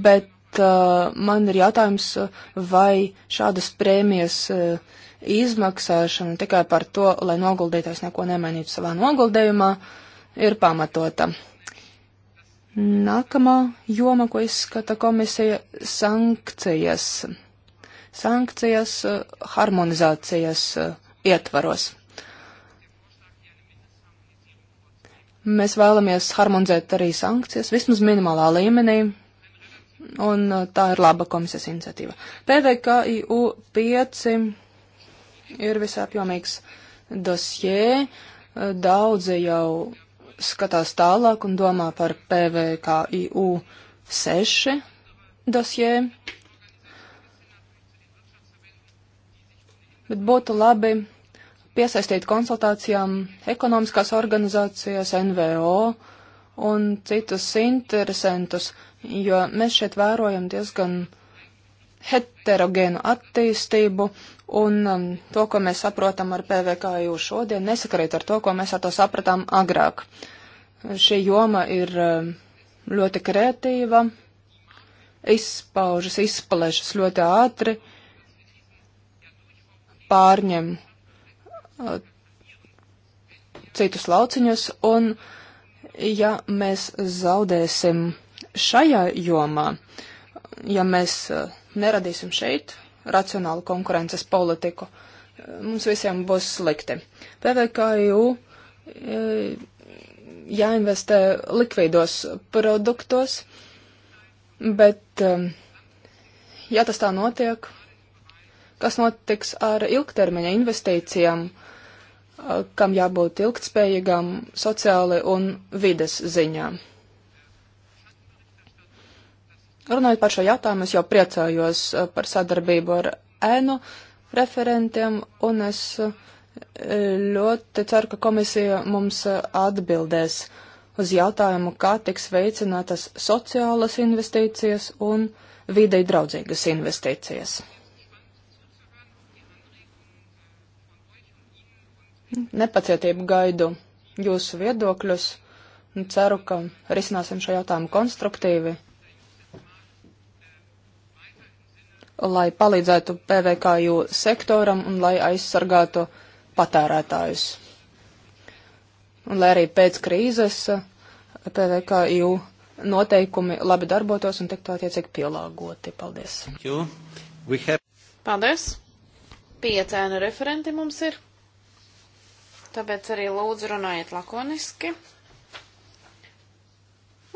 bet uh, man ir jautājums, vai šādas prēmijas uh, izmaksāšana tikai par to, lai noguldītājs neko nemainītu savā noguldījumā, ir pamatota. Nākamā joma, ko izskata komisija - sankcijas. Sankcijas eh, harmonizācijas eh, ietvaros. Mēs vēlamies harmonizēt arī sankcijas, vismaz minimālā līmenī, un eh, tā ir laba komisijas iniciatīva. PVKIU 5 ir visapjomīgs dosjē, daudzi jau skatās tālāk un domā par PVKIU 6 dosjē. Bet būtu labi piesaistīt konsultācijām ekonomiskās organizācijas, NVO un citus interesantus, jo mēs šeit vērojam diezgan heterogēnu attīstību, un um, to, ko mēs saprotam ar PVKU šodien, nesakarīt ar to, ko mēs ar to sapratām agrāk. Uh, Šī joma ir um, ļoti kreatīva, izpaužas, izpalēšas ļoti ātri, pārņem uh, citus lauciņus, un ja mēs zaudēsim šajā jomā, ja mēs uh, neradīsim šeit racionālu konkurences politiku, uh, mums visiem būs slikti. PVKU jāinvestē likvīdos produktos, bet um, ja tas tā notiek, kas notiks ar ilgtermiņa investīcijām, uh, kam jābūt ilgtspējīgām sociāli un vides ziņā? Runājot par šo jautājumu, es jau priecājos uh, par sadarbību ar ēnu referentiem, un es uh, Ļoti ceru, ka komisija mums e, atbildēs uz jautājumu, kā tiks veicinātas sociālas investīcijas un videi draudzīgas investīcijas. Nepacietību gaidu jūsu viedokļus un ceru, ka risināsim šo jautājumu konstruktīvi, lai palīdzētu PVKU sektoram un lai aizsargātu patērētājus. Un lai arī pēc krīzes PVKU noteikumi labi darbotos un tiktu attiecīgi pielāgoti.
Paldies. Have...
Paldies. Piecēnu referenti mums ir. Tāpēc arī lūdzu runājiet lakoniski.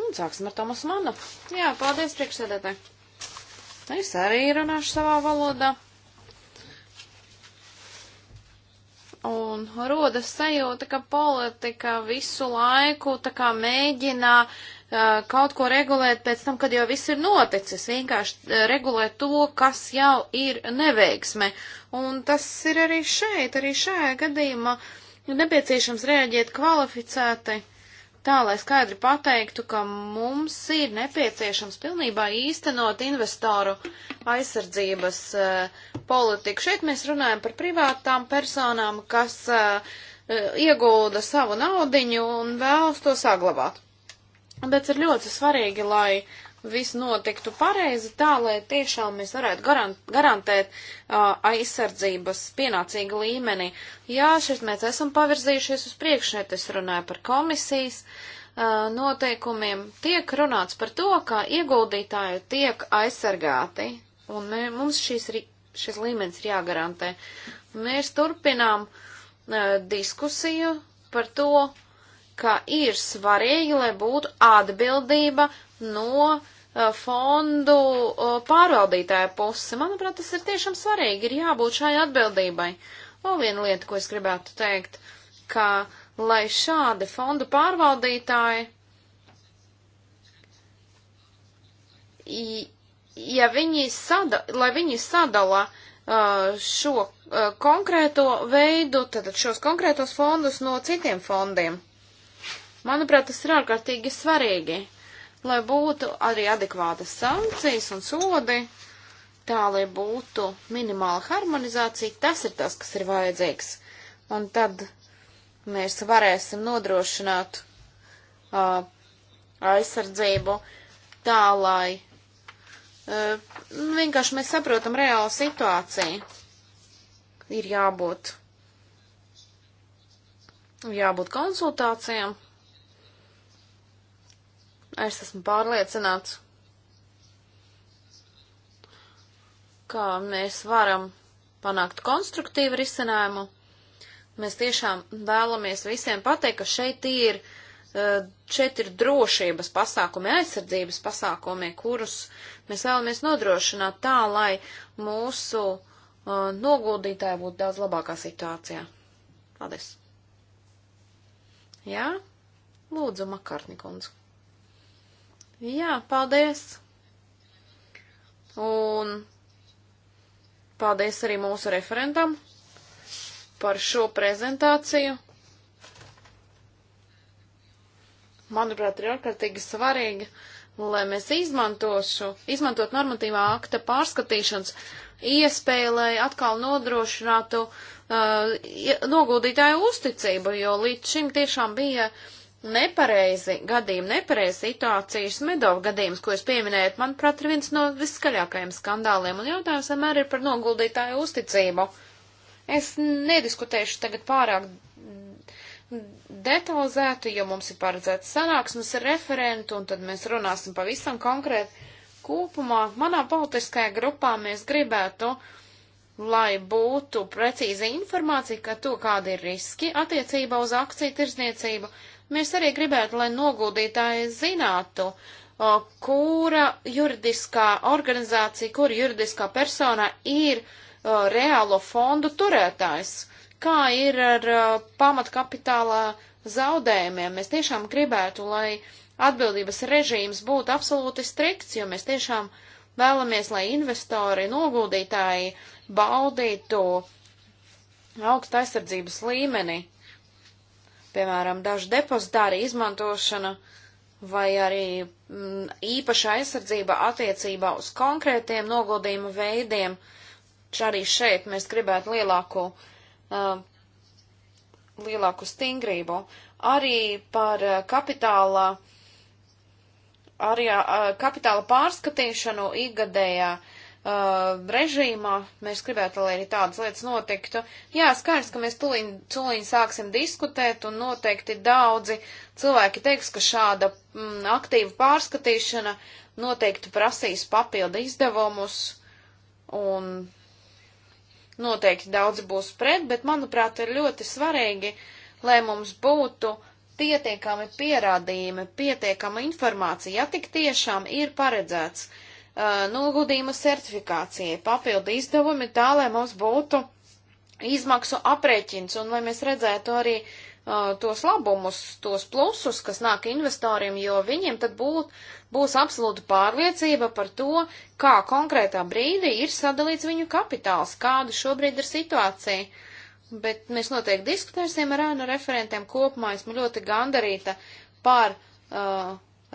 Un sāksim ar Tomas Manu. Jā, paldies priekšsēdētāji. Es arī runāšu savā valodā. Un rodas sajūta, ka politika visu laiku tā kā mēģina uh, kaut ko regulēt pēc tam, kad jau viss ir noticis, vienkārši regulēt to, kas jau ir neveiksme. Un tas ir arī šeit, arī šajā gadījumā nepieciešams rēģēt kvalificēti. Uh, tā, lai skaidri pateiktu, ka mums ir nepieciešams pilnībā īstenot investoru aizsardzības uh, politiku. Šeit mēs runājam par privātām personām, kas uh, iegulda savu naudiņu un vēlas to saglabāt. Bet ir ļoti svarīgi, lai viss notiktu pareizi, tā lai tiešām mēs varētu garant, garantēt uh, aizsardzības pienācīgu līmeni. Jā, šeit mēs esam pavirzījušies uz priekšu, šeit es runāju par komisijas uh, noteikumiem. Tiek runāts par to, kā ieguldītāji tiek aizsargāti, un mē, mums šīs, šis līmenis ir jāgarantē. Mēs turpinām uh, diskusiju par to, uh, ka ir svarīgi, lai būtu atbildība no uh, fondu uh, pārvaldītāja puses. Manuprāt, tas ir tiešām svarīgi, ir jābūt šai atbildībai. Vēl viena lieta, ko es gribētu teikt, ka lai šādi fondu pārvaldītāji, ja viņi sadala, lai viņi sadala uh, šo konkrēto veidu, tad šos konkrētos fondus no citiem fondiem. Manuprāt, tas ir ārkārtīgi svarīgi, lai būtu arī adekvātas sankcijas un sodi, tā lai būtu minimāla harmonizācija. Tas ir tas, kas ir vajadzīgs. Un tad mēs varēsim nodrošināt uh, aizsardzību tā, lai uh, vienkārši mēs saprotam reālu situāciju. Ir jābūt, jābūt konsultācijām Es esmu pārliecināts, ka mēs varam panākt konstruktīvu risinājumu. Mēs tiešām vēlamies visiem pateikt, ka šeit ir, eh, šeit ir drošības pasākumi, aizsardzības pasākumi, kurus mēs vēlamies nodrošināt tā, lai mūsu eh, noguldītāji būtu daudz labākā situācijā. Paldies! Jā, lūdzu, Makarnikundze. Jā, paldies! Un paldies arī mūsu referentam par šo prezentāciju. Manuprāt, ir ārkārtīgi svarīgi, lai mēs izmantošu, izmantot normatīvā akta pārskatīšanas iespēju, lai atkal nodrošinātu uh, noguldītāju uzticību, jo līdz šim tiešām bija uh, nepareizi gadījumi, nepareizi situācijas, Medov gadījums, ko jūs pieminējat, manuprāt, ir viens no viskaļākajiem skandāliem, un jautājums vienmēr ir par noguldītāju uzticību. Es nediskutēšu tagad pārāk detalizēti, jo mums ir paredzēts sanāksmes ar referentu, un tad mēs runāsim pavisam konkrēti. Kopumā manā politiskajā grupā mēs gribētu, lai būtu precīza informācija, ka to, kādi ir riski attiecībā uz akciju tirzniecību, Mēs arī gribētu, lai noguldītāji zinātu, kura juridiskā organizācija, kura juridiskā persona ir reālo fondu turētājs, kā ir ar pamatkapitālā zaudējumiem. Mēs tiešām gribētu, lai atbildības režīms būtu absolūti strikts, jo mēs tiešām vēlamies, lai investori, noguldītāji baudītu augstu aizsardzības līmeni piemēram, dažu depozitāri izmantošana vai arī m, mm, īpaša aizsardzība attiecībā uz konkrētiem noguldījumu veidiem. Arī šeit mēs gribētu lielāku, uh, um, lielāku stingrību. Arī par uh, kapitāla, arī, uh, kapitāla pārskatīšanu ikgadējā uh, uh, režīmā. Mēs gribētu, lai arī tādas lietas notiktu. Jā, skaidrs, ka mēs tuliņ, tuliņ sāksim diskutēt, un noteikti daudzi cilvēki teiks, ka šāda mm, aktīva pārskatīšana noteikti prasīs papildu izdevumus, un noteikti daudzi būs pret, bet, manuprāt, ir ļoti svarīgi, lai mums būtu pietiekami pierādījumi, pietiekama informācija, ja tik tiešām ir paredzēts uh, Uh, noguldījumu certifikācijai, papildu izdevumi tā, lai mums būtu izmaksu aprēķins un lai mēs redzētu arī uh, tos labumus, tos plusus, kas nāk investoriem, jo viņiem tad būt, būs absolūta pārliecība par to, kā konkrētā brīdī ir sadalīts viņu kapitāls, kāda šobrīd ir situācija. Bet mēs noteikti diskutēsim ar ēnu referentiem kopumā. Esmu ļoti gandarīta par uh,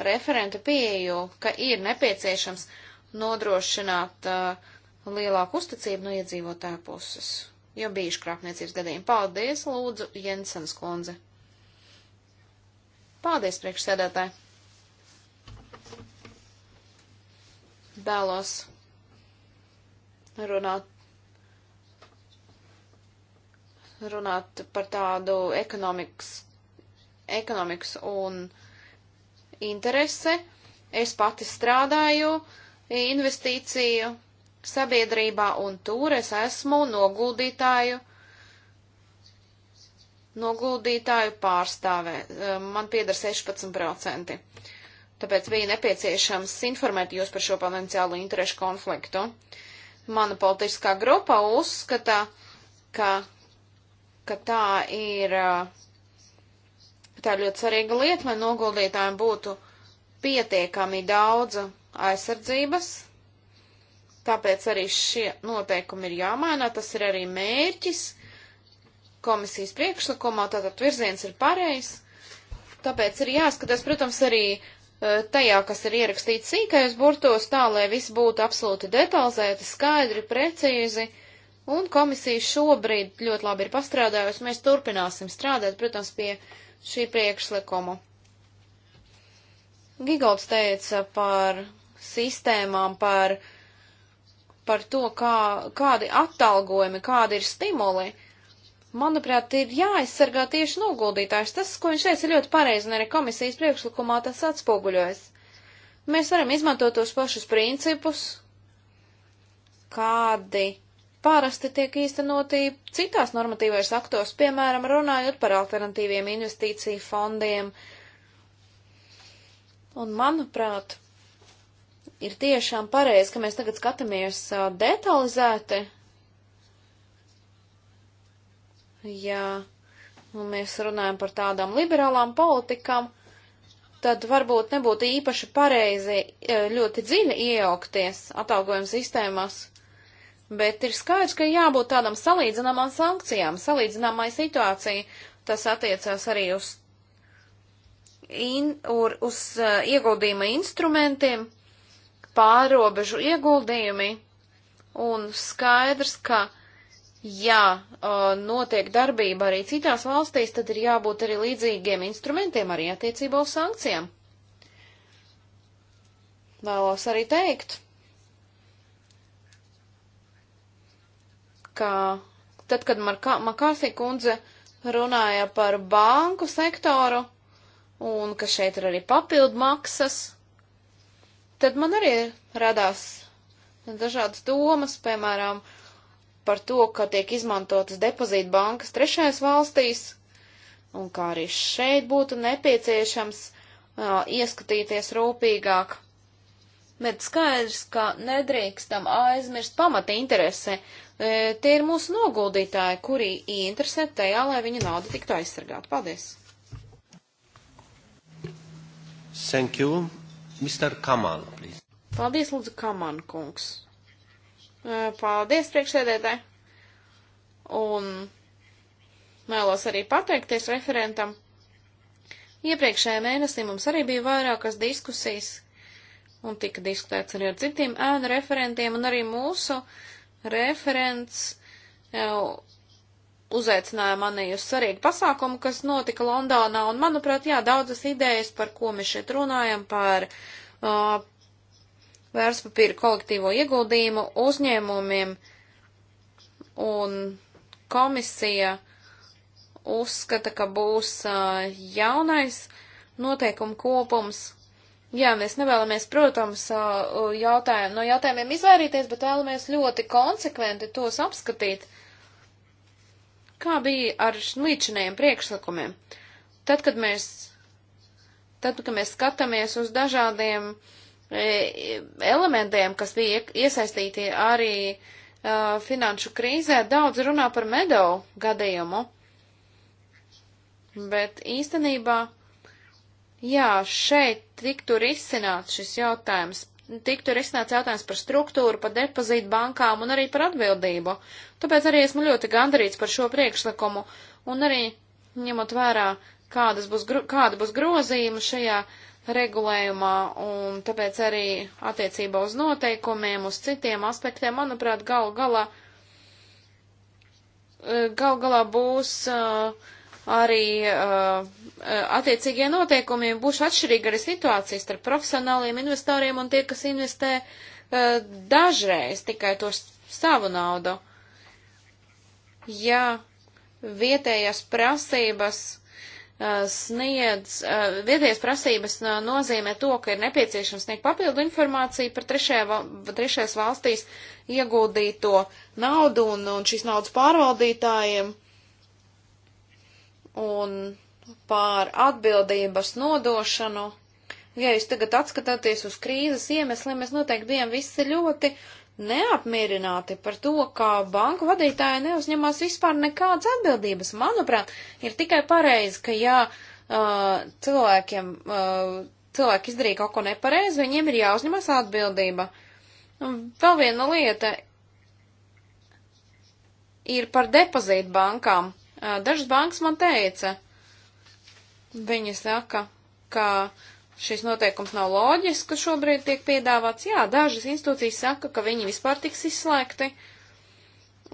referentu pieeju, ka ir nepieciešams uh, nodrošināt uh, lielāku uzticību no iedzīvotāju puses. Jo bijuši krāpniecības gadījumi. Paldies, lūdzu, Jensens kundze. Paldies, priekšsēdētāji. Vēlos runāt, runāt par tādu ekonomikas, ekonomikas un interese. Es pati strādāju uh, investīciju sabiedrībā, un tur es esmu noguldītāju, noguldītāju pārstāvē. Man pieder 16%. Tāpēc bija nepieciešams informēt jūs par šo potenciālu interešu konfliktu. Mana politiskā grupa uzskata, ka, ka tā ir tā ir ļoti svarīga lieta, lai noguldītājiem būtu pietiekami daudz aizsardzības, tāpēc arī šie noteikumi ir jāmaina, tas ir arī mērķis komisijas priekšlikumā, tātad virziens ir pareizs, tāpēc ir jāskatās, protams, arī e, tajā, kas ir ierakstīts sīkajos burtos, tā, lai viss būtu absolūti detalizēti, skaidri, precīzi, un komisija šobrīd ļoti labi ir pastrādājusi, mēs turpināsim strādāt, protams, pie šī priekšlikuma. Gigolds teica par sistēmām par, par to, kā, kādi atalgojumi, kādi ir stimuli, manuprāt, ir jāaizsargā tieši noguldītājs. Tas, ko viņš teica, ir ļoti pareizi, un arī komisijas priekšlikumā tas atspoguļojas. Mēs varam izmantot tos pašus principus, kādi parasti tiek īstenoti citās normatīvais aktos, piemēram, runājot par alternatīviem investīciju fondiem. Un, manuprāt, ir tiešām pareizi, ka mēs tagad skatāmies uh, detalizēti. Ja mēs runājam par tādām liberālām politikām, tad varbūt nebūtu īpaši pareizi ļoti dziļi iejaukties atalgojuma sistēmās. Bet ir skaidrs, ka jābūt tādam salīdzināmām sankcijām, salīdzināmai situācijai. Tas attiecās arī uz, in, ur, uz uh, ieguldījuma instrumentiem pārobežu ieguldījumi un skaidrs, ka, ja notiek darbība arī citās valstīs, tad ir jābūt arī līdzīgiem instrumentiem arī attiecībā uz sankcijām. Vēlos arī teikt, ka tad, kad Makāfī kundze runāja par banku sektoru un ka šeit ir arī papildu maksas, tad man arī radās dažādas domas, piemēram, par to, ka tiek izmantotas depozīta bankas trešais valstīs, un kā arī šeit būtu nepieciešams uh, ieskatīties rūpīgāk. Bet skaidrs, ka nedrīkstam aizmirst pamata interese. E, tie ir mūsu noguldītāji, kuri interesē tajā, lai viņa nauda tiktu aizsargāta. Paldies!
Thank you. Mr. Kamal, please.
Paldies, lūdzu, Kaman kungs. Paldies, priekšsēdētāji. Un vēlos arī pateikties referentam. Iepriekšējā mēnesī mums arī bija vairākas diskusijas, un tika diskutēts arī ar citiem ēnu referentiem, un arī mūsu referents jau uzaicināja mani uz svarīgu pasākumu, kas notika Londonā, un, manuprāt, jā, daudzas idejas, par ko mēs šeit runājam, par uh, vērtspapīru kolektīvo ieguldījumu uzņēmumiem, un komisija uzskata, ka būs uh, jaunais noteikumu kopums. Jā, mēs nevēlamies, protams, uh, jautājumu, no jautājumiem izvairīties, bet vēlamies ļoti konsekventi tos apskatīt. Uh, Kā bija ar līdzinējiem priekšlikumiem? Tad, kad mēs, tad, kad mēs skatāmies uz dažādiem e, elementiem, kas bija iesaistīti arī e, finanšu krīzē, daudz runā par medovu gadījumu. Bet īstenībā, jā, šeit tiktu risināts šis jautājums, tiktu risināts jautājums par struktūru, par depozītu bankām un arī par atbildību. Tāpēc arī esmu ļoti gandarīts par šo priekšlikumu un arī ņemot vērā, kādas būs, kāda būs grozījuma šajā regulējumā un tāpēc arī attiecībā uz noteikumiem, uz citiem aspektiem, manuprāt, gal galā, e, gal galā būs uh, arī uh, attiecīgie noteikumi būs atšķirīgi arī situācijas starp profesionāliem investoriem un tie, kas investē uh, dažreiz tikai to savu naudu. Uh, ja vietējās prasības uh, sniedz, uh, vietējās prasības uh, nozīmē to, ka ir nepieciešams sniegt papildu informāciju par trešajā, trešajās valstīs ieguldīto naudu un, un šīs naudas pārvaldītājiem un pār atbildības nodošanu. Ja jūs tagad atskatāties uz krīzes iemesliem, mēs noteikti bijām visi ļoti neapmierināti par to, ka banku vadītāji neuzņemās vispār nekādas atbildības. Manuprāt, ir tikai pareizi, ka jā, uh, cilvēkiem, uh, cilvēki izdarīja kaut ko nepareizi, viņiem ir jāuzņemas atbildība. Vēl viena lieta ir par depozītu bankām. Uh, dažas bankas man teica, viņi saka, ka uh, šis noteikums nav loģisks, kas šobrīd tiek piedāvāts. Jā, dažas institūcijas saka, ka viņi vispār tiks izslēgti,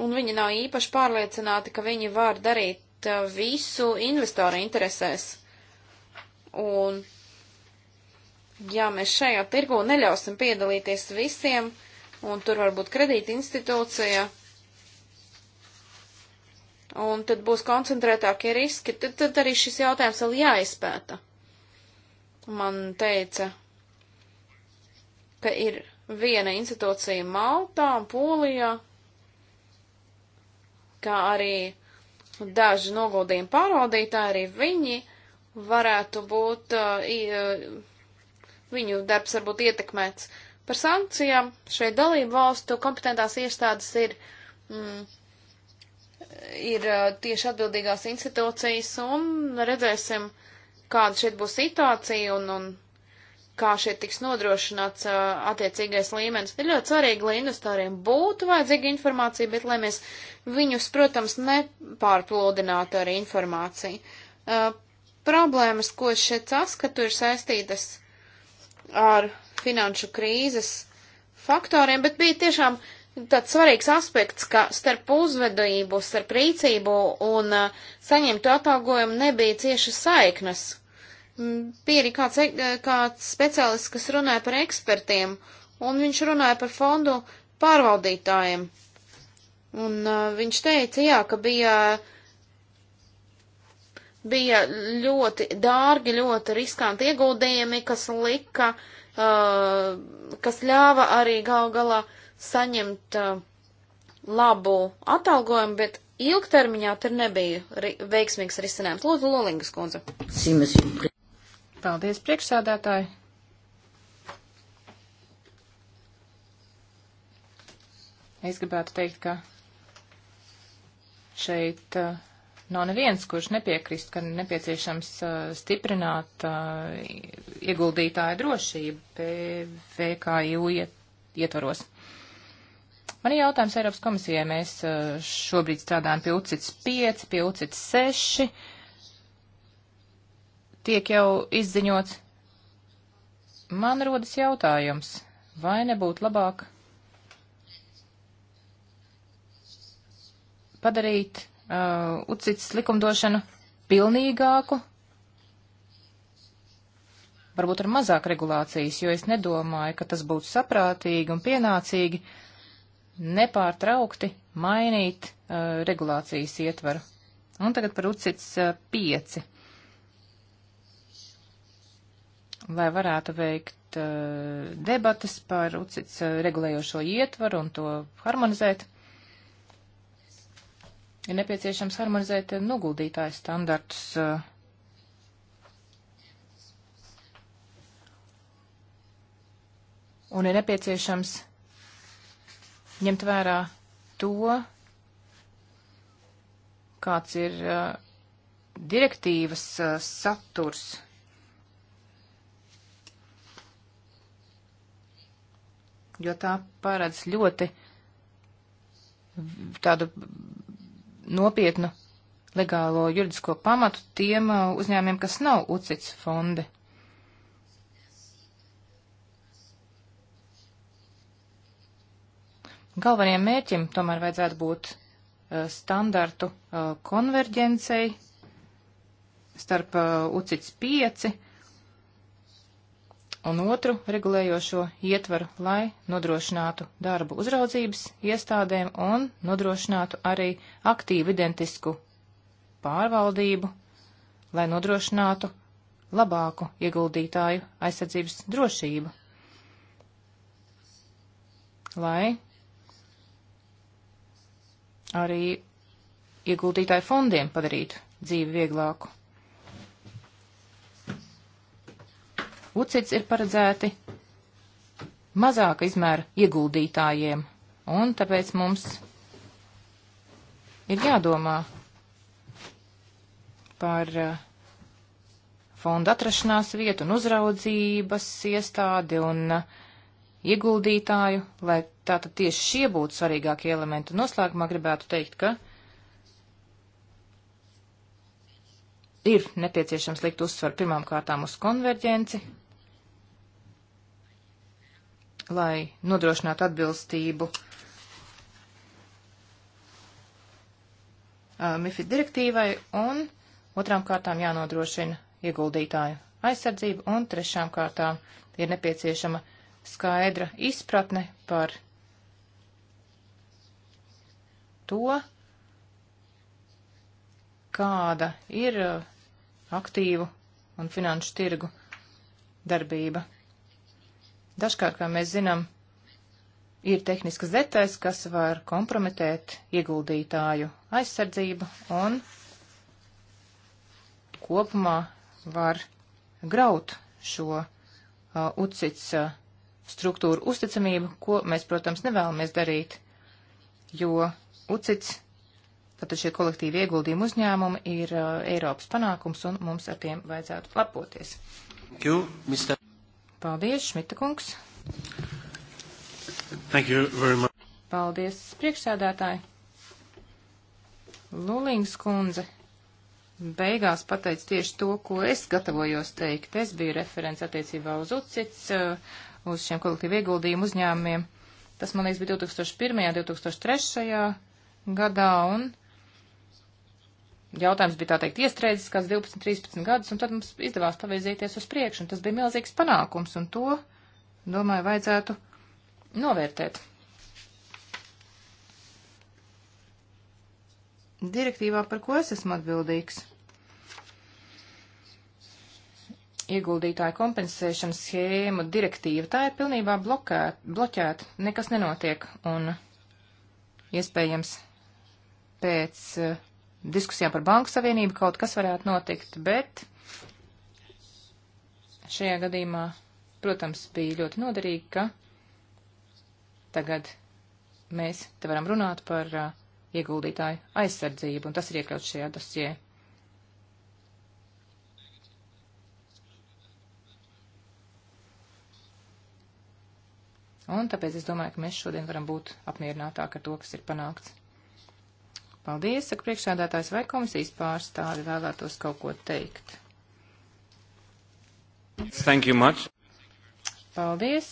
un viņi nav īpaši pārliecināti, ka viņi var darīt uh, visu investoru interesēs. Un, ja mēs šajā tirgu neļausim piedalīties visiem, un tur var būt kredīta institūcija, un tad būs koncentrētākie riski, tad, tad arī šis jautājums vēl jāizpēta man teica, ka ir viena institūcija Maltā un Polijā, kā arī daži noguldījumi pārvaldītāji, arī viņi varētu būt, uh, uh, viņu darbs varbūt ietekmēts par sankcijām. Šeit dalību valstu kompetentās iestādes ir, mm, ir uh, tieši atbildīgās institūcijas un redzēsim, uh, kāda šeit būs situācija un, un kā šeit tiks nodrošināts uh, attiecīgais līmenis. Ir ļoti svarīgi, lai investoriem būtu vajadzīga informācija, bet lai mēs viņus, protams, nepārplūdinātu ar informāciju. Uh, problēmas, ko es šeit saskatu, ir saistītas ar finanšu krīzes faktoriem, bet bija tiešām uh, tāds svarīgs aspekts, ka starp uzvedību, starp rīcību un uh, saņemtu atalgojumu nebija cieši saiknes. Mm, bija arī kāds, e, kāds speciālists, kas runāja par ekspertiem, un viņš runāja par fondu pārvaldītājiem. Un uh, viņš teica, jā, ka bija, bija ļoti dārgi, ļoti riskanti ieguldījumi, kas lika, uh, kas ļāva arī gal galā uh, saņemt uh, labu atalgojumu, bet ilgtermiņā tur nebija ri veiksmīgs risinājums. Lūdzu, Lolingas kundze. Paldies, priekšsādātāji.
Es gribētu teikt, ka šeit uh, nav neviens, kurš nepiekrist, ka nepieciešams uh, stiprināt uh, ieguldītāju drošību PVKU iet, ietvaros. Man ir jautājums Eiropas komisijai. Mēs uh, šobrīd strādājam pie UCITS 5, pie UCITS 6. Tiek jau izziņots. Man rodas jautājums, vai nebūtu labāk padarīt uh, UCITS likumdošanu pilnīgāku, varbūt ar mazāk regulācijas, jo es nedomāju, ka tas būtu saprātīgi un pienācīgi uh, nepārtraukti mainīt uh, regulācijas ietvaru. Un tagad par UCITS 5. Eh, Lai varētu veikt uh, debatas par UCITS regulējošo ietvaru un to harmonizēt, ir nepieciešams harmonizēt noguldītāju standartus. Uh, un ir nepieciešams ņemt vērā to, kāds ir uh, direktīvas uh, saturs. Jo tā paredz ļoti tādu nopietnu legālo juridisko pamatu tiem uh, uzņēmiem, kas nav UCITS fondi. Galvenajiem mērķim tomēr vajadzētu būt eh, standartu eh, konverģencei starp eh, UCITS 5 un otru regulējošo ietvaru, lai nodrošinātu darbu uzraudzības iestādēm un nodrošinātu arī aktīvu identisku pārvaldību, lai nodrošinātu labāku ieguldītāju aizsardzības drošību, lai arī ieguldītāju fondiem padarīt dzīvi vieglāku. Ucits ir paredzēti mazāka izmēra ieguldītājiem, un tāpēc mums ir jādomā par eh, fonda atrašanās vietu un uzraudzības iestādi un uh, ieguldītāju, lai tātad tieši šie būtu svarīgākie elementi. Noslēgumā gribētu teikt, ka ir nepieciešams likt uzsvaru pirmām kārtām uz konverģenci, lai nodrošinātu atbilstību MIFID direktīvai, un otrām kārtām jānodrošina ieguldītāju aizsardzību, un trešām kārtām ir nepieciešama uh, skaidra izpratne par to, kāda ir uh, aktīvu un finanšu tirgu darbība. Dažkārt, kā mēs zinām, ir tehniskas detaļas, kas var kompromitēt ieguldītāju aizsardzību un kopumā var graut šo uh, ucits uh, struktūru uzticamību, ko mēs, protams, nevēlamies darīt, jo UCITS, tātad šie kolektīvi ieguldījumi uzņēmumi, ir uh, Eiropas panākums un mums ar tiem vajadzētu lepoties.
You, Mr.
Paldies, Šmita kungs.
Thank you very much.
Paldies, priekšsēdētāji. Lulīngas kundze beigās pateica tieši to, ko es gatavojos teikt. Es biju referents attiecībā uz UCITS. Uh, uz šiem kolektīvu ieguldījumu uzņēmumiem. Tas, man liekas, bija 2001. 2003. gadā, un jautājums bija tā teikt iestrēdzis kāds 12, 13 gadus, un tad mums izdevās pavirzīties uz priekšu, un tas bija milzīgs panākums, un to, domāju, vajadzētu novērtēt. Direktīvā, par ko es esmu atbildīgs? ieguldītāju kompensēšanas schēmu direktīva, tā ir pilnībā blokēt, bloķēta, nekas nenotiek, un iespējams pēc uh, diskusijām par Banku Savienību kaut kas varētu notikt, bet šajā gadījumā, protams, bija ļoti noderīgi, ka tagad mēs te varam runāt par uh, ieguldītāju aizsardzību, un tas ir iekļauts šajā dosijā. Un tāpēc es domāju, ka mēs šodien varam būt apmierinātāki ar to, kas ir panākts. Paldies, saka priekšsēdētājs vai komisijas pārstāvi vēlētos kaut ko teikt.
Thank you much.
Paldies.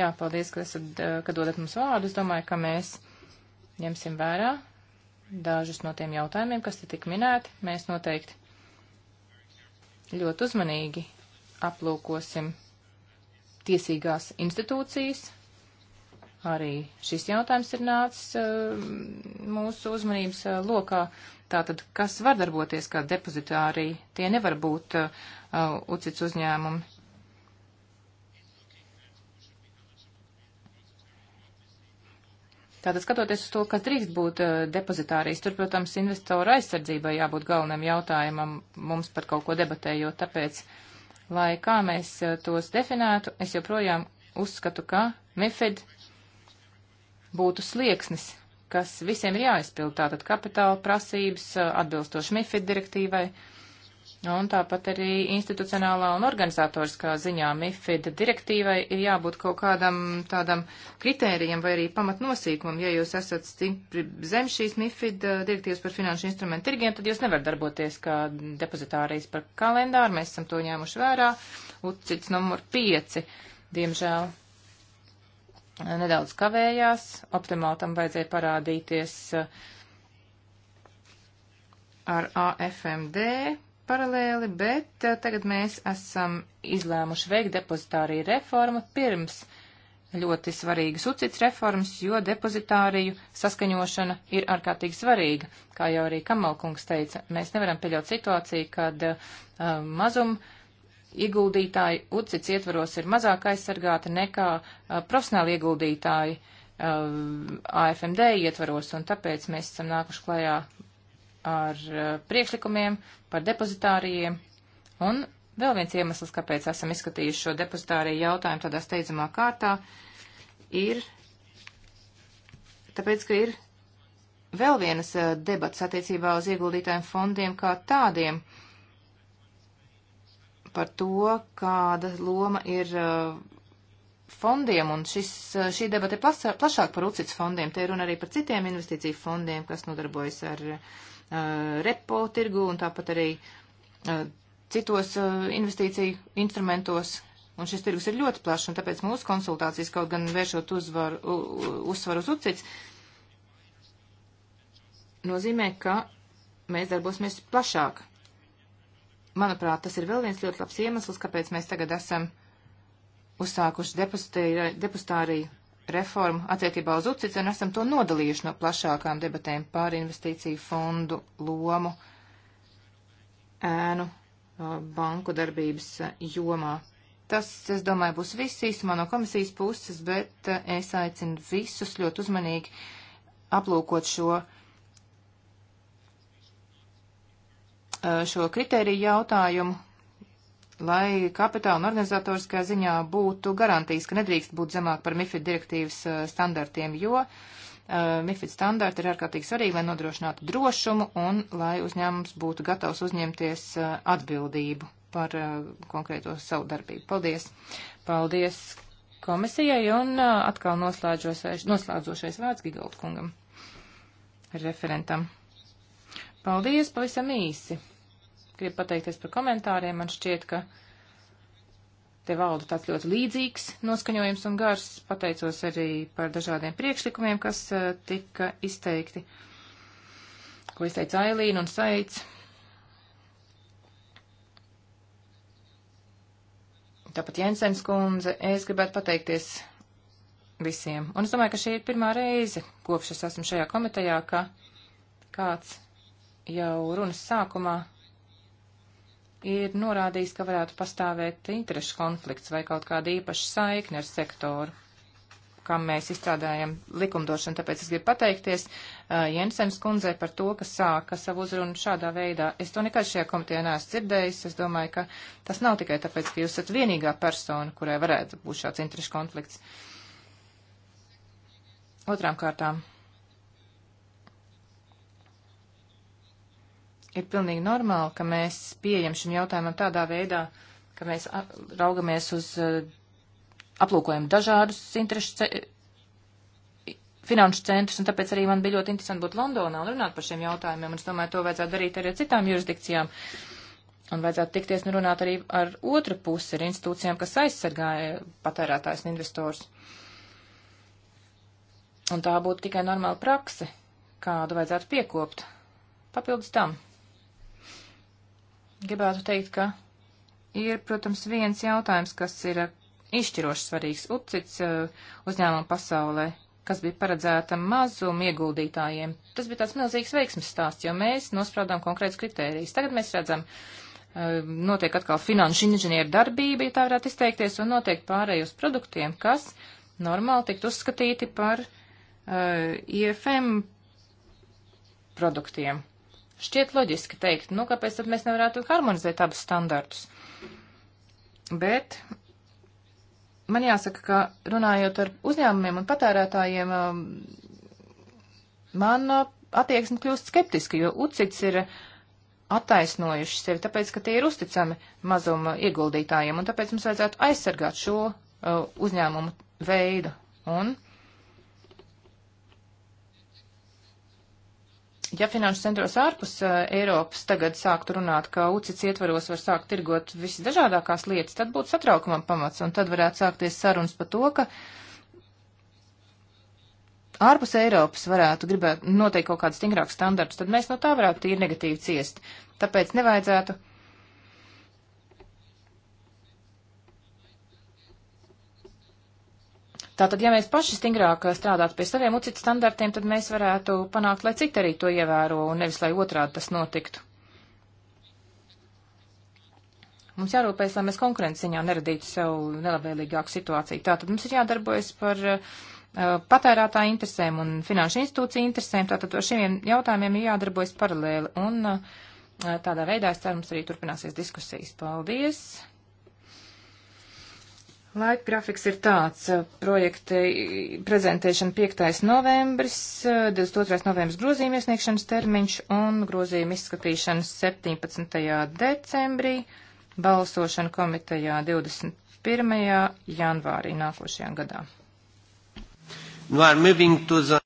Jā, paldies, ka, esat, eh, ka dodat mums vārdu. Es domāju, ka mēs ņemsim vērā dažus no tiem jautājumiem, kas te tik minēti. Mēs noteikti ļoti uzmanīgi aplūkosim tiesīgās institūcijas. Arī šis jautājums ir nācis uh, mūsu uzmanības uh, lokā. Tātad, kas var darboties kā depozitārī, tie nevar būt uh, uh UCITS uzņēmumi. Tātad, skatoties uz to, kas drīkst būt uh, depozitārijas, tur, protams, investoru aizsardzībai jābūt galvenam jautājumam mums par kaut ko debatējot, tāpēc uh, lai kā mēs eh, tos definētu, es joprojām uzskatu, ka MIFID būtu slieksnis, kas visiem ir jāizpild, tātad kapitāla prasības eh, atbilstoši MIFID direktīvai. Uh, Un tāpat arī institucionālā un organizatoriskā ziņā MIFID direktīvai ir jābūt kaut kādam tādam kritērijam vai arī pamatnosīkumam. Ja jūs esat stipri zem šīs MIFID eh, direktīvas par finanšu instrumentu tirgiem, tad jūs nevarat darboties kā depozitārijas par kalendāru. Mēs esam to ņēmuši vērā. Ucits numur 5, diemžēl, nedaudz kavējās. Optimālam vajadzēja parādīties eh, ar AFMD paralēli, bet eh, tagad mēs esam izlēmuši veikt depozitāriju reformu pirms ļoti svarīgas UCITS reformas, jo depozitāriju saskaņošana ir ārkārtīgi svarīga. Kā jau arī Kamalkungs teica, mēs nevaram pieļaut situāciju, kad uh, mazum ieguldītāji UCITS ietvaros ir mazāk aizsargāti nekā uh, profesionāli ieguldītāji uh, AFMD ietvaros, un tāpēc mēs esam nākuši klajā ar eh, priekšlikumiem par depozitārijiem. Un vēl viens iemesls, kāpēc esam izskatījuši šo depozitāriju jautājumu tādā steidzamā kārtā, ir tāpēc, ka ir vēl vienas eh, debatas attiecībā uz ieguldītājiem fondiem kā tādiem par to, kāda loma ir eh, fondiem, un šis, šī debata ir plašāk par UCITS fondiem. Te ir runa arī par citiem investīciju fondiem, kas nodarbojas ar uh, Eh, repo tirgu un tāpat arī eh, citos eh, investīciju instrumentos. Un šis tirgus ir ļoti plašs, un tāpēc mūsu konsultācijas, kaut gan vēršot uzvaru, uzsvaru uz UCITS, nozīmē, ka mēs darbosimies plašāk. Manuprāt, tas ir vēl viens ļoti labs iemesls, kāpēc mēs tagad esam uzsākuši depozitāriju reformu attiecībā uz UCIC un esam to nodalījuši no plašākām debatēm par investīciju fondu lomu ēnu banku darbības e, jomā. Tas, es domāju, būs viss īsumā no komisijas puses, bet e, es aicinu visus ļoti uzmanīgi aplūkot šo, e, šo kritēriju jautājumu, lai kapitāla un organizatoriskajā ziņā būtu garantijas, ka nedrīkst būt zemāk par MIFID direktīvas uh, standartiem, jo uh, MIFID standarti ir ārkārtīgi svarīgi, lai nodrošinātu drošumu un lai uzņēmums būtu gatavs uzņemties uh, atbildību par konkrēto savu darbību. Paldies! Paldies komisijai un atkal noslēdzošais vārds Gigaldu kungam, referentam. Paldies, pavisam īsi! Gribu pateikties par komentāriem. Man šķiet, ka te valda tāds ļoti līdzīgs noskaņojums un gars. Pateicos arī par dažādiem priekšlikumiem, kas uh, tika izteikti, ko izteica Ailīna un Saic. Tāpat Jensens kundze, es gribētu pateikties visiem. Un es domāju, ka šī ir pirmā reize, kopš es esmu šajā komitejā, ka kāds jau runas sākumā ir norādījis, ka varētu pastāvēt interešu konflikts vai kaut kāda īpaša saikne ar sektoru, kam mēs izstrādājam likumdošanu. Tāpēc es gribu pateikties uh, Jensens kundzei par to, ka sāka savu uzrunu šādā veidā. Es to nekad šajā komitejā neesmu dzirdējis. Es domāju, ka tas nav tikai tāpēc, ka jūs esat vienīgā persona, kurai varētu būt šāds interešu konflikts. Otrām kārtām. ir pilnīgi normāli, ka mēs pieejam šim jautājumam tādā veidā, ka mēs raugamies uz, uh, aplūkojam dažādus interešu finanšu centrus, un tāpēc arī man bija ļoti interesanti būt Londonā un runāt par šiem jautājumiem, un es domāju, to vajadzētu darīt arī ar citām jurisdikcijām. Un vajadzētu tikties un runāt arī ar otru pusi, ar institūcijām, kas aizsargāja patērētājs un investors. Un tā būtu tikai normāla prakse, kādu vajadzētu piekopt. Papildus tam gribētu teikt, ka ir, protams, viens jautājums, kas ir uh, izšķiroši svarīgs upcits uh, uzņēmumu pasaulē, kas bija paredzēta mazumu ieguldītājiem. Tas bija tāds milzīgs veiksmes stāsts, jo mēs nospraudām konkrēts kritērijus. Tagad mēs redzam, uh, notiek atkal finanšu inženieru darbība, ja tā varētu izteikties, un notiek pārējus produktiem, kas normāli tikt uzskatīti par uh, IFM produktiem. Šķiet loģiski teikt, nu kāpēc tad mēs nevarētu harmonizēt abus standartus. Bet man jāsaka, ka runājot ar uzņēmumiem un patērētājiem, um, man uh, attieksme kļūst skeptiska, jo UCITS ir attaisnojuši sevi, tāpēc, ka tie ir uzticami mazuma uh, ieguldītājiem, un tāpēc mums vajadzētu aizsargāt šo uh, uzņēmumu veidu. Un Ja finanšu centros ārpus uh, Eiropas tagad sāktu runāt, ka UCITS ietvaros var sākt tirgot visdažādākās lietas, tad būtu satraukumam pamats, un tad varētu sākties sarunas par to, ka ārpus Eiropas varētu gribēt noteikt kaut kādus stingrākus standartus, tad mēs no tā varētu tīri negatīvi ciest. Tāpēc nevajadzētu Tātad, ja mēs paši stingrāk strādātu pie saviem UCIT standartiem, tad mēs varētu panākt, lai citi arī to ievēro un nevis, lai otrādi tas notiktu. Mums jārūpējas, lai mēs konkurences ziņā neradītu sev nelabvēlīgāku situāciju. Tātad mums ir jādarbojas par uh, patērētāju interesēm un finanšu institūciju interesēm. Tātad ar šiem jautājumiem ir jādarbojas paralēli. Un uh, tādā veidā, es ceru, mums arī turpināsies diskusijas. Paldies! Laika grafiks ir tāds. Eh, Projekta prezentēšana 5. novembris, 22. Eh, novembris grozījuma iesniegšanas termiņš un grozījuma izskatīšana 17. decembrī, balsošana komitejā 21. janvārī nākošajā gadā.
Nu,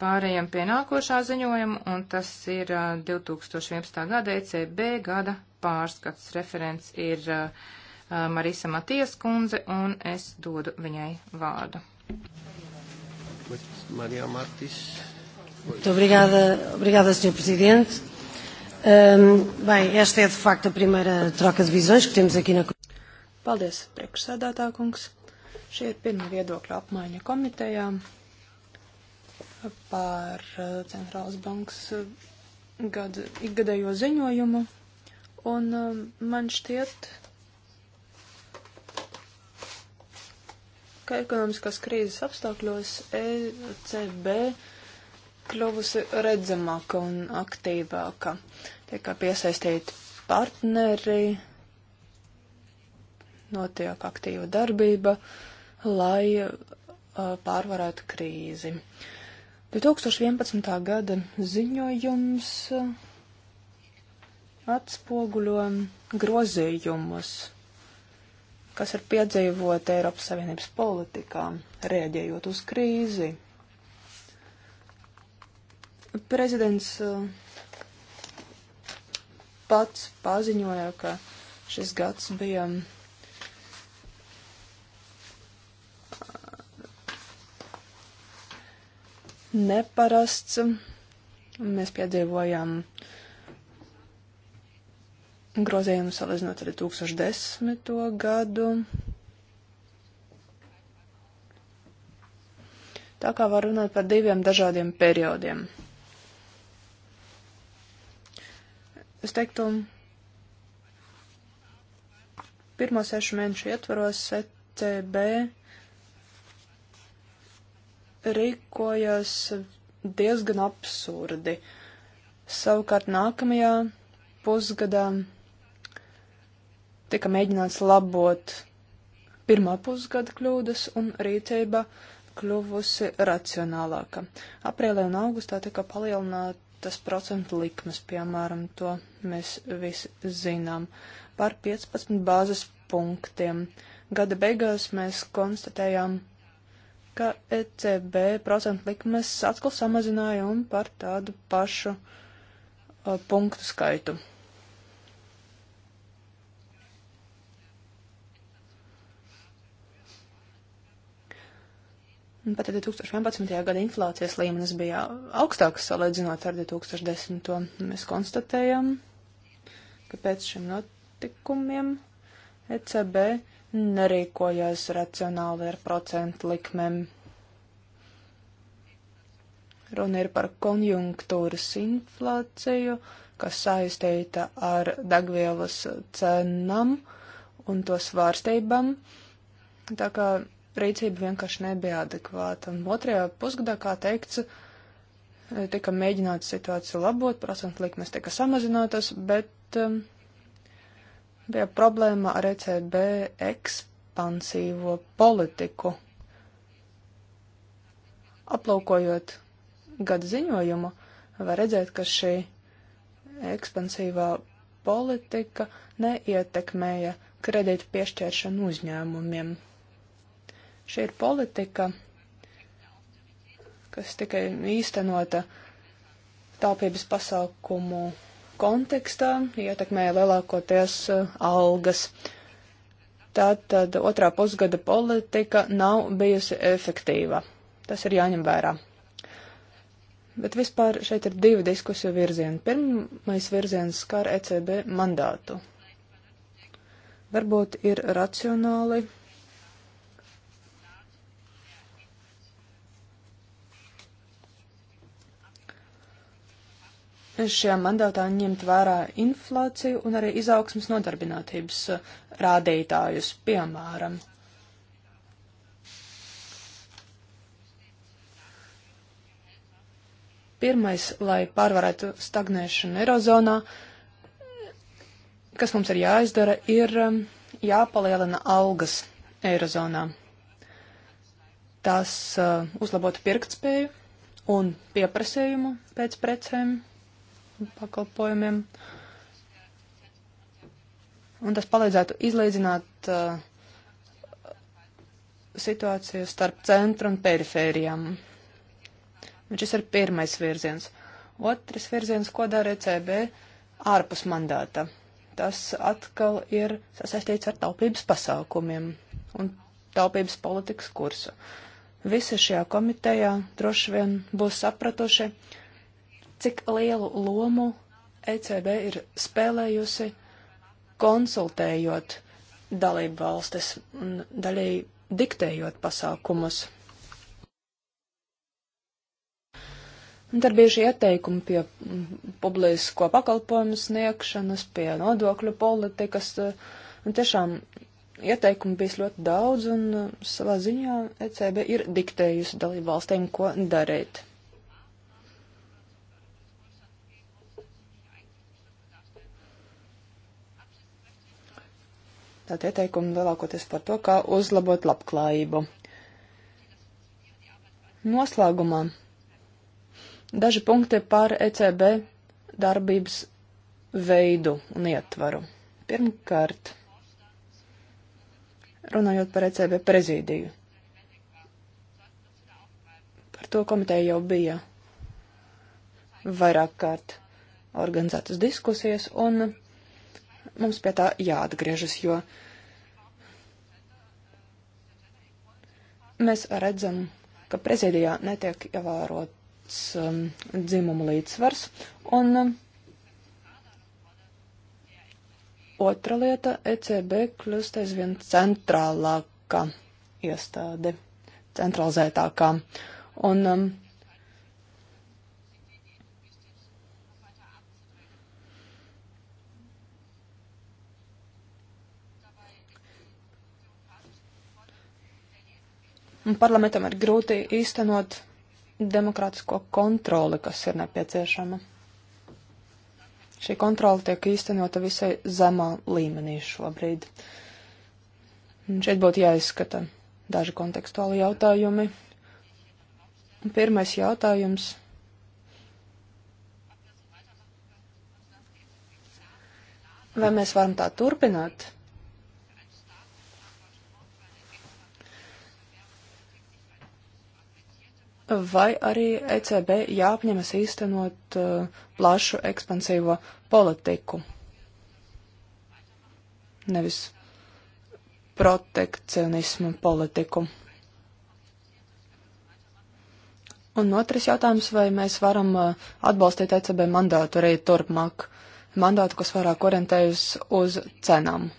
Pārējām pie nākošā ziņojuma, un tas ir 2011. Eh, gada ECB gada pārskats. Referents ir uh, Um, Marisa Matijas kundze, un es dodu viņai vārdu.
Marija Martis. Obrigada, obrigada, Sr. Presidente. Um, bem, esta é de facto a primeira troca de visões que temos aqui na
Paldies, priekšsēdētā kungs. Šī ir pirmā viedokļa apmaiņa komitejā par uh, Centrālas bankas uh, gada, ikgadējo ziņojumu. Un um, man šķiet, ka ekonomiskās krīzes apstākļos ECB kļuvusi redzamāka un aktīvāka. Tiek piesaistīti partneri, notiek aktīva darbība, lai uh, pārvarētu krīzi. 2011. gada ziņojums atspoguļo grozījumus kas ir piedzīvota Eiropas Savienības politikā, rēģējot uz krīzi. Prezidents uh, pats paziņoja, ka šis gads bija uh, neparasts. Mēs piedzīvojām uh, grozījumu salīdzinot ar 2010. gadu. Tā kā var runāt par diviem dažādiem periodiem. Es teiktu, pirmo sešu mēnešu ietvaros ECB rīkojas diezgan absurdi. Savukārt nākamajā pusgadā Tika mēģināts labot pirmā pusgada kļūdas un rīcība kļuvusi racionālāka. Aprīlī un augustā tika palielinātas procentu likmes, piemēram, to mēs visi zinām, par 15 bāzes punktiem. Gada beigās mēs konstatējām, ka ECB procentu likmes atkal samazināja un par tādu pašu uh, punktu skaitu. Nu, pat 2011. gada inflācijas līmenis bija augstāks salīdzinot ar 2010. Mēs konstatējam, ka pēc šiem notikumiem ECB nerīkojās racionāli ar procentu likmēm. Runa ir par konjunktūras inflāciju, kas saistīta ar degvielas cenām un to svārstībām. Tā kā rīcība vienkārši nebija adekvāta. Un otrajā pusgadā, kā teikts, tika mēģināts situāciju labot, procentu likmes tika samazinātas, bet um, bija problēma ar ECB ekspansīvo politiku. Aplaukojot gada ziņojumu, var redzēt, ka šī ekspansīvā politika neietekmēja kredītu piešķēršanu uzņēmumiem. Šī ir politika, kas tikai īstenota taupības pasākumu kontekstā, ietekmēja lielākoties uh, algas. Tātad otrā pusgada politika nav bijusi efektīva. Tas ir jāņem vērā. Bet vispār šeit ir divi diskusiju virzieni. Pirmais virziens skar ECB mandātu. Varbūt ir racionāli šajā mandatā ņemt vērā inflāciju un arī izaugsmas nodarbinātības uh, rādītājus, piemēram. Pirmais, lai pārvarētu stagnēšanu Eirozonā, kas mums ir jāizdara, ir um, jāpalielina algas Eirozonā. Tas uh, uzlabotu pirktspēju un pieprasījumu pēc precēm pakalpojumiem. Un tas palīdzētu izlīdzināt uh, situāciju starp centru un perifērijām. Un šis ir pirmais virziens. Otrs virziens, ko dara ECB ārpus mandāta. Tas atkal ir sasaistīts ar taupības pasākumiem un taupības politikas kursu. Visi šajā komitejā droši vien būs sapratuši, uh, cik lielu lomu ECB ir spēlējusi konsultējot dalību valstis un daļēji diktējot pasākumus. Un tad bija šie ieteikumi pie publisko pakalpojumu sniegšanas, pie nodokļu politikas. Un tiešām ieteikumu bijis ļoti daudz, un uh, savā ziņā ECB ir diktējusi dalību valstīm, ko darīt. Tātad ieteikumi lielākoties par to, kā uzlabot labklājību. Noslēgumā daži punkti par ECB darbības veidu un ietvaru. Pirmkārt, runājot par ECB prezidiju. Par to komiteja jau bija vairāk kārt organizētas diskusijas, un Mums pie tā jāatgriežas, jo mēs redzam, ka prezidijā netiek ievērots um, dzimuma līdzsvars. Un um, otra lieta - ECB kļūst aizvien centrālāka iestāde, centralizētākā. Un um, Un parlamentam ir grūti īstenot demokrātisko kontroli, kas ir nepieciešama. Šī kontrola tiek īstenota visai zemā līmenī šobrīd. Un šeit būtu jāizskata daži kontekstuāli jautājumi. Pirmais jautājums. Vai mēs varam tā turpināt? vai arī ECB jāapņemas īstenot uh, plašu ekspansīvo politiku. Nevis protekcionismu politiku. Un otrs jautājums, vai mēs varam uh, atbalstīt ECB mandātu arī turpmāk, mandātu, kas vairāk orientējas uz cenām.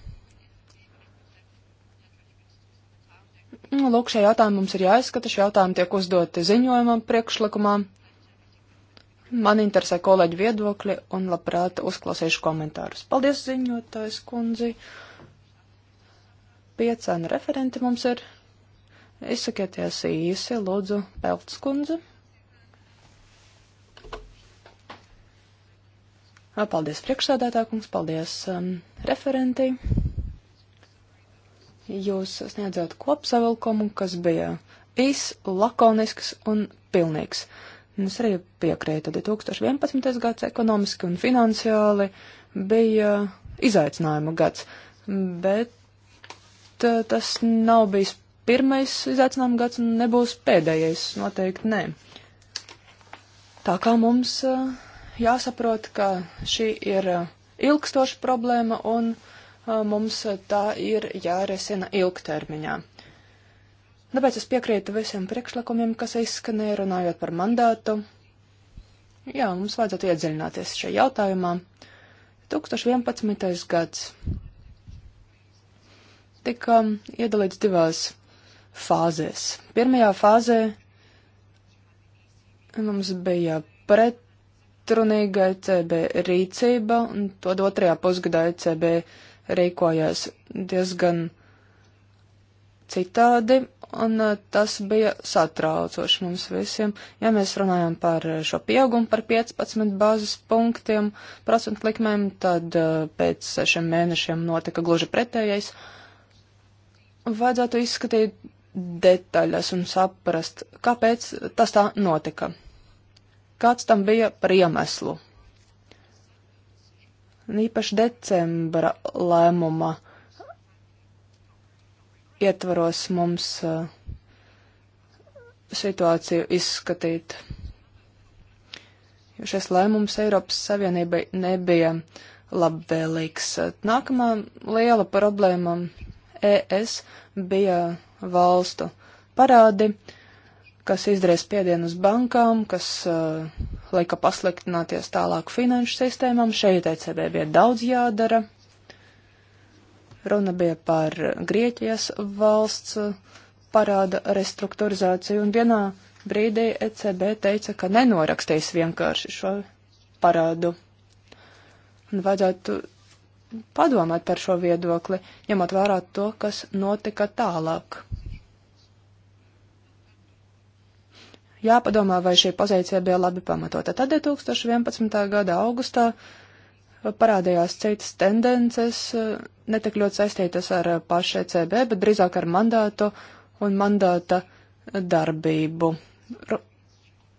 Nu, lūk, šie jautājumi mums ir jāizskata, šie jautājumi tiek uzdoti ziņojumā, priekšlikumā. Man interesē kolēģi viedokļi un labprāt uzklausīšu komentārus. Paldies, ziņotājs kundzi. Piecēna referenti mums ir. Izsakieties īsi, lūdzu, Pelts kundze. Paldies priekšsādātākums, paldies um, referentī. Jūs sniedzāt kopsavilkumu, kas bija īs, lakonisks un pilnīgs. Un es arī piekrītu, 2011. gads ekonomiski un finansiāli bija izaicinājuma gads, bet tas nav bijis pirmais izaicinājuma gads un nebūs pēdējais, noteikti nē. Tā kā mums jāsaprot, ka šī ir ilgstoša problēma un uh, mums tā ir jāresina ilgtermiņā. Tāpēc es piekrītu visiem priekšlikumiem, kas izskanēja runājot par mandātu. Jā, mums vajadzētu iedziļināties šajā jautājumā. 2011. gads tika iedalīts divās fāzēs. Pirmajā fāzē mums bija pretrunīga ECB rīcība, un tad otrajā pusgadā ECB rīcība rīkojās diezgan citādi, un eh, tas bija satraucoši mums visiem. Ja mēs runājam par eh, šo pieaugumu par 15 bāzes punktiem procentu likmēm, tad eh, pēc sešiem mēnešiem notika gluži pretējais. Vajadzētu izskatīt detaļas un saprast, kāpēc tas tā notika. Kāds tam bija par iemeslu? Un īpaši decembra lēmuma ietvaros mums uh, situāciju izskatīt. Jo šis lēmums Eiropas Savienībai nebija labvēlīgs. Nākamā liela problēma ES bija valstu parādi, kas izdarīja spiedienu uz bankām, kas uh, laika pasliktināties tālāk finanšu sistēmām. Šeit ECB bija daudz jādara. Runa bija par Grieķijas valsts parāda restruktūrizāciju, un vienā brīdī ECB teica, ka nenorakstīs vienkārši šo parādu. Un vajadzētu padomāt par šo viedokli, ņemot vērā to, kas notika tālāk. jāpadomā, vai šī pozīcija bija labi pamatota. Tad 2011. gada augustā parādījās citas tendences, netik ļoti saistītas ar pašu ECB, bet drīzāk ar mandātu un mandāta darbību.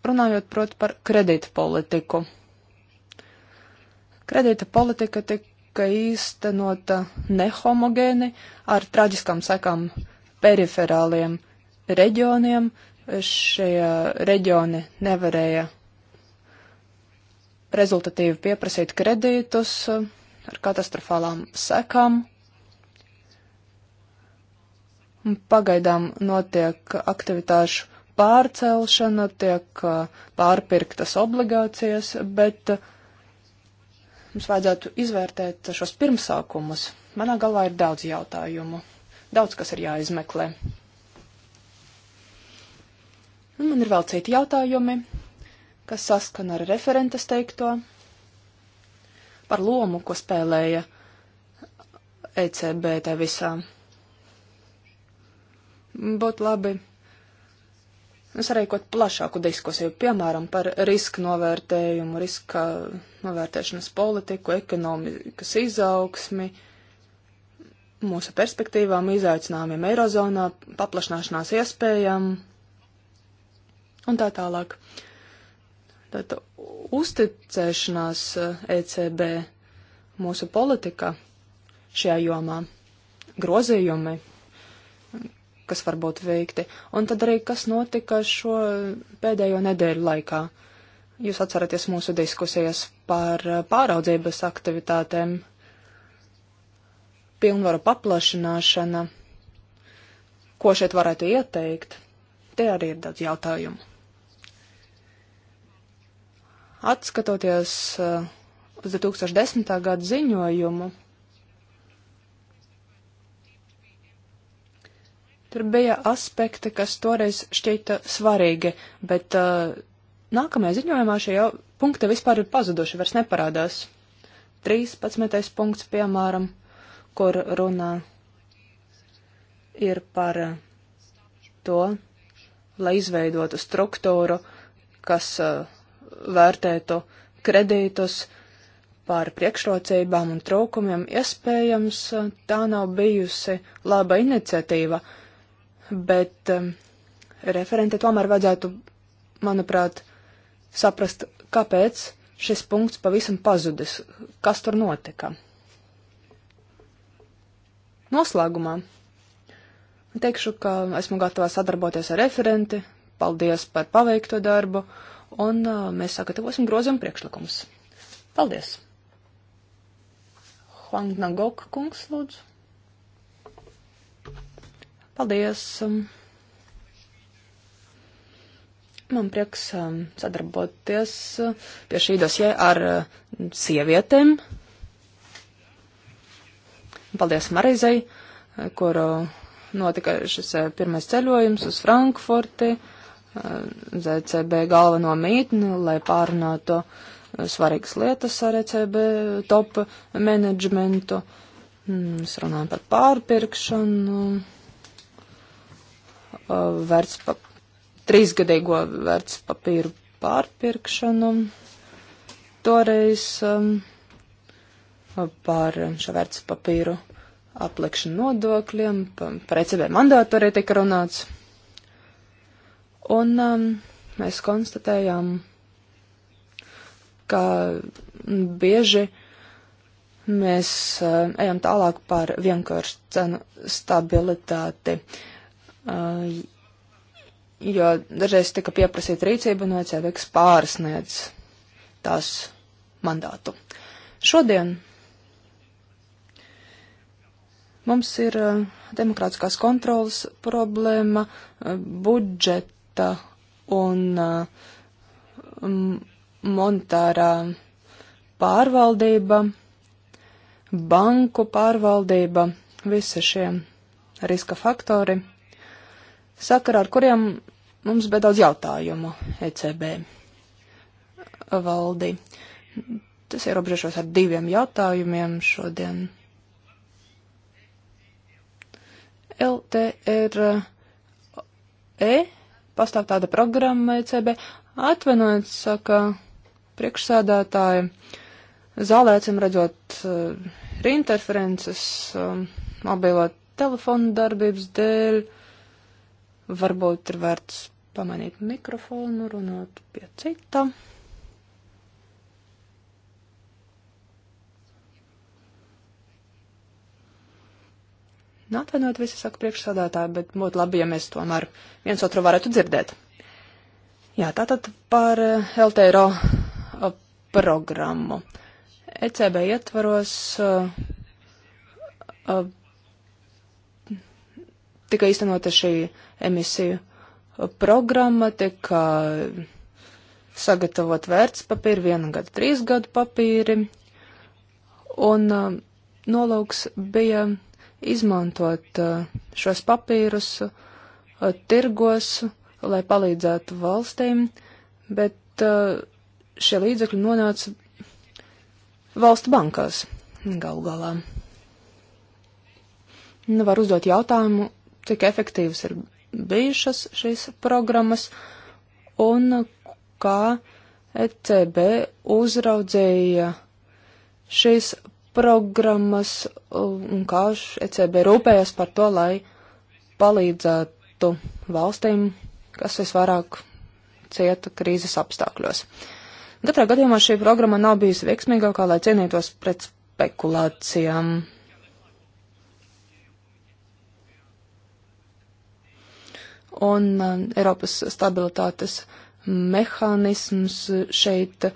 Runājot, protams, par kredīta politiku. Kredīta politika tika īstenota nehomogēni ar traģiskām sekām periferāliem reģioniem, uh, šajā reģioni nevarēja rezultatīvi pieprasīt kredītus uh, ar katastrofālām sekām. Pagaidām notiek aktivitāšu pārcelšana, tiek uh, pārpirktas obligācijas, bet uh, mums vajadzētu izvērtēt šos pirmsākumus. Manā galvā ir daudz jautājumu, daudz kas ir jāizmeklē. Un man ir vēl citi jautājumi, kas saskana ar referentes teikto par lomu, ko spēlēja ECB tā visā. Būtu labi sarīkot plašāku diskusiju, piemēram, par riska novērtējumu, riska novērtēšanas politiku, ekonomikas izaugsmi, mūsu perspektīvām, izaicinājumiem Eirozonā, paplašināšanās iespējām, un tā tālāk. Tātad uzticēšanās ECB eh, e mūsu politika šajā jomā, grozījumi, kas var būt veikti, un tad arī kas notika šo pēdējo nedēļu laikā. Jūs atceraties mūsu diskusijas par eh, pāraudzības aktivitātēm, pilnvaru paplašināšana, ko šeit varētu ieteikt, te arī ir daudz jautājumu. Atskatoties eh, uz 2010. gada ziņojumu, tur bija aspekti, kas toreiz šķita svarīgi, bet uh, nākamajā ziņojumā šie jau punkti vispār ir pazuduši, vairs neparādās. 13. punkts, piemēram, kur runā ir par eh, to, lai izveidotu struktūru, kas uh, vērtētu kredītus par priekšrocībām un trūkumiem. Iespējams, tā nav bijusi laba iniciatīva, bet um, referente tomēr vajadzētu, manuprāt, saprast, kāpēc šis punkts pavisam pazudis, kas tur notika. Noslēgumā teikšu, ka esmu gatava sadarboties ar referenti, paldies par paveikto darbu. Uh, un uh, mēs sagatavosim grozam priekšlikumus. Paldies! Huang Nagok kungs, lūdzu. Paldies! Man prieks sadarboties pie šī dosie ar sievietēm. Paldies Marizai, kur notika šis pirmais ceļojums uz Frankfurti. ZCB galveno mītni, lai pārunātu svarīgas lietas ar ECB top menedžmentu. Mēs mm, runājam par pārpirkšanu, vērts pa, trīsgadīgo vērts papīru pārpirkšanu. Toreiz um, par šo vērts papīru aplikšanu nodokļiem, par ECB mandātu arī tika runāts. Un um, mēs konstatējām, ka bieži mēs uh, ejam tālāk par vienkārši cenu stabilitāti, uh, jo dažreiz tika pieprasīta rīcība no ECVX pārsniedz tās mandātu. Šodien mums ir uh, demokrātiskās kontrolas problēma, uh, budžeta budžeta un uh, monetārā pārvaldība, banku pārvaldība, visi šie riska faktori, sakarā ar kuriem mums bija daudz jautājumu ECB valdī. Tas ierobežos ar diviem jautājumiem šodien. LTRE pastāv tāda programma ECB. Atvainojiet, saka priekšsēdētāji, zālē acīm redzot ir eh, interferences eh, mobilo telefonu darbības dēļ. Varbūt ir vērts pamanīt mikrofonu, runāt pie cita. Nu, atvainojiet, visi saka priekšsādātāji, bet būtu labi, ja mēs tomēr viens otru varētu dzirdēt. Jā, tātad par eh, LTRO eh, programmu. ECB ietvaros uh, uh, tika īstenota šī emisiju programma, tika sagatavot vērtspapīri, viena gada, trīs gadu papīri, un uh, nolauks bija izmantot uh, šos papīrus uh, tirgos, lai palīdzētu valstīm, bet uh, šie līdzekļi nonāca valstu bankās galu galā. Nu, var uzdot jautājumu, cik efektīvas ir bijušas šīs programmas un kā ECB uzraudzīja šīs programmas um, un kā ECB rūpējas par to, lai palīdzētu valstīm, kas visvairāk cieta krīzes apstākļos. Katrā gadījumā šī programma nav bijusi veiksmīgākā, lai cienītos pret spekulācijām. Un uh, Eiropas stabilitātes mehānisms šeit uh,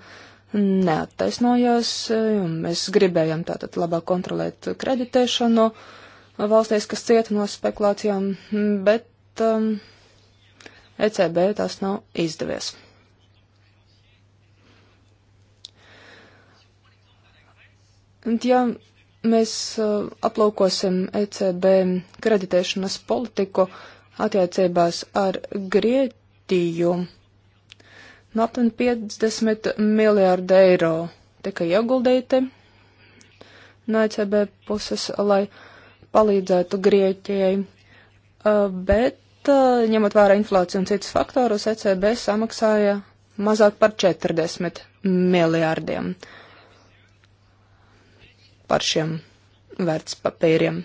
neattaisnojās, un mēs gribējām tātad labāk kontrolēt kreditēšanu valstīs, kas cieta no spekulācijām, bet um, ECB tas nav izdevies. Un, ja mēs uh, aplaukosim ECB kreditēšanas politiku attiecībās ar Grieķiju, Nu, aptuveni 50 miljārdi eiro tika ieguldīti no ECB puses, lai palīdzētu Grieķijai, uh, bet uh, ņemot vērā inflāciju un citus faktorus, ECB samaksāja mazāk par 40 miljārdiem par šiem vērtspapīriem.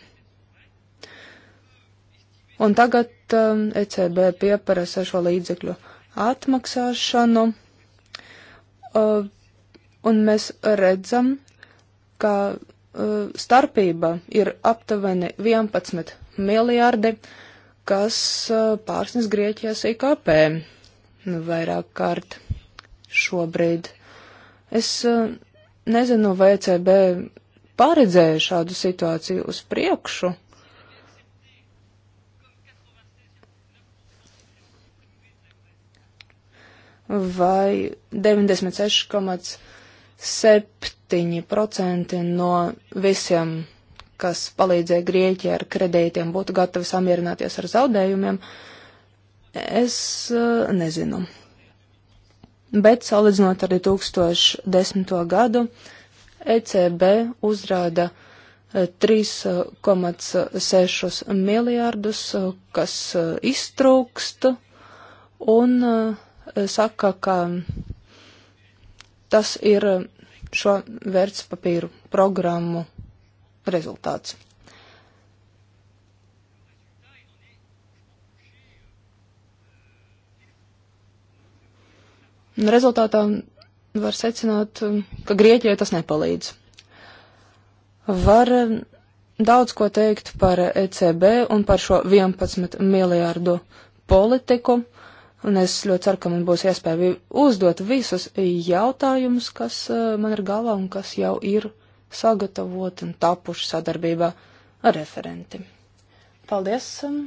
Un tagad um, ECB pieprasa šo līdzekļu uh, atmaksāšanu, uh, un mēs redzam, ka uh, starpība ir aptuveni 11 miljārdi, kas uh, pārsnes Grieķijas IKP vairāk kārt šobrīd. Es uh, nezinu, vai ECB paredzēja šādu situāciju uz priekšu, vai 96,7% no visiem, kas palīdzēja Grieķijai ar kredītiem, būtu gatavi samierināties ar zaudējumiem, es eh, nezinu. Bet salīdzinot ar 2010. gadu, ECB uzrāda 3,6 eh, miljārdus, eh, kas iztrūkst, un uh, Eh, saka, ka tas ir eh, šo vērtspapīru programmu rezultāts. Rezultātā var secināt, eh, ka Grieķijai tas nepalīdz. Var daudz ko teikt par ECB un par šo 11 miljārdu politiku. Un es ļoti ceru, ka man būs iespēja uzdot visus jautājumus, kas eh, man ir galvā un kas jau ir sagatavot un tapuši sadarbībā ar referenti. Paldies! Um,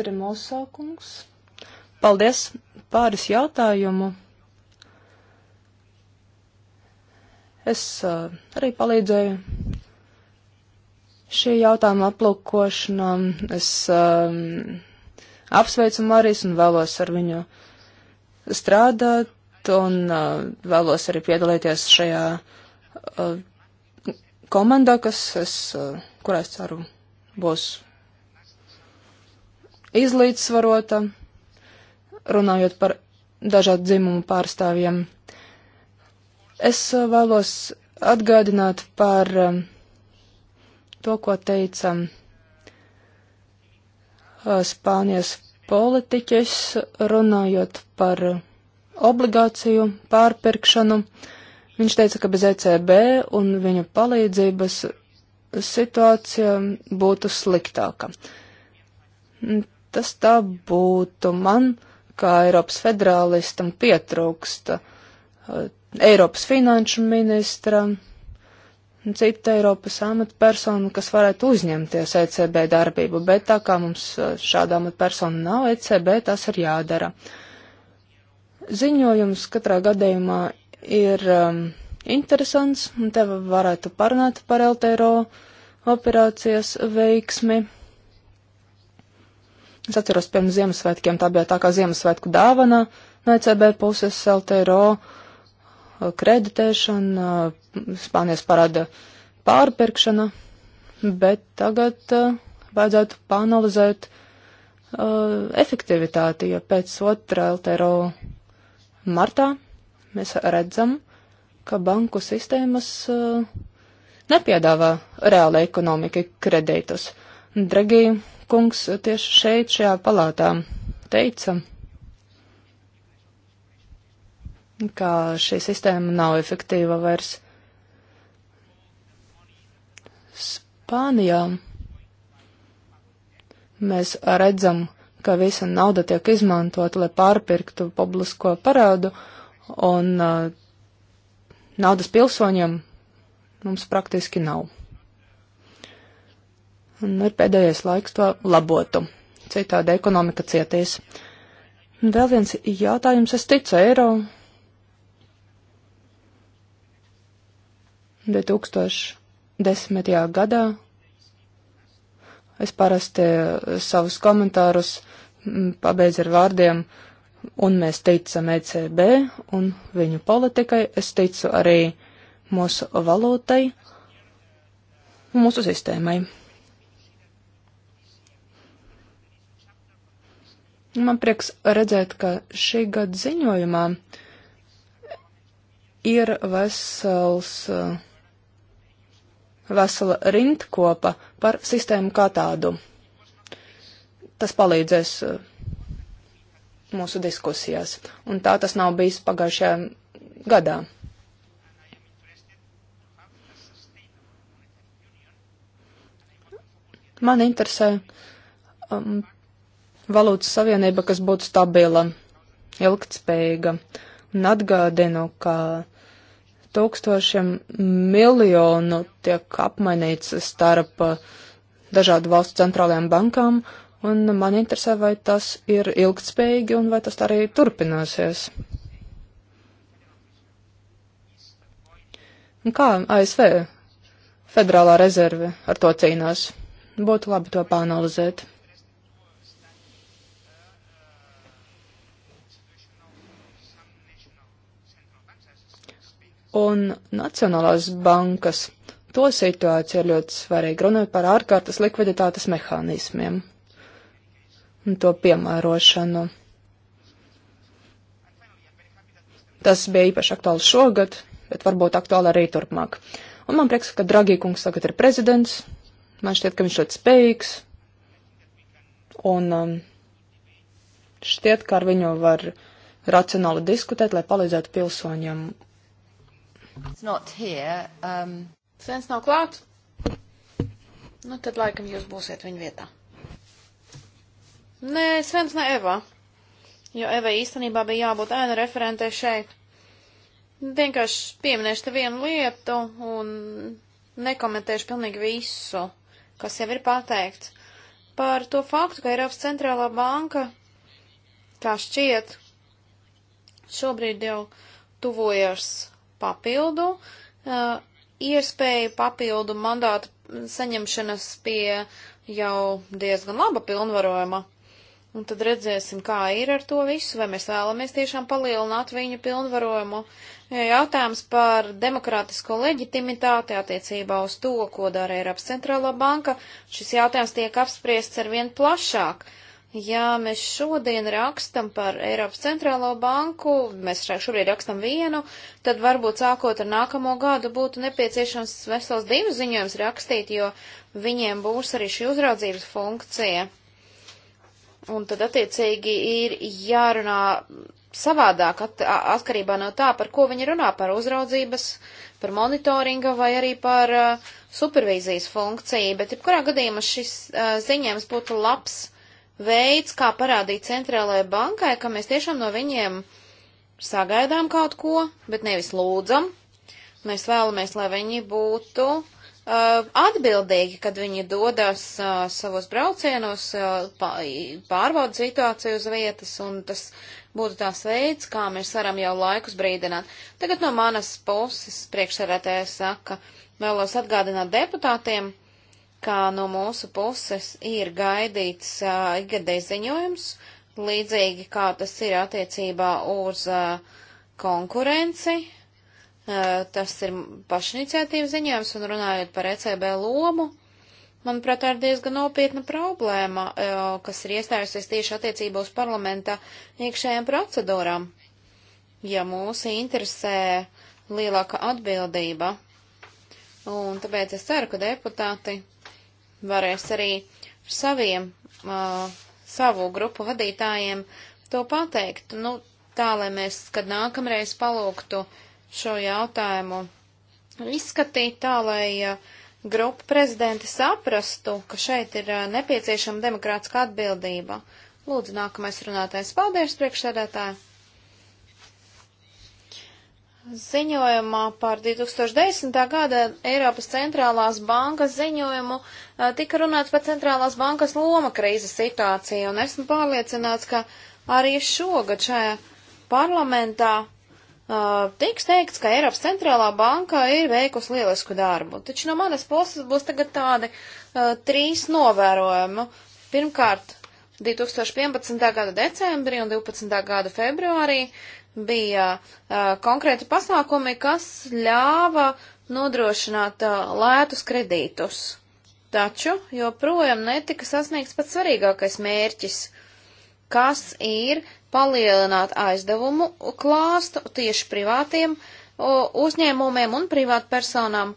Tremosā kungs. Paldies! Pāris jautājumu. Es eh, arī palīdzēju Šī jautājuma aplūkošana es um, apsveicu Marijas un vēlos ar viņu strādāt un uh, vēlos arī piedalīties šajā uh, komandā, kas es, uh, kurā es ceru būs izlīdzsvarota, runājot par dažādu dzimumu pārstāvjiem. Es uh, vēlos atgādināt par uh, to, ko teica Spānijas politiķis, runājot par obligāciju pārpirkšanu. Viņš teica, ka bez ECB un viņa palīdzības situācija būtu sliktāka. Tas tā būtu man, kā Eiropas federālistam, pietrūksta Eiropas finanšu ministram citu Eiropas amatpersonu, kas varētu uzņemties ECB darbību, bet tā kā mums uh, šāda amatpersona nav ECB, tas ir jādara. Ziņojums katrā gadījumā ir um, interesants, un te varētu parunāt par LTRO operācijas veiksmi. Es atceros, pirms Ziemassvētkiem tā bija tā kā Ziemassvētku dāvana no ECB puses LTRO. Uh, kreditēšana, Spānijas parāda pārpirkšana, bet tagad uh, vajadzētu panalizēt uh, efektivitāti, jo pēc otrā LTRO martā mēs redzam, ka banku sistēmas uh, nepiedāvā reāla ekonomika kredītus. Dragī kungs tieši šeit, šajā palātā, teica, ka šī sistēma nav efektīva vairs. Spānijā mēs redzam, ka visa nauda tiek izmantota, lai pārpirktu publisko parādu, un uh, naudas pilsoņiem mums praktiski nav. Un ir pēdējais laiks to labotu. Citādi ekonomika cietīs. Vēl viens jautājums. Es ticu eiro 2010. gadā. Es parasti eh, savus komentārus mm, pabeidzu ar vārdiem, un mēs teicam ECB un viņu politikai. Es teicu arī mūsu valūtai un mūsu sistēmai. Man prieks redzēt, ka šī gada ziņojumā ir vesels uh, vesela rindkopa par sistēmu kā tādu. Tas palīdzēs eh, mūsu diskusijās, un tā tas nav bijis pagājušajā gadā. Man interesē um, valūtas savienība, kas būtu stabila, ilgtspējīga, un atgādinu, ka tūkstošiem miljonu tiek apmainīts starp dažādu valstu centrālajām bankām, un man interesē, vai tas ir ilgtspējīgi un vai tas arī turpināsies. Un kā ASV Federālā rezerve ar to cīnās? Būtu labi to pāanalizēt. un Nacionālās bankas. To situācija ir ļoti svarīga, runājot par ārkārtas likviditātes mehānismiem un to piemērošanu. Tas bija īpaši aktuāli šogad, bet varbūt aktuāli arī turpmāk. Un man prieks, ka Dragīkungs tagad ir prezidents. Man šķiet, ka viņš ļoti spējīgs. Un um, šķiet, ka ar viņu var racionāli diskutēt, lai palīdzētu pilsoņiem
Um... Sens nav klāt.
Nu, tad laikam jūs būsiet viņa vietā. Nē, Svens ne Eva. Jo Eva īstenībā bija jābūt ēna referentē šeit. Vienkārši pieminēšu te vienu lietu un nekomentēšu pilnīgi visu, kas jau ir pateikts. Par to faktu, ka Eiropas centrālā banka, kā šķiet, šobrīd jau tuvojas papildu uh, iespēju, papildu mandātu saņemšanas pie jau diezgan laba pilnvarojuma. Un tad redzēsim, kā ir ar to visu, vai mēs vēlamies tiešām palielināt viņu pilnvarojumu. Jautājums par demokrātisko leģitimitāti attiecībā uz to, ko dara Eiropas centrālā banka, šis jautājums tiek apspriests ar vien plašāk. Uh, Ja mēs šodien rakstam par Eiropas centrālo banku, mēs šobrīd rakstam vienu, tad varbūt sākot ar nākamo gadu būtu nepieciešams vesels divus ziņojumus rakstīt, jo viņiem būs arī šī uzraudzības funkcija. Un tad attiecīgi ir jārunā savādāk at, atkarībā no tā, par ko viņi runā, par uzraudzības, par monitoringa vai arī par uh, supervīzijas funkciju, bet jebkurā gadījumā šis uh, ziņojums būtu labs veids, kā parādīt centrālajai bankai, ka mēs tiešām no viņiem sagaidām kaut ko, bet nevis lūdzam. Mēs vēlamies, lai viņi būtu uh, atbildīgi, kad viņi dodas uh, savos braucienos, uh, pārbauda situāciju uz vietas, un tas būtu tās veids, kā mēs varam jau laikus brīdināt. Tagad no manas puses priekšsarētājs saka, vēlos atgādināt deputātiem, uh, kā no mūsu puses ir gaidīts uh, ikgadēj ziņojums, līdzīgi kā tas ir attiecībā uz uh, konkurenci. Uh, tas ir pašiniciatīvas ziņojums un runājot par ECB lomu, manuprāt, tā ir diezgan nopietna problēma, uh, kas ir iestājusies tieši attiecībā uz parlamenta iekšējām procedūrām. Ja mūs interesē lielāka atbildība, un tāpēc es ceru, ka deputāti varēs arī saviem, uh, savu grupu vadītājiem to pateikt. Nu, tā, lai mēs, kad nākamreiz palūgtu šo jautājumu izskatīt tā, lai uh, grupu prezidenti saprastu, ka šeit ir uh, nepieciešama demokrātiska atbildība. Lūdzu, nākamais runātājs. Paldies, priekšsēdētāji! ziņojumā par 2010. gada Eiropas centrālās bankas ziņojumu tika runāts par centrālās bankas loma krīzes situāciju, un esmu pārliecināts, ka arī šogad šajā parlamentā uh, tiks teikts, ka Eiropas centrālā banka ir veikusi lielisku darbu. Taču no manas puses būs tagad tādi uh, trīs novērojumi. Pirmkārt, 2015. gada decembrī un 12. gada februārī bija uh, konkrēti pasākumi, kas ļāva nodrošināt uh, lētus kredītus. Taču joprojām netika sasniegts pats svarīgākais mērķis, kas ir palielināt aizdevumu klāstu tieši privātiem uh, uzņēmumiem un privātpersonām.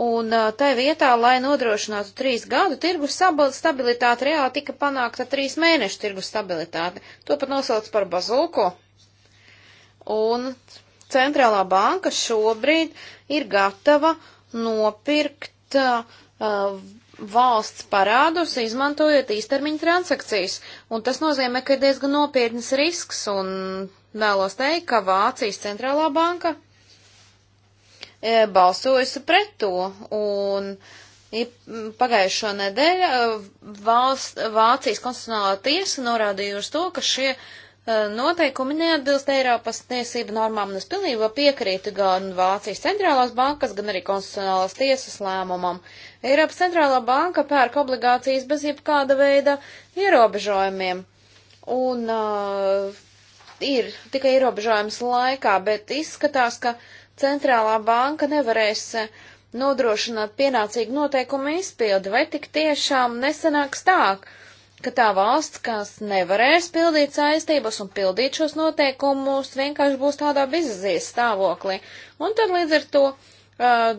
Un tai vietā, lai nodrošinātu trīs gadu tirgus stabilitāti, reāli tika panākta trīs mēnešu tirgus stabilitāte. To pat nosauc par bazulku un centrālā banka šobrīd ir gatava nopirkt uh, valsts parādus, izmantojot īstermiņa transakcijas. Un tas nozīmē, ka ir diezgan nopietnas risks, un vēlos teikt, ka Vācijas centrālā banka e, balsojusi pret to. Un e, pagājušo nedēļu e, valsts, Vācijas konstitucionālā tiesa norādīja uz to, ka šie uh, Eh, noteikumi neatbilst Eiropas tiesību normām, un es pilnībā piekrītu gan Vācijas centrālās bankas, gan arī konstitucionālās tiesas lēmumam. Eiropas centrālā banka pērk obligācijas bez jebkāda veida ierobežojumiem, un uh, ir tikai ierobežojums laikā, bet izskatās, ka centrālā banka nevarēs eh, nodrošināt pienācīgu noteikumu izpildi, vai tik tiešām nesanāks tā, ka ka tā valsts, kas nevarēs pildīt saistības un pildīt šos noteikumus, vienkārši būs tādā bezizzies stāvoklī. Un tad līdz ar to uh,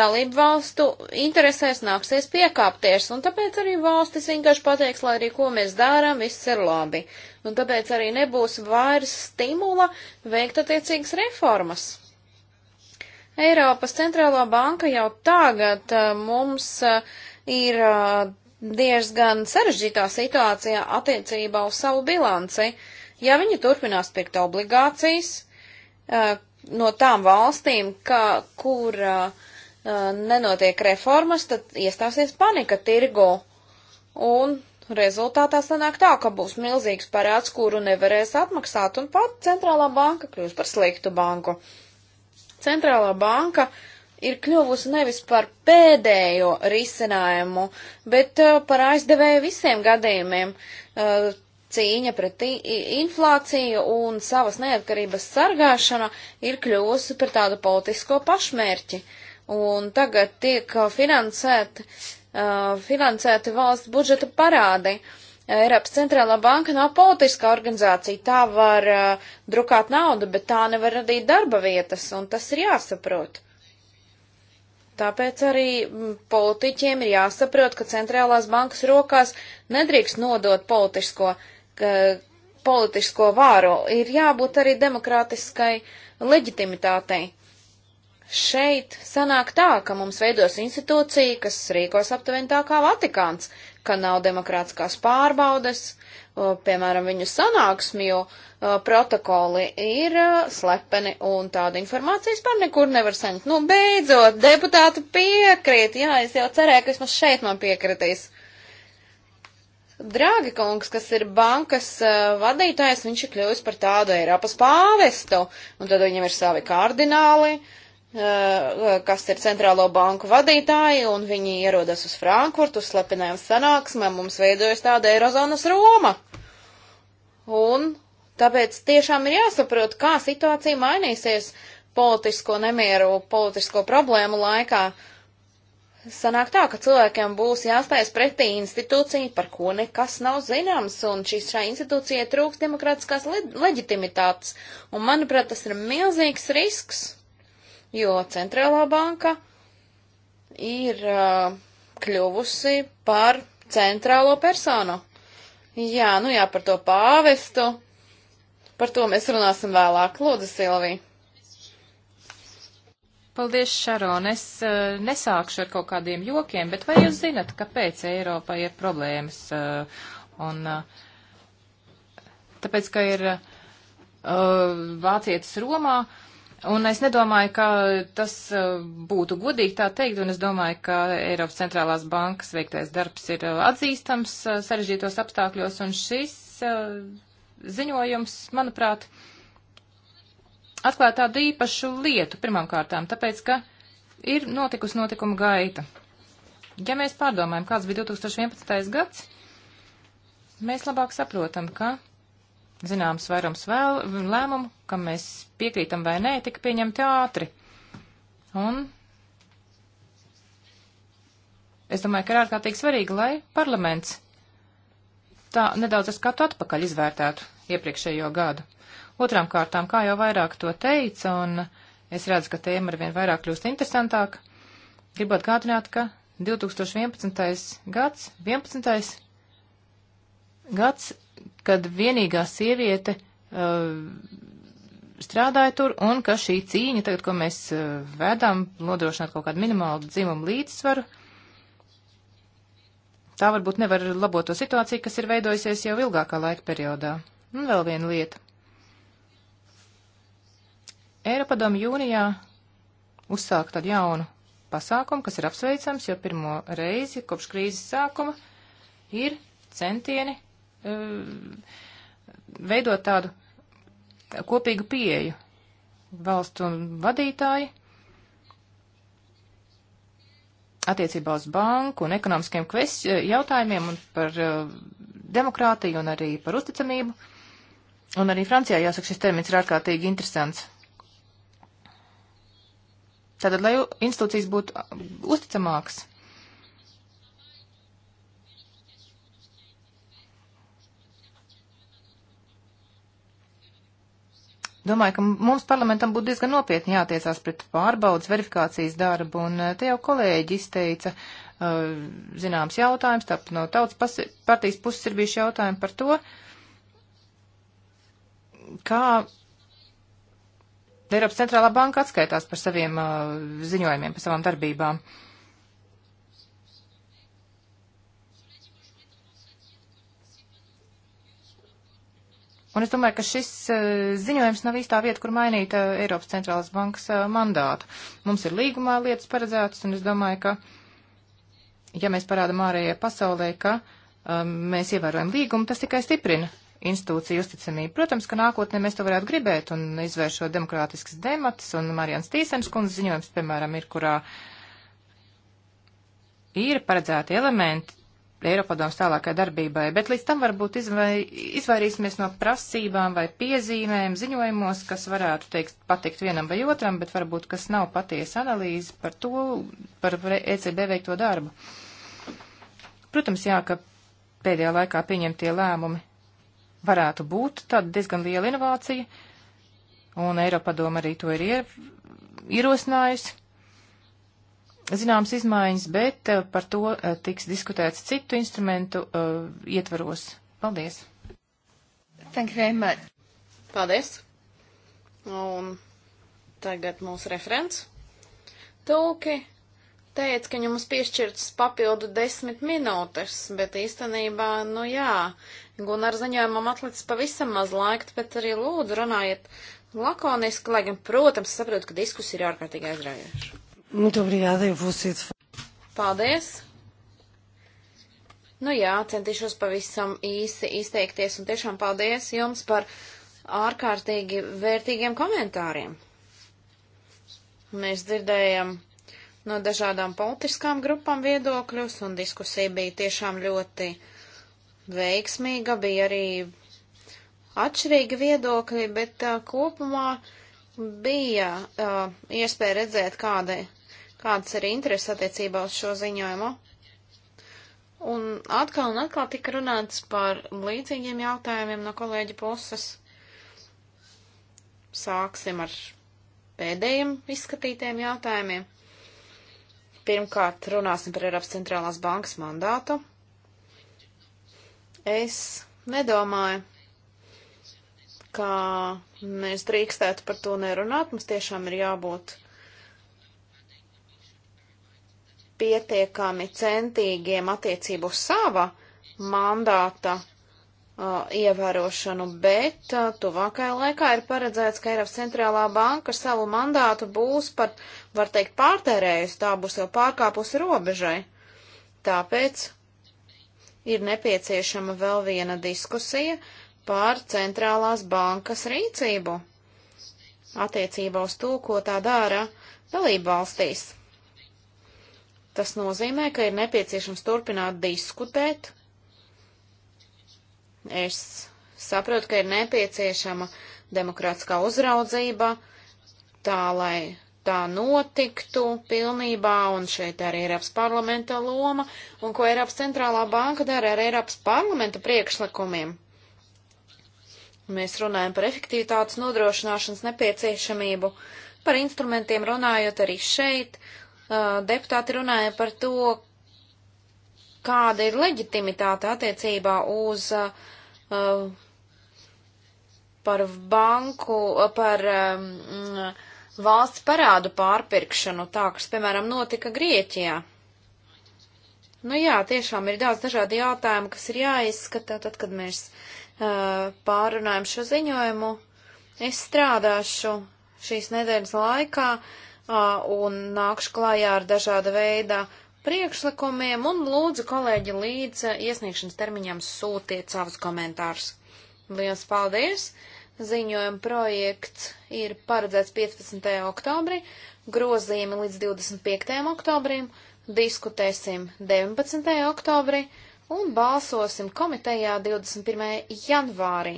dalību valstu interesēs nāksies piekāpties, un tāpēc arī valstis vienkārši pateiks, lai arī ko mēs dārām, viss ir labi. Un tāpēc arī nebūs vairs stimula veikt attiecīgas reformas. Eiropas centrālā banka jau tagad uh, mums uh, ir uh, diezgan sarežģītā situācijā attiecībā uz savu bilanci. Ja viņi turpinās pirkt obligācijas uh, no tām valstīm, ka, kur uh, nenotiek reformas, tad iestāsies panika tirgu. Un rezultātā sanāk tā, ka būs milzīgs parāds, kuru nevarēs atmaksāt, un pat centrālā banka kļūs par sliktu banku. Centrālā banka uh, ir kļuvusi nevis par pēdējo risinājumu, bet uh, par aizdevēju visiem gadījumiem. Uh, cīņa pret inflāciju un savas neatkarības sargāšana ir kļuvusi par tādu politisko pašmērķi. Un tagad tiek uh, finansēti, uh, finansēti valsts budžeta parādi. Eiropas centrālā banka nav politiska organizācija, tā var uh, drukāt naudu, bet tā nevar radīt darba vietas, un tas ir jāsaprot. Uh, Tāpēc arī mm, politiķiem ir jāsaprot, ka centrālās bankas rokās nedrīkst nodot politisko, ka, politisko vāru. Ir jābūt arī demokrātiskai leģitimitātei. Šeit sanāk tā, ka mums veidos institūcija, kas rīkos aptuveni tā kā Vatikāns. Uh, ka nav demokrātiskās pārbaudes, piemēram, viņu sanāksmju protokoli ir slepeni un tāda informācija vispār nekur nevar saņemt. Nu, beidzot, deputāti piekrīt, jā, es jau cerēju, ka vismaz šeit man piekritīs. Dragi kungs, kas ir bankas uh, vadītājs, viņš ir kļuvis par tādu Eiropas pāvestu, un tad viņam ir savi kardināli, uh, Eh, kas ir centrālo banku vadītāji, un viņi ierodas uz Frankfurtu, slepinājām sanāksmē, mums veidojas tāda Eirozonas Roma. Un tāpēc tiešām ir jāsaprot, kā situācija mainīsies politisko nemieru, politisko problēmu laikā. Sanāk tā, ka cilvēkiem būs jāstājas pretī institūcija, par ko nekas nav zināms, un šīs šai institūcijai trūks demokrātiskās leģitimitātes. Un, manuprāt, tas ir milzīgs risks jo centrālā banka ir uh, kļuvusi par centrālo personu. Jā, nu jā, par to pāvestu, par to mēs runāsim vēlāk. Lūdzu, Silvija.
Paldies, Šaron. Es uh, nesākšu ar kaut kādiem jokiem, bet vai jūs zinat, kāpēc Eiropā ir problēmas? Uh, un, uh, tāpēc, ka ir uh, vācietis Romā, uh, Un es nedomāju, ka tas eh, būtu godīgi tā teikt, un es domāju, ka Eiropas centrālās bankas veiktais darbs ir eh, atzīstams eh, sarežģītos apstākļos, un šis ziņojums, manuprāt, atklāja tādu īpašu lietu pirmām kārtām, tāpēc, ka ir notikusi notikuma gaita. Ja mēs pārdomājam, kāds bija 2011. gads, mēs labāk saprotam, ka Zināms, vairums vēl lēmumu, kam mēs piekrītam vai nē, tika pieņemti ātri. Un es domāju, ka ir ārkārtīgi svarīgi, lai parlaments tā nedaudz ar skatu atpakaļ izvērtētu iepriekšējo gadu. Otrām kārtām, kā jau vairāk to teica, un es redzu, ka tēma arvien vairāk kļūst interesantāk, gribu atgādināt, ka 2011. gads, 11. gads kad vienīgā sieviete uh, strādāja tur un ka šī cīņa, tagad, ko mēs uh, vedam, nodrošināt kaut kādu minimālu dzimumu līdzsvaru, tā varbūt nevar labot to situāciju, kas ir veidojusies jau ilgākā laika periodā. Un vēl viena lieta. Eiropadom jūnijā uzsāk tādu jaunu pasākumu, kas ir apsveicams, jo pirmo reizi kopš krīzes sākuma ir centieni Uh, veidot tādu kopīgu pieeju valstu un vadītāji attiecībā uz banku un ekonomiskiem uh, jautājumiem un par uh, demokrātiju un arī par uzticamību. Un arī Francijā, jāsaka, šis termins ir ārkārtīgi interesants. Tātad, lai institūcijas būtu uh, uzticamākas, Domāju, ka mums parlamentam būtu diezgan nopietni jātiecās pret pārbaudas verifikācijas darbu, un eh, te jau kolēģi izteica uh, zināms jautājums, tāpēc no tautas partijas puses ir bijuši jautājumi par to, kā Eiropas centrālā banka atskaitās par saviem uh, ziņojumiem, par savām darbībām. Uh, Un es domāju, ka šis eh, ziņojums nav īstā vieta, kur mainīt eh, Eiropas centrālās bankas eh, mandātu. Mums ir līgumā lietas paredzētas, un es domāju, ka, ja mēs parādām ārējai pasaulē, ka um, mēs ievērojam līgumu, tas tikai stiprina institūciju uzticamību. Protams, ka nākotnē mēs to varētu gribēt un izvēršot demokrātiskas dematas, un Marijans Tīsens kundze ziņojums, piemēram, ir, kurā ir paredzēti elementi Eiropadoms tālākai darbībai, bet līdz tam varbūt izvai, izvairīsimies no prasībām vai piezīmēm ziņojumos, kas varētu teikt patikt vienam vai otram, bet varbūt kas nav patiesa analīze par to, par ECB e veikto darbu. Protams, jā, ka pēdējā laikā pieņemtie lēmumi varētu būt tāda diezgan liela inovācija, un Eiropadoma arī to ir ierosinājusi zināmas izmaiņas, bet eh, par to eh, tiks diskutēts citu instrumentu eh, ietvaros. Paldies! Thank you very much!
Paldies! Un tagad mūsu referents. Tūki teica, ka jums piešķirts papildu desmit minūtes, bet īstenībā, nu jā, Gunār ziņojumam atlicis pavisam maz laika, bet arī lūdzu runājiet lakoniski, lai gan, protams, saprotu, ka diskusija ir ārkārtīgi aizraujoša.
Muito obrigada, eu vou ser.
Paldies! Nu jā, centīšos pavisam īsi izteikties un tiešām paldies jums par ārkārtīgi vērtīgiem komentāriem. Mēs dzirdējam no dažādām politiskām grupām viedokļus un diskusija bija tiešām ļoti veiksmīga, bija arī atšķirīgi viedokļi, bet uh, kopumā bija uh, iespēja redzēt, kāda kādas ir intereses attiecībā uz šo ziņojumu. Un atkal un atkal tika runāts par līdzīgiem jautājumiem no kolēģa puses. Sāksim ar pēdējiem izskatītiem jautājumiem. Pirmkārt, runāsim par Eiropas centrālās bankas mandātu. Es nedomāju, ka mēs drīkstētu par to nerunāt. Mums tiešām ir jābūt uh, pietiekami centīgiem attiecību sava mandāta uh, ievērošanu, bet uh, tuvākajā laikā ir paredzēts, ka Eiropas centrālā banka savu mandātu būs pat, var teikt, pārtērējusi, tā būs jau pārkāpusi robežai. Tāpēc ir nepieciešama vēl viena diskusija par centrālās bankas rīcību attiecībā uz to, ko tā dara dalību valstīs. Tas nozīmē, ka ir nepieciešams turpināt diskutēt. Es saprotu, ka ir nepieciešama demokrātiskā uzraudzība, tā lai tā notiktu pilnībā, un šeit arī Eiropas parlamenta loma, un ko Eiropas centrālā banka dara ar Eiropas parlamenta priekšlikumiem. Mēs runājam par efektivitātes nodrošināšanas nepieciešamību, par instrumentiem runājot arī šeit, uh, deputāti runāja par to, kāda ir leģitimitāte attiecībā uz uh, par banku, par um, valsts parādu pārpirkšanu, tā, kas, piemēram, notika Grieķijā. Nu jā, tiešām ir daudz dažādi jautājumi, kas ir jāizskata, tad, kad mēs uh, pārunājam šo ziņojumu. Es strādāšu šīs nedēļas laikā uh, un nākšu klājā ar dažāda veida priekšlikumiem un lūdzu kolēģi līdz iesniegšanas termiņam sūtiet savus komentārus. Liels paldies! Ziņojuma projekts ir paredzēts 15. oktobrī, grozījumi līdz 25. oktobrim, diskutēsim 19. oktobrī un balsosim komitejā 21. janvārī.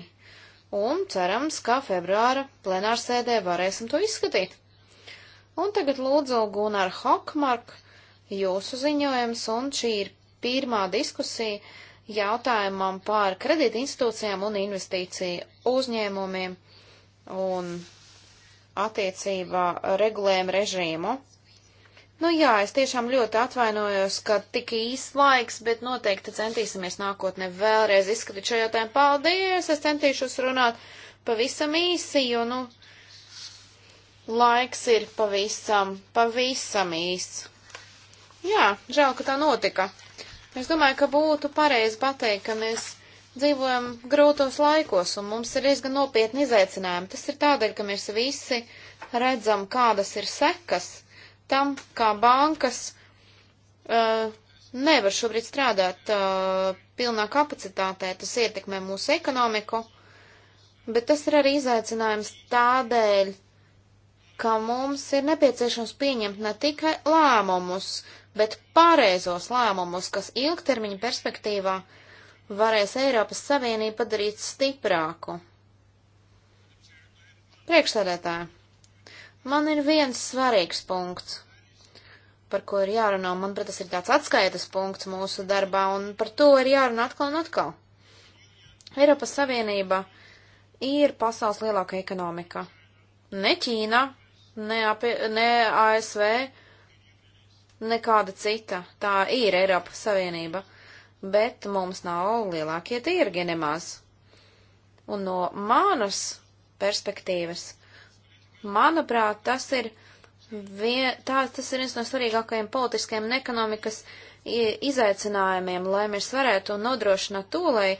Un cerams, ka februāra plenārsēdē varēsim to izskatīt. Un tagad lūdzu Gunār Hokmark, jūsu ziņojums, un šī ir pirmā diskusija jautājumam par kredīti institūcijām un investīciju uzņēmumiem un attiecībā regulējumu režīmu. Nu jā, es tiešām ļoti atvainojos, ka tik īs laiks, bet noteikti centīsimies nākotnē vēlreiz izskatīt šo jautājumu. Paldies! Es centīšos runāt pavisam īsi, jo, nu, Laiks ir pavisam, pavisam īsts. Jā, žēl, ka tā notika. Es domāju, ka būtu pareizi pateikt, ka mēs dzīvojam grūtos laikos un mums ir diezgan nopietni izaicinājumi. Tas ir tādēļ, ka mēs visi redzam, kādas ir sekas tam, kā bankas uh, nevar šobrīd strādāt uh, pilnā kapacitātē. Tas ietekmē mūsu ekonomiku, bet tas ir arī izaicinājums tādēļ, ka mums ir nepieciešams pieņemt ne tikai lēmumus, bet pareizos lēmumus, kas ilgtermiņa perspektīvā varēs Eiropas Savienību padarīt stiprāku. Priekšsēdētāji, man ir viens svarīgs punkts, par ko ir jārunā, un manuprāt, tas ir tāds atskaitas punkts mūsu darbā, un par to ir jārunā atkal un atkal. Eiropas Savienība ir pasaules lielākā ekonomika. Ne Ķīna, ne, apie, ne ASV, nekāda cita. Tā ir Eiropas Savienība, bet mums nav lielākie tirgi nemaz. Un no manas perspektīvas, manuprāt, tas ir, vien, tā, tas ir viens no svarīgākajiem politiskajiem un ekonomikas izaicinājumiem, lai mēs varētu nodrošināt to, lai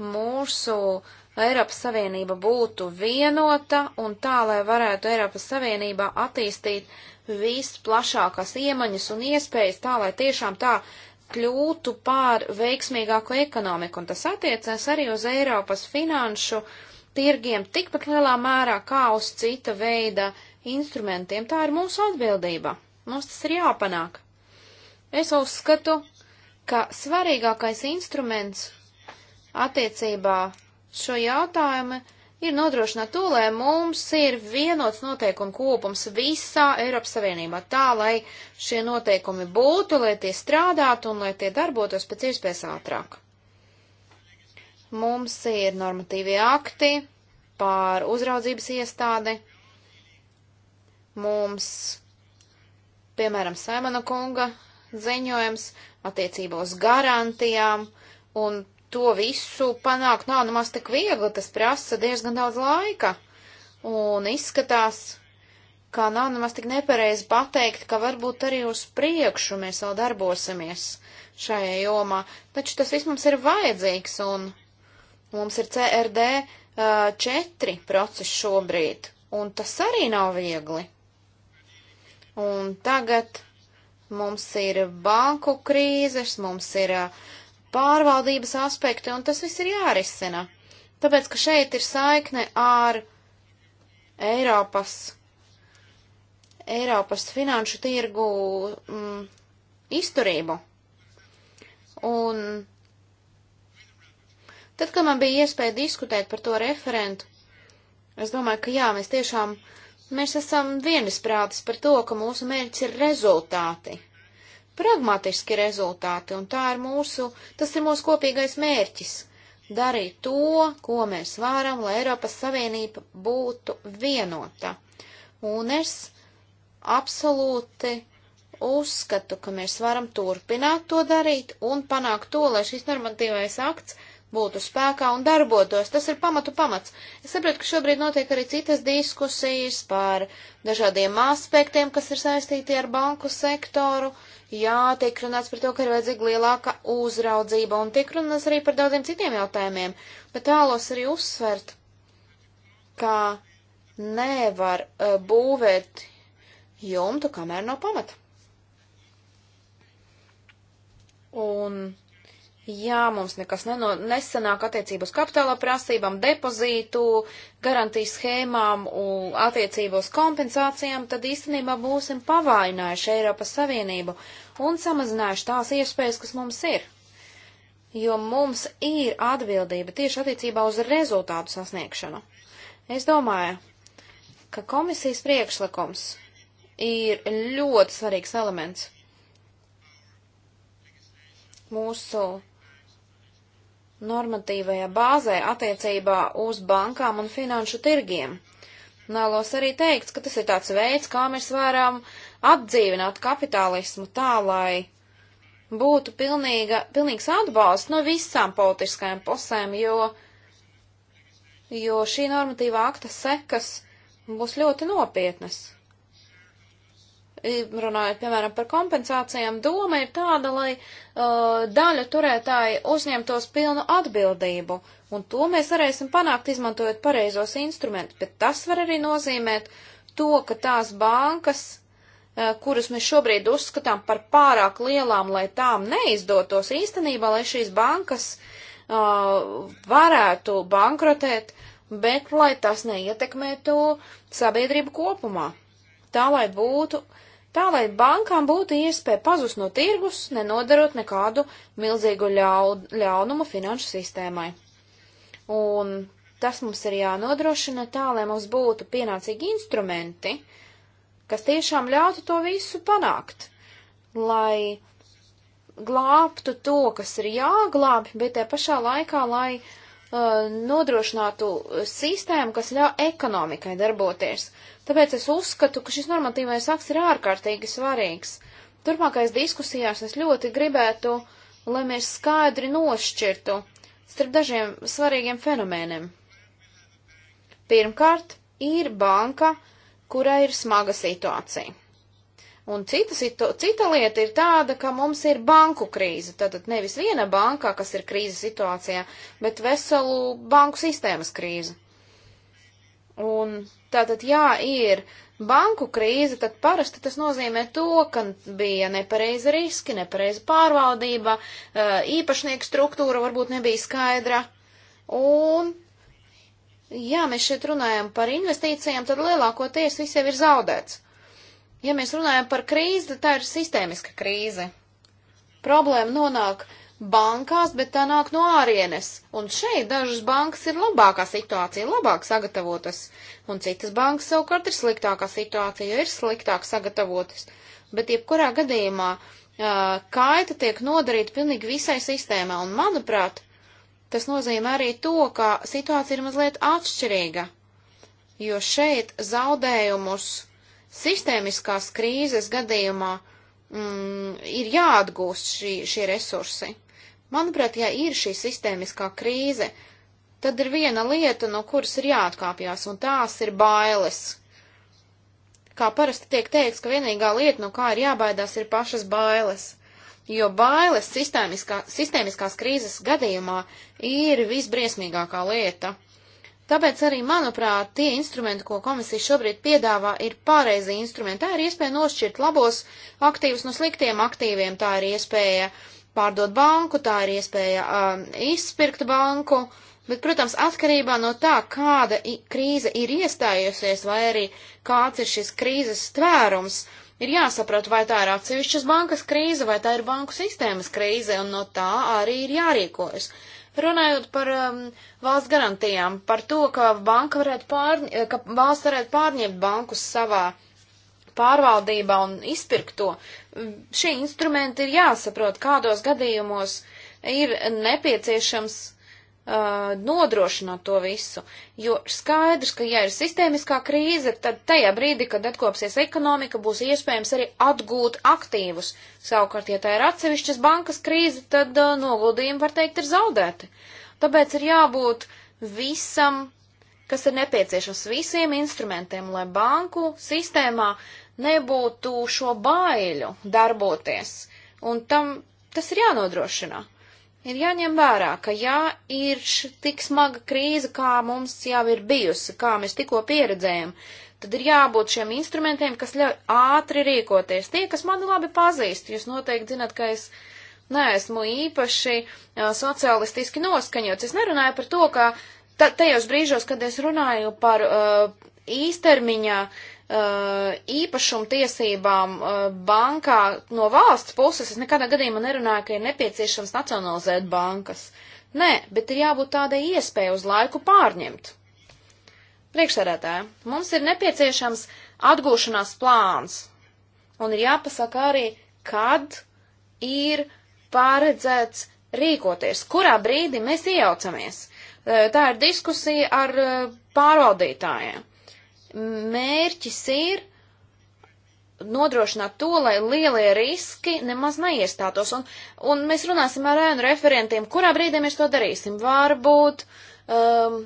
mūsu uh, Eiropas Savienība būtu vienota un tā, lai varētu Eiropas Savienībā attīstīt visplašākās iemaņas un iespējas, tā, lai tiešām tā kļūtu pār veiksmīgāku ekonomiku. Un tas attiecas arī uz Eiropas finanšu tirgiem tikpat lielā mērā kā uz cita veida instrumentiem. Tā ir mūsu atbildība. Mums tas ir jāpanāk. Es uzskatu, ka svarīgākais instruments attiecībā šo jautājumu ir nodrošināt to, lai mums ir vienots noteikumu kopums visā Eiropas Savienībā, tā lai šie noteikumi būtu, lai tie strādātu un lai tie darbotos pēc iespējas ātrāk. Mums ir normatīvie akti pār uzraudzības iestādi. Mums, piemēram, Saimana kunga ziņojums attiecībā uz garantijām un to visu panākt nav nemaz tik viegli, tas prasa diezgan daudz laika. Un izskatās, ka nav nemaz tik nepareizi pateikt, ka varbūt arī uz priekšu mēs vēl darbosimies šajā jomā. Taču tas viss mums ir vajadzīgs, un mums ir CRD uh, 4 process šobrīd, un tas arī nav viegli. Un tagad mums ir banku krīzes, mums ir uh, pārvaldības aspekti, un tas viss ir jārisina. Tāpēc, ka šeit ir saikne ar Eiropas, Eiropas finanšu tirgu mm, izturību. Un tad, kad man bija iespēja diskutēt par to referentu, es domāju, ka jā, mēs tiešām, mēs esam vienisprātis par to, ka mūsu mērķis ir rezultāti pragmatiski rezultāti, un tā ir mūsu, tas ir mūsu kopīgais mērķis - darīt to, ko mēs varam, lai Eiropas Savienība būtu vienota. Un es absolūti uzskatu, ka mēs varam turpināt to darīt un panākt to, lai šis normatīvais akts būtu spēkā un darbotos. Tas ir pamatu pamats. Es saprotu, ka šobrīd notiek arī citas diskusijas par dažādiem aspektiem, kas ir saistīti ar banku sektoru. Jā, tiek runāts par to, ka ir vajadzīga lielāka uzraudzība un tiek runāts arī par daudziem citiem jautājumiem, bet vēlos arī uzsvert, ka nevar uh, būvēt jumtu, kamēr nav pamata. Un Jā, mums nekas neno, nesanāk attiecību uz kapitāla prasībām, depozītu, garantijas schēmām un attiecību uz kompensācijām, tad īstenībā būsim pavainājuši Eiropas Savienību un samazinājuši tās iespējas, kas mums ir. Jo mums ir atbildība tieši attiecībā uz rezultātu sasniegšanu. Es domāju, ka komisijas priekšlikums ir ļoti svarīgs elements mūsu normatīvajā bāzē attiecībā uz bankām un finanšu tirgiem. Nālos arī teikts, ka tas ir tāds veids, kā mēs varam atdzīvināt kapitālismu tā, lai būtu pilnīga, pilnīgs atbalsts no visām politiskajām pusēm, jo, jo šī normatīvā akta sekas būs ļoti nopietnas runājot, piemēram, par kompensācijām, doma ir tāda, lai uh, daļu turētāji uzņemtos pilnu atbildību, un to mēs varēsim panākt, izmantojot pareizos instrumentus, bet tas var arī nozīmēt to, ka tās bankas, uh, kuras mēs šobrīd uzskatām par pārāk lielām, lai tām neizdotos īstenībā, lai šīs bankas uh, varētu bankrotēt, bet lai tas neietekmētu sabiedrību kopumā. Tā lai būtu uh, tā lai bankām būtu iespēja pazust no tirgus, nenodarot nekādu milzīgu ļaud, ļaunumu finanšu sistēmai. Un tas mums ir jānodrošina tā, lai mums būtu pienācīgi instrumenti, kas tiešām ļautu to visu panākt, lai glābtu to, kas ir jāglābj, bet te pašā laikā, lai Uh, nodrošinātu sistēmu, kas ļauj ekonomikai darboties. Tāpēc es uzskatu, ka šis normatīvais akts ir ārkārtīgi svarīgs. Turpmākais diskusijās es ļoti gribētu, lai mēs skaidri nošķirtu starp dažiem svarīgiem fenomēniem. Pirmkārt, ir banka, kurai ir smaga situācija. Un cita, situ, cita lieta ir tāda, ka mums ir banku krīze. Tātad nevis viena bankā, kas ir krīzes situācijā, bet veselu banku sistēmas krīze. Un tātad, jā, ir banku krīze, tad parasti tas nozīmē to, ka bija nepareiza riski, nepareiza pārvaldība, eh, īpašnieku struktūra varbūt nebija skaidra. Un, jā, mēs šeit runājam par investīcijām, tad lielākoties viss jau ir zaudēts. Ja mēs runājam par krīzi, tad tā ir sistēmiska krīze. Problēma nonāk bankās, bet tā nāk no ārienes. Un šeit dažas bankas ir labākā situācija, labāk sagatavotas, un citas bankas savukārt ir sliktākā situācija, jo ir sliktāk sagatavotas. Bet jebkurā gadījumā kaita tiek nodarīta pilnīgi visai sistēmā, un manuprāt, tas nozīmē arī to, ka situācija ir mazliet atšķirīga, jo šeit zaudējumus sistēmiskās krīzes gadījumā mm, ir jāatgūst šī, šie resursi. Manuprāt, ja ir šī sistēmiskā krīze, tad ir viena lieta, no kuras ir jāatkāpjas, un tās ir bailes. Kā parasti tiek teikts, ka vienīgā lieta, no kā ir jābaidās, ir pašas bailes. Jo bailes sistēmiskā, sistēmiskās krīzes gadījumā ir visbriesmīgākā lieta. Tāpēc arī, manuprāt, tie instrumenti, ko komisija šobrīd piedāvā, ir pareizi instrumenti. Tā ir iespēja nošķirt labos aktīvus no sliktiem aktīviem, tā ir iespēja pārdot banku, tā ir iespēja um, izpirkt banku, bet, protams, atkarībā no tā, kāda krīze ir iestājusies vai arī kāds ir šis krīzes tvērums, ir jāsaprot, vai tā ir atsevišķas bankas krīze, vai tā ir banku sistēmas krīze, un no tā arī ir jārīkojas. Runājot par um, valsts garantijām, par to, ka, banka varētu pārņ eh, ka valsts varētu pārņemt bankus savā pārvaldībā un izpirkt to, šie instrumenti ir jāsaprot, kādos gadījumos ir nepieciešams uh, nodrošināt to visu. Jo skaidrs, ka ja ir sistēmiskā krīze, tad tajā brīdī, kad atkopsies ekonomika, būs iespējams arī atgūt aktīvus. Savukārt, ja tā ir atsevišķas bankas krīze, tad uh, noguldījumi, var teikt, ir zaudēti. Tāpēc ir jābūt visam, kas ir nepieciešams, visiem instrumentiem, lai banku sistēmā nebūtu šo baiļu darboties. Un tam tas ir jānodrošina. Ir jāņem vērā, ka ja ir tik smaga krīze, kā mums jau ir bijusi, kā mēs tikko pieredzējām, tad ir jābūt šiem instrumentiem, kas ļauj ātri rīkoties. Tie, kas mani labi pazīst, jūs noteikti zinat, ka es neesmu īpaši jā, socialistiski noskaņots. Es nerunāju par to, ka tajos brīžos, kad es runāju par uh, īstermiņā uh, Uh, īpašumtiesībām uh, bankā no valsts puses, es nekādā gadījumā nerunāju, ka ir nepieciešams nacionalizēt bankas. Nē, bet ir jābūt tādai iespēju uz laiku pārņemt. Priekšsēdētāji, mums ir nepieciešams atgūšanās plāns, un ir jāpasaka arī, kad ir paredzēts rīkoties, kurā brīdī mēs iejaucamies. Uh, tā ir diskusija ar pārvaldītājiem mērķis ir nodrošināt to, lai lielie riski nemaz neiestātos. Un, un mēs runāsim ar ēnu referentiem, kurā brīdī mēs to darīsim. Varbūt, um,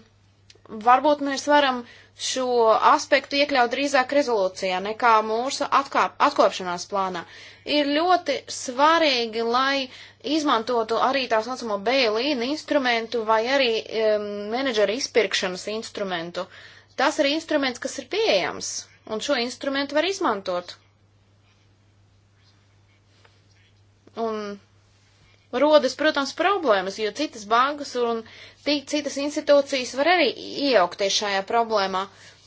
varbūt mēs varam šo aspektu iekļaut drīzāk rezolūcijā nekā mūsu atkāp, atkopšanās plānā. Ir ļoti svarīgi, lai izmantotu arī tās saucamo bailīnu instrumentu vai arī um, menedžera izpirkšanas instrumentu. Uh, Tas ir instruments, kas ir pieejams, un šo instrumentu var izmantot. Un rodas, protams, problēmas, jo citas bankas un citas institūcijas var arī iejaukties šajā problēmā.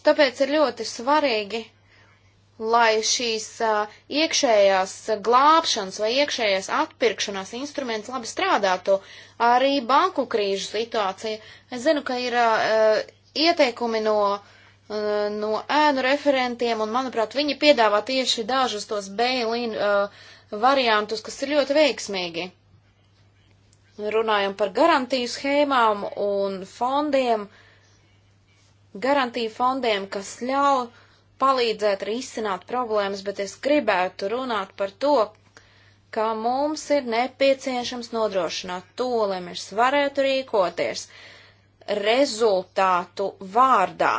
Tāpēc ir ļoti svarīgi, lai šīs iekšējās glābšanas vai iekšējās atpirkšanās instruments labi strādātu. Arī banku krīžu situācija. Es zinu, ka ir ieteikumi no, uh, no ēnu referentiem, un, manuprāt, viņi piedāvā tieši dažus tos bail-in uh, variantus, kas ir ļoti veiksmīgi. Runājam par garantiju schēmām un fondiem, garantiju fondiem, kas ļauj palīdzēt risināt problēmas, bet es gribētu runāt par to, ka mums ir nepieciešams nodrošināt to, lai mēs varētu rīkoties. Uh, rezultātu vārdā.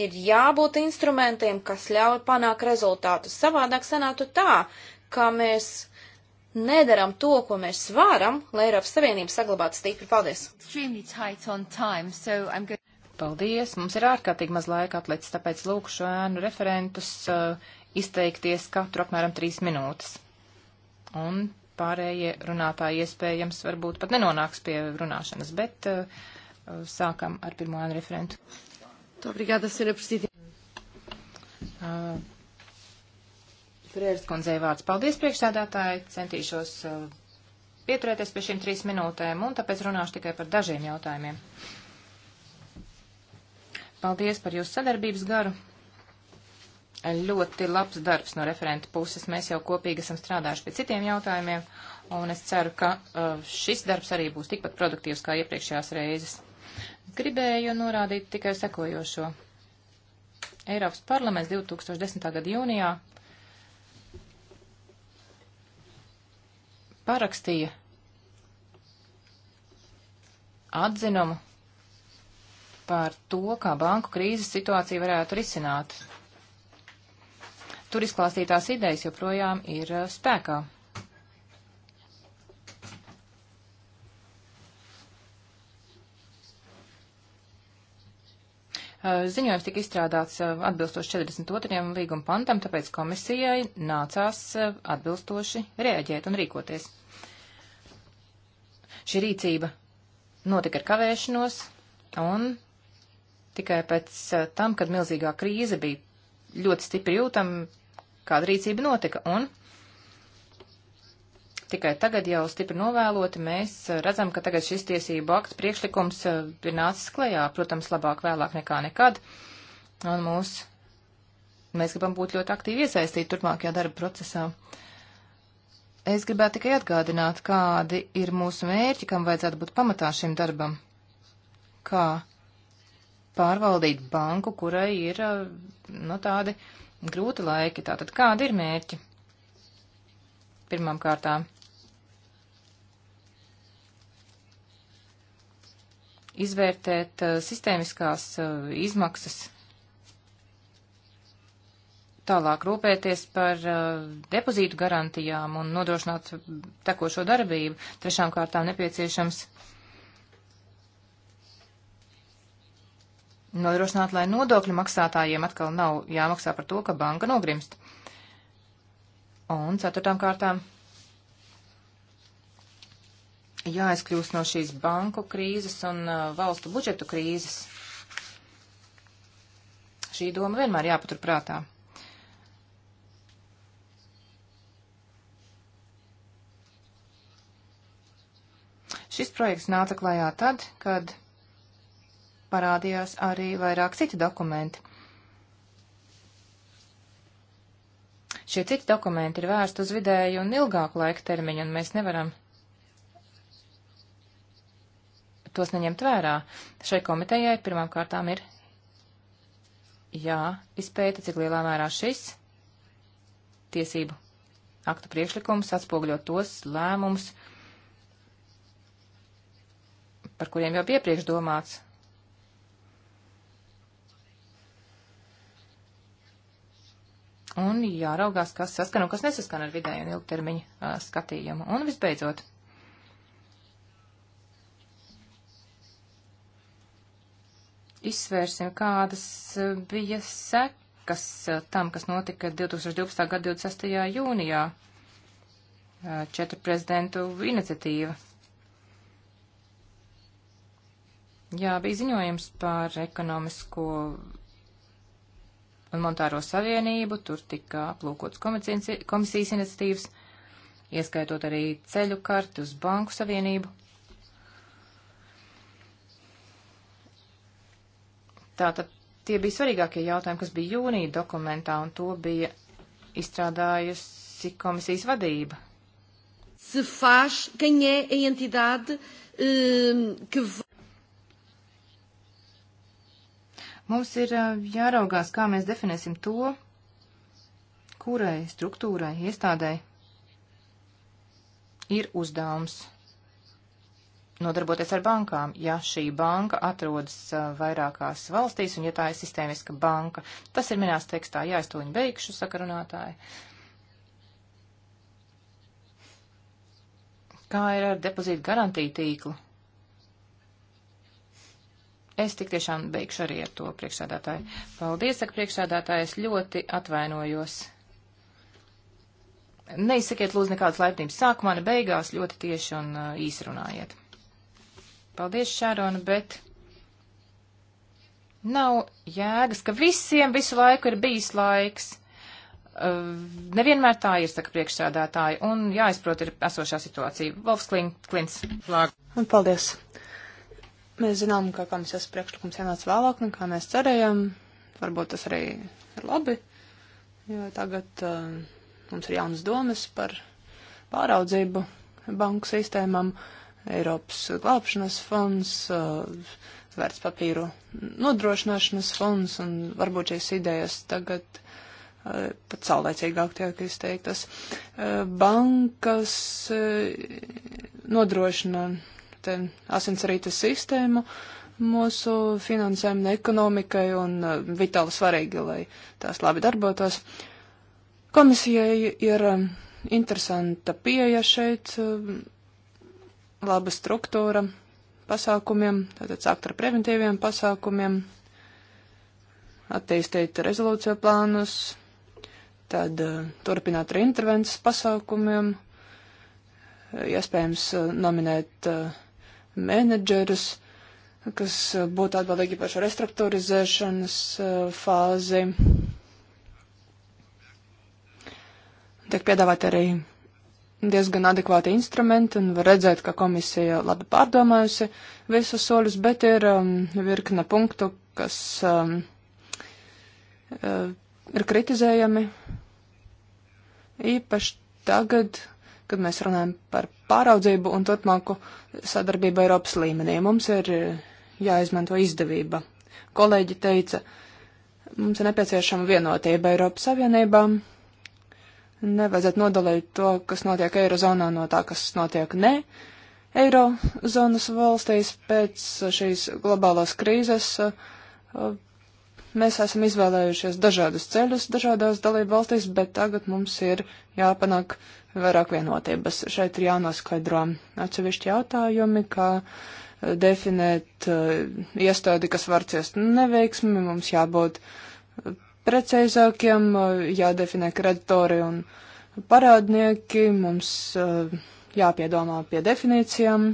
Ir jābūt instrumentiem, kas ļauj panākt rezultātus. Savādāk sanātu tā, ka mēs nedaram to, ko mēs varam, lai Eiropas
Savienība saglabātu stipri. Paldies! Time, so going...
Paldies! Mums ir ārkārtīgi maz laika atlicis, tāpēc lūkšu ēnu referentus uh, izteikties katru apmēram trīs minūtes. Un pārējie runātāji iespējams varbūt pat nenonāks pie runāšanas, bet uh, sākam ar pirmo referentu. Obrigada, Sra. Presidente. Uh, Frērs kundzei vārds. Paldies, priekšsēdētāji. Centīšos uh, pieturēties pie šīm trīs minūtēm un tāpēc runāšu tikai par dažiem jautājumiem. Paldies par jūsu sadarbības garu. Ļoti labs darbs no referenta puses. Mēs jau kopīgi esam strādājuši pie citiem jautājumiem, un es ceru, ka uh, šis darbs arī būs tikpat produktīvs kā iepriekšējās reizes. Gribēju norādīt tikai sekojošo. Eiropas parlaments 2010. gada jūnijā parakstīja atzinumu par to, kā banku krīzes situācija varētu risināt. Tur izklāstītās idejas joprojām ir spēkā. Uh, ziņojums tika izstrādāts uh, atbilstoši 42. līguma pantam, tāpēc komisijai nācās uh, atbilstoši rēģēt un rīkoties. Šī rīcība notika ar kavēšanos un tikai pēc tam, kad milzīgā krīze bija ļoti stipri jūtama, kāda rīcība notika un tikai tagad jau stipri novēloti, mēs eh, redzam, ka tagad šis tiesību akts priekšlikums eh, ir nācis klajā, protams, labāk vēlāk nekā nekad, un mūs, mēs gribam būt ļoti aktīvi iesaistīti turpmākajā darba procesā. Es gribētu tikai atgādināt, kādi ir mūsu mērķi, kam vajadzētu būt pamatā šim darbam. Kā pārvaldīt banku, kurai ir, eh, nu, tādi grūti laiki, tātad kādi ir mērķi? pirmām kārtām izvērtēt eh, sistēmiskās eh, izmaksas, tālāk rūpēties par eh, depozītu garantijām un nodrošināt tekošo darbību. Trešām kārtām nepieciešams nodrošināt, lai nodokļu maksātājiem atkal nav jāmaksā par to, ka banka nogrimst. Un ceturtām kārtām jāizkļūst no šīs banku krīzes un uh, valstu budžetu krīzes. Šī doma vienmēr jāpatur prātā. Šis projekts nāca klajā tad, kad parādījās arī vairāk citi dokumenti. Šie citi dokumenti ir vērsti uz vidēju un ilgāku laiku termiņu, un mēs nevaram tos neņemt vērā. Šai komitejai pirmām kārtām ir jāizpēta, cik lielā mērā šis tiesību aktu priekšlikums atspoguļo tos lēmumus, par kuriem jau bija iepriekš domāts. Un jāraugās, kas saskana un kas nesaskana ar vidēju un ilgtermiņu uh, skatījumu. Un visbeidzot, izsvērsim, kādas e, bija sekas e, tam, kas notika 2012. gada 26. jūnijā. E, četru prezidentu iniciatīva. Jā, bija ziņojums par ekonomisko un monetāro savienību, tur tika aplūkots komisijas iniciatīvas, ieskaitot arī ceļu karti uz banku savienību. Tātad tie bija svarīgākie jautājumi, kas bija jūnija dokumentā, un to bija izstrādājusi komisijas vadība. Se faz, quem é a entidade um, que. Mums ir eh, jāraugās, kā mēs definēsim to, kurai struktūrai, iestādēji ir uzdevums nodarboties ar bankām, ja šī banka atrodas vairākās valstīs un ja tā ir sistēmiska banka. Tas ir minēts tekstā, jā, es to viņu beigšu, saka runātāji. Kā ir ar depozītu garantiju tīklu? Es tik tiešām beigšu arī ar to priekšsādātāju. Paldies, saka priekšsādātāji, es ļoti atvainojos. Neizsakiet lūdzu nekādas laipnības sākumā, ne beigās, ļoti tieši un īsi runājiet. Paldies, Šārona, bet nav jēgas, ka visiem visu laiku ir bijis laiks. Uh, nevienmēr tā ir, saka priekšsādātāji, un jāizprot ir esošā situācija. Volfs Klints.
Lāk. Un paldies. Mēs zinām, ka komisijas priekšlikums ienāca vēlāk, nekā mēs cerējām. Varbūt tas arī ir labi, jo tagad uh, mums ir jaunas domas par pāraudzību banku sistēmām. Uh, Eiropas glābšanas fonds, uh, vērtspapīru nodrošināšanas fonds, un varbūt šīs idejas tagad uh, pat saulēcīgāk tiek izteiktas. Uh, bankas nodrošina te asinsrītas sistēmu mūsu finansējuma ekonomikai un vitāli svarīgi, lai tās labi darbotos. Komisijai ir um, interesanta pieeja šeit um, laba struktūra pasākumiem, tātad sākt ar preventīviem pasākumiem, attīstīt rezolūciju plānus, tad eh, turpināt ar intervences pasākumiem, iespējams eh, nominēt eh, menedžerus, kas būtu atbildīgi par šo restruktūrizēšanas fāzi. Tiek piedāvāt arī diezgan adekvāti instrumenti un var redzēt, ka komisija labi pārdomājusi visus soļus, bet ir um, virkne punktu, kas um, uh, ir kritizējami. Īpaši tagad, kad mēs runājam par pāraudzību un turpmāku sadarbību Eiropas līmenī, mums ir jāizmanto izdevība. Kolēģi teica, mums ir nepieciešama vienotība Eiropas Savienībām Nevajadzētu nodalīt to, kas notiek Eirozonā no tā, kas notiek ne. Eirozonas valstīs pēc šīs globālās krīzes uh, uh, mēs esam izvēlējušies dažādus ceļus dažādās dalību valstīs, bet tagad mums ir jāpanāk vairāk vienotības. Šeit ir jānoskaidro atsevišķi jautājumi, kā uh, definēt iestādi, kas var ciest neveiksmi, mums jābūt precīzākiem, eh, jādefinē kreditori un parādnieki, mums eh, jāpiedomā pie definīcijām,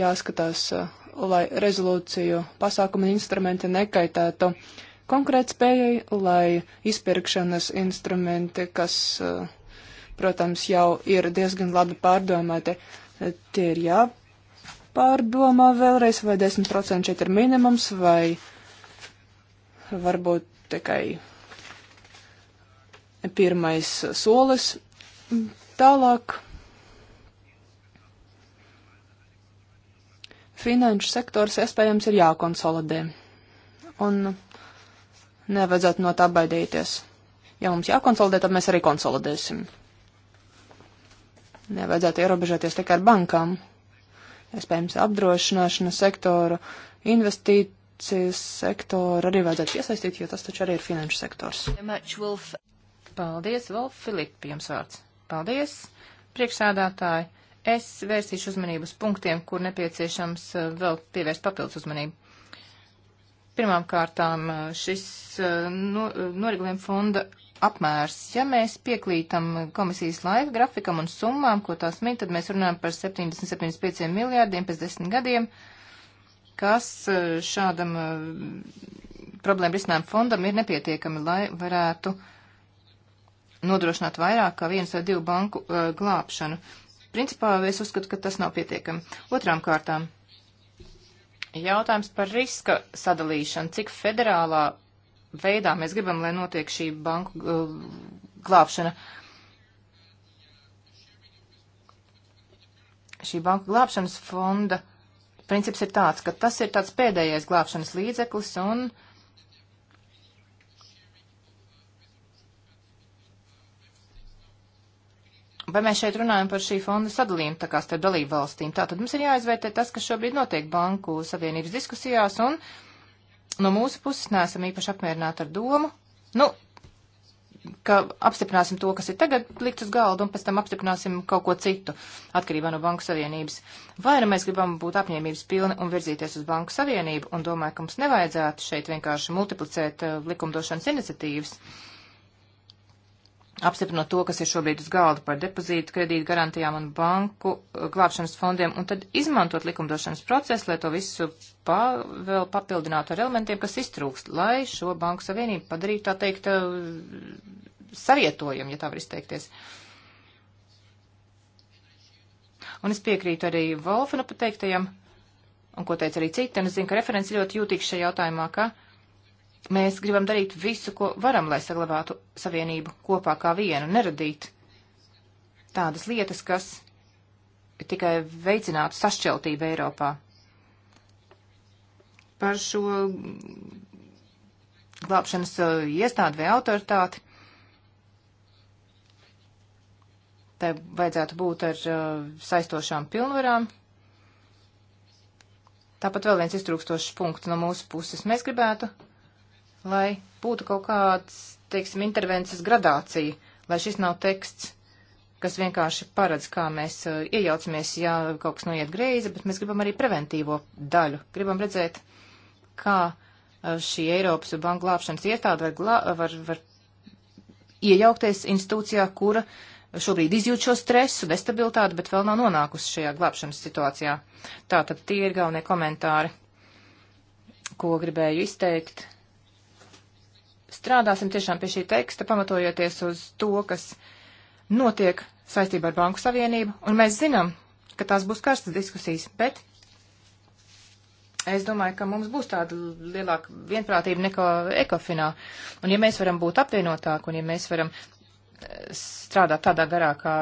jāskatās, eh, lai rezolūciju pasākumu instrumenti nekaitētu konkrēt spējai, lai izpirkšanas instrumenti, kas, protams, jau ir diezgan labi pārdomāti, tie ir jāpārdomā jāpārdomā vēlreiz, vai 10% šeit ir minimums, vai varbūt tikai pirmais solis. Tālāk finanšu sektors iespējams ir jākonsolidē. Un nevajadzētu no tā baidīties. Ja mums jākonsolidē, tad mēs arī konsolidēsim. Nevajadzētu ierobežoties tikai ar bankām iespējams apdrošināšanas sektoru, investīcijas sektoru arī vajadzētu piesaistīt, jo tas taču arī ir finanšu sektors.
Paldies, Volf Filip, jums vārds. Paldies, priekšsādātāji. Es vērsīšu uzmanību uz punktiem, kur nepieciešams eh, vēl pievērst papildus uzmanību. Pirmām kārtām eh, šis eh, no, noregulējuma fonda apmērs. Ja mēs piekrītam komisijas laika grafikam un summām, ko tās min, tad mēs runājam par 775 miljārdiem pēc desmit gadiem, kas eh, šādam eh, problēmu risinājumu fondam ir nepietiekami, lai varētu nodrošināt vairāk kā viens vai divu banku uh, glābšanu. Principā es uzskatu, ka tas nav pietiekami. Otrām kārtām. Jautājums par riska sadalīšanu, cik federālā veidā mēs gribam, lai notiek šī banku uh, glābšana. Šī banku glābšanas fonda princips ir tāds, ka tas ir tāds pēdējais glābšanas līdzeklis un vai mēs šeit runājam par šī fonda sadalījumu tā kā starp dalību valstīm. Tātad mums ir jāizvērtē tas, kas šobrīd notiek banku savienības diskusijās un uh, no mūsu puses neesam īpaši apmierināti ar domu, nu, ka apstiprināsim to, kas ir tagad likt uz galda, un pēc tam apstiprināsim kaut ko citu, atkarībā no Banku Savienības. Vai nu mēs gribam būt apņēmības pilni un virzīties uz Banku Savienību, un domāju, ka mums nevajadzētu šeit vienkārši multiplicēt uh, likumdošanas iniciatīvas. Uh, apstiprinot to, kas ir šobrīd uz galda par depozītu, kredītu garantijām un banku eh, glābšanas fondiem, un tad izmantot likumdošanas procesu, lai to visu pa, vēl papildinātu ar elementiem, kas iztrūkst, lai šo banku savienību padarītu, tā teikt, eh, savietojumu, ja tā var izteikties. Un es piekrītu arī Volfanu pateiktajam, un ko teica arī citi, un es zinu, ka referents ļoti jūtīgs šajā jautājumā, ka uh, Mēs gribam darīt visu, ko varam, lai saglabātu savienību kopā kā vienu, neradīt tādas lietas, kas tikai veicinātu sašķeltību Eiropā. Par šo glābšanas uh, iestādi vai autoritāti. Tai vajadzētu būt ar uh, saistošām pilnvarām. Tāpat vēl viens iztrūkstošs punkts no mūsu puses. Mēs gribētu lai būtu kaut kāds, teiksim, intervences gradācija, lai šis nav teksts, kas vienkārši paredz, kā mēs uh, iejaucamies, ja kaut kas noiet greizi, bet mēs gribam arī preventīvo daļu. Gribam redzēt, kā uh, šī Eiropas banka glābšanas iestāde var, glā, uh, var, var iejaukties institūcijā, kura šobrīd izjūt šo stresu, destabilitāti, bet vēl nav nonākusi šajā glābšanas situācijā. Tātad tie ir galvenie komentāri, ko gribēju izteikt strādāsim tiešām pie šī teksta, pamatojoties uz to, kas notiek saistībā ar Banku Savienību, un mēs zinām, ka tās būs karstas diskusijas, bet es domāju, ka mums būs tāda lielāka vienprātība nekā ekofinā, un ja mēs varam būt apvienotāki, un ja mēs varam eh, strādāt tādā garā, kā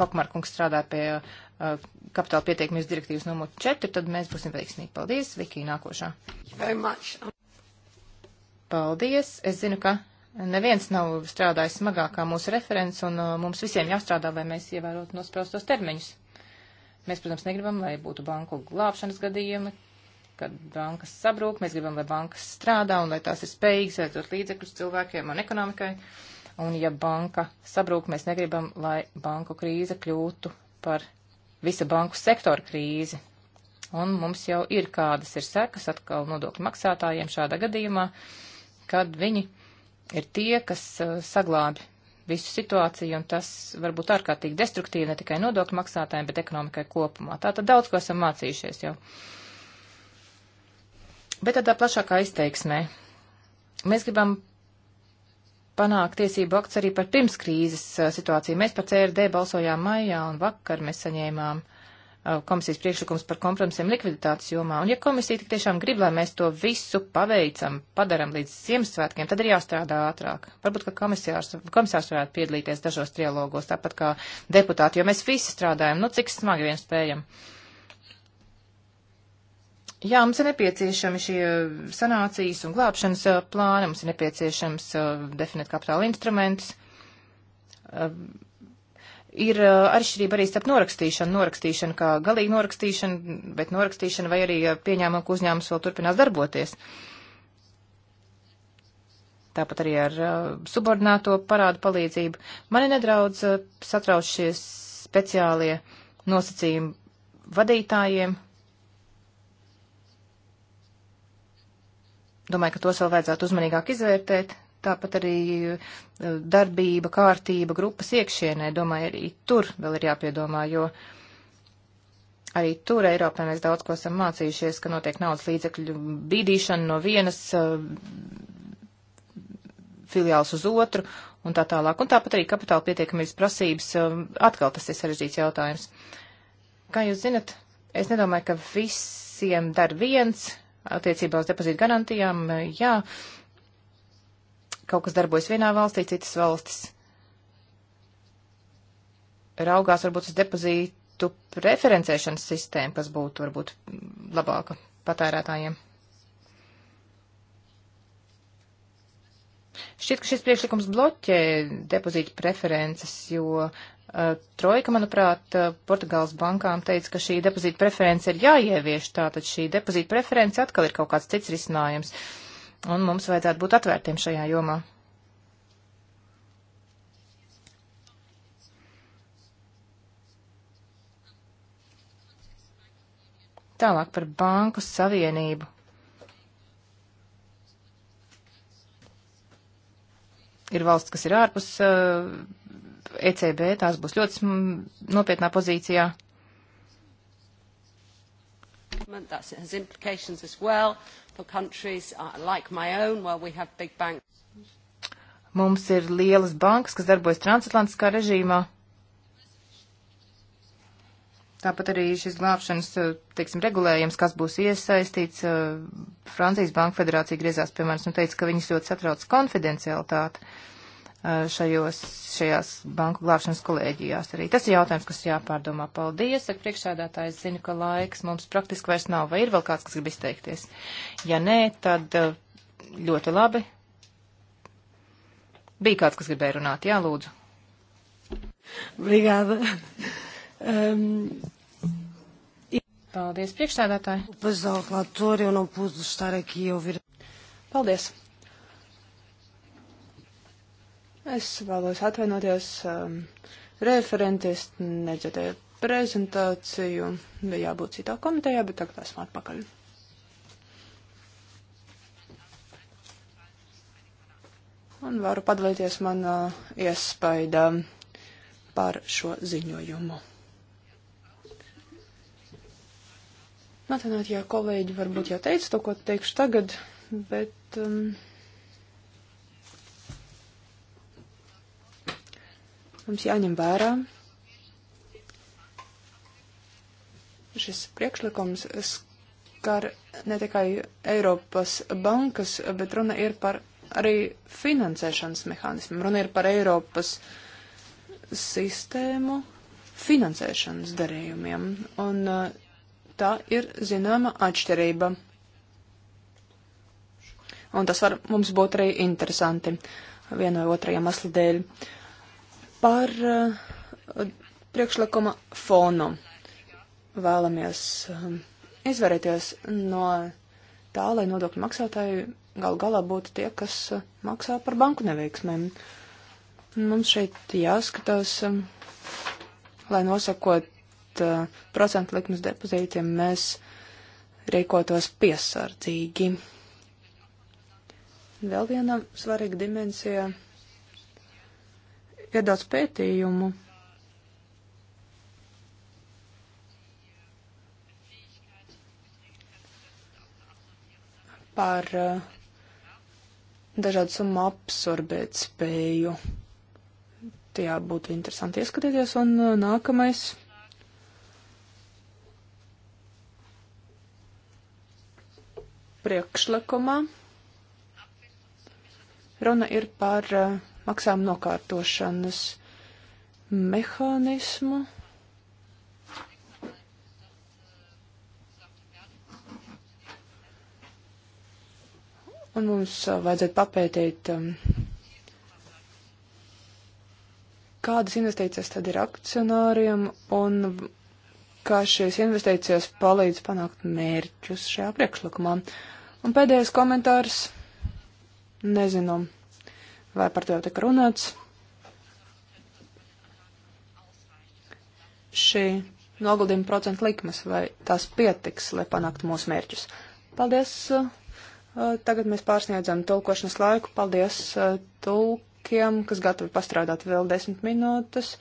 Kokmarkungs strādā pie uh, kapitāla pieteikumības direktīvas numur 4, tad mēs būsim veiksmīgi. Paldies, Vikī, nākošā. Paldies. Es zinu, ka neviens nav strādājis smagāk kā mūsu referents, un uh, mums visiem jāstrādā, lai mēs ievērotu nospraustos termiņus. Mēs, protams, negribam, lai būtu banku glābšanas gadījumi, kad bankas sabrūk, mēs gribam, lai bankas strādā un lai tās ir spējīgas veidot līdzekļus cilvēkiem un ekonomikai. Un ja banka sabrūk, mēs negribam, lai banku krīze kļūtu par visa banku sektora krīzi. Un mums jau ir kādas ir sekas atkal nodokļu maksātājiem šādā gadījumā. Uh, kad viņi ir tie, kas uh, saglābi visu situāciju, un tas var būt ārkārtīgi destruktīvi ne tikai nodokļu maksātājiem, bet ekonomikai kopumā. Tātad daudz ko esam mācījušies jau. Bet tādā plašākā izteiksmē mēs gribam panākt tiesību akts arī par pirms krīzes uh, situāciju. Mēs par CRD balsojām maijā, un vakar mēs saņēmām Uh, komisijas priekšlikums par kompromisiem likviditātes jomā. Un ja komisija tik tiešām grib, lai mēs to visu paveicam, padaram līdz Ziemassvētkiem, tad ir jāstrādā ātrāk. Varbūt, ka komisārs, komisārs varētu piedalīties dažos trialogos, tāpat kā deputāti, jo mēs visi strādājam, nu cik smagi vien spējam. Jā, mums ir nepieciešami šie sanācijas un glābšanas uh, plāni, mums ir nepieciešams uh, definēt kapitāla instrumentus ir uh, atšķirība arī starp norakstīšanu, norakstīšanu kā galīgi norakstīšanu, bet norakstīšanu vai arī uh, pieņēmumu, ka uzņēmums vēl turpinās darboties. Tāpat arī ar uh, subordināto parādu palīdzību. Mani nedaudz satrauc šie speciālie nosacījumi vadītājiem. Domāju, ka tos vēl vajadzētu uzmanīgāk izvērtēt, tāpat arī e, darbība, kārtība grupas iekšienē, domāju, arī tur vēl ir jāpiedomā, jo arī tur Eiropā mēs daudz ko esam mācījušies, ka notiek naudas līdzekļu bīdīšana no vienas e, filiāls uz otru un tā tālāk. Un tāpat arī kapitāla pietiekamības prasības, e, atkal tas ir sarežģīts jautājums. Kā jūs zinat, es nedomāju, ka visiem dar viens attiecībā uz depozītu garantijām, jā, Kaut kas darbojas vienā valstī, citas valstis raugās varbūt uz depozītu preferencēšanas sistēmu, kas būtu varbūt labāka patērētājiem. Šķiet, ka šis priekšlikums bloķē depozītu preferences, jo uh, Trojka, manuprāt, uh, Portugāles bankām teica, ka šī depozīta preference ir jāievieš, tātad šī depozīta preference atkal ir kaut kāds cits risinājums. Uh, un mums vajadzētu būt atvērtiem šajā jomā. Tālāk par banku savienību. Ir valsts, kas ir ārpus uh, eh, ECB, tās būs ļoti nopietnā pozīcijā
development. That has implications as well for countries uh, like my own where we have big banks.
Mums ir lielas bankas, kas darbojas transatlantiskā režīmā. Tāpat arī šis glābšanas, uh, teiksim, regulējums, kas būs iesaistīts. Uh, Francijas Banka federācija griezās pie manis un teica, ka viņas ļoti satrauc konfidencialitāti. Uh, Eh, šajos, šajās banku glābšanas kolēģijās arī. Tas ir jautājums, kas jāpārdomā. Paldies, ar priekšādātājs zinu, ka laiks mums praktiski vairs nav, vai ir vēl kāds, kas grib izteikties. Ja nē, tad eh, ļoti labi. Bija kāds, kas gribēja runāt, jā, lūdzu. Brigāda. Um... Ehm, Paldies, priekšstādātāji.
Paldies. Es vēlos atvainoties um, referenties, nedzirdēju prezentāciju, bija jābūt citā komitejā, bet tagad esmu atpakaļ. Un varu padalīties manā uh, iespaidā par šo ziņojumu. Matanāt, jā, kolēģi varbūt jau teica to, ko teikšu tagad, bet. Um, Mums jāņem vērā šis priekšlikums skar ne tikai Eiropas bankas, bet runa ir par arī finansēšanas mehānismiem. Runa ir par Eiropas sistēmu finansēšanas darījumiem, un uh, tā ir zināma atšķirība. Un tas var mums būt arī interesanti viena vai otra iemesla dēļ. Uh, Par eh, priekšlikuma fonu vēlamies eh, izvairīties no tā, lai nodokļu maksātāji gal galā būtu tie, kas eh, maksā par banku neveiksmēm. Mums šeit jāskatās, lai nosakot procentu likmes depozītiem, mēs rīkotos piesardzīgi. Vēl viena svarīga dimensija ir daudz pētījumu. par uh, dažādu summu absorbēt spēju. Tajā būtu interesanti ieskatīties. Un uh, nākamais. Priekšlikumā runa ir par uh, maksām nokārtošanas mehānismu. Un mums uh, vajadzētu papētīt, um, kādas investīcijas tad ir akcionāriem un kā šīs investīcijas palīdz panākt mērķus šajā priekšlikumā. Un pēdējais komentārs. Nezinu. Vai par to jau tika runāts? Šī noguldījuma procenta likmes, vai tās pietiks, lai panāktu mūsu mērķus? Paldies! Uh, tagad mēs pārsniedzam tulkošanas laiku. Paldies uh, tulkiem, kas gatavi pastrādāt vēl desmit minūtes.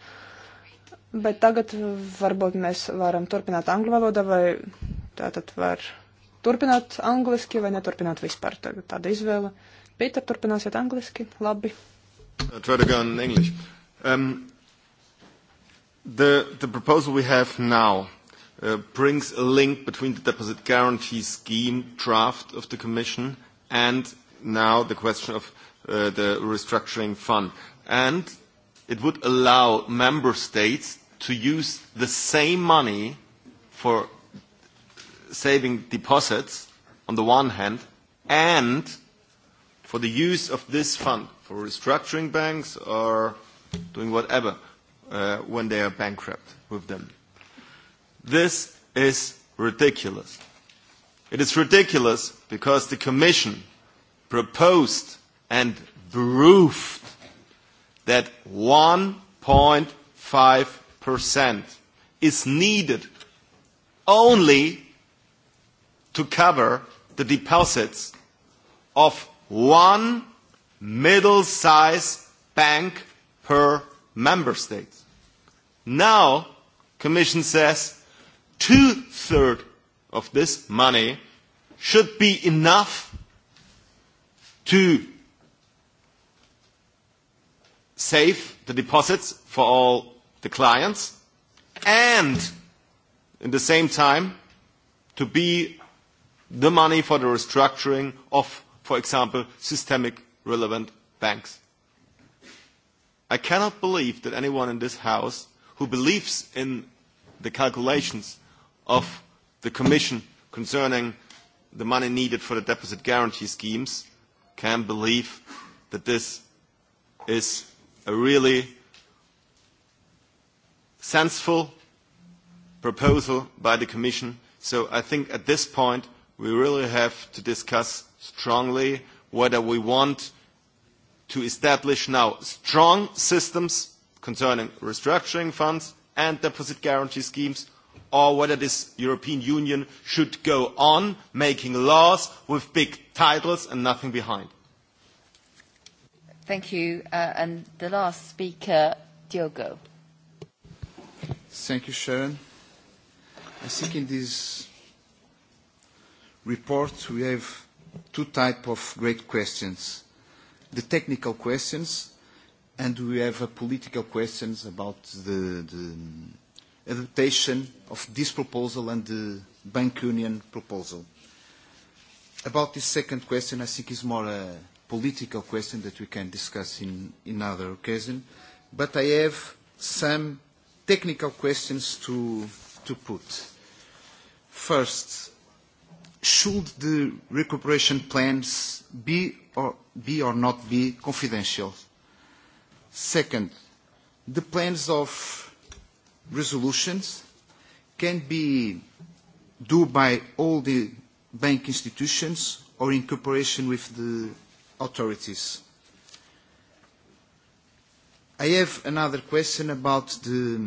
Bet tagad varbūt mēs varam turpināt angļu valodā, vai tātad var turpināt angliski, vai neturpināt vispār. Tagad tāda izvēle. Pīter, turpināsiet angliski. Labi.
I'll try to go in English. Um, the, the proposal we have now uh, brings a link between the deposit guarantee scheme draft of the Commission and now the question of uh, the restructuring fund. And it would allow member states to use the same money for saving deposits on the one hand and for the use of this fund for restructuring banks or doing whatever uh, when they are bankrupt with them. This is ridiculous. It is ridiculous because the Commission proposed and proved that 1.5% is needed only to cover the deposits of one middle-sized bank per member state. Now, Commission says two-thirds of this money should be enough to save the deposits for all the clients and in the same time to be the money for the restructuring of for example, systemic relevant banks. I cannot believe that anyone in this House who believes in the calculations of the Commission concerning the money needed for the deposit guarantee schemes can believe that this is a really sensible proposal by the Commission. So I think at this point we really have to discuss strongly whether we want to establish now strong systems concerning restructuring funds and deposit guarantee schemes or whether this European Union should go on making laws with big titles and nothing behind.
Thank you. Uh, and the last speaker, Diogo.
Thank you, Sharon. I think in this report we have two type of great questions. The technical questions, and we have a political questions about the, the adaptation of this proposal and the bank union proposal. About this second question, I think is more a political question that we can discuss in, in other occasion, but I have some technical questions to, to put. First, should the recuperation plans be or, be or not be confidential? Second, the plans of resolutions can be due by all the bank institutions or in cooperation with the authorities. I have another question about the,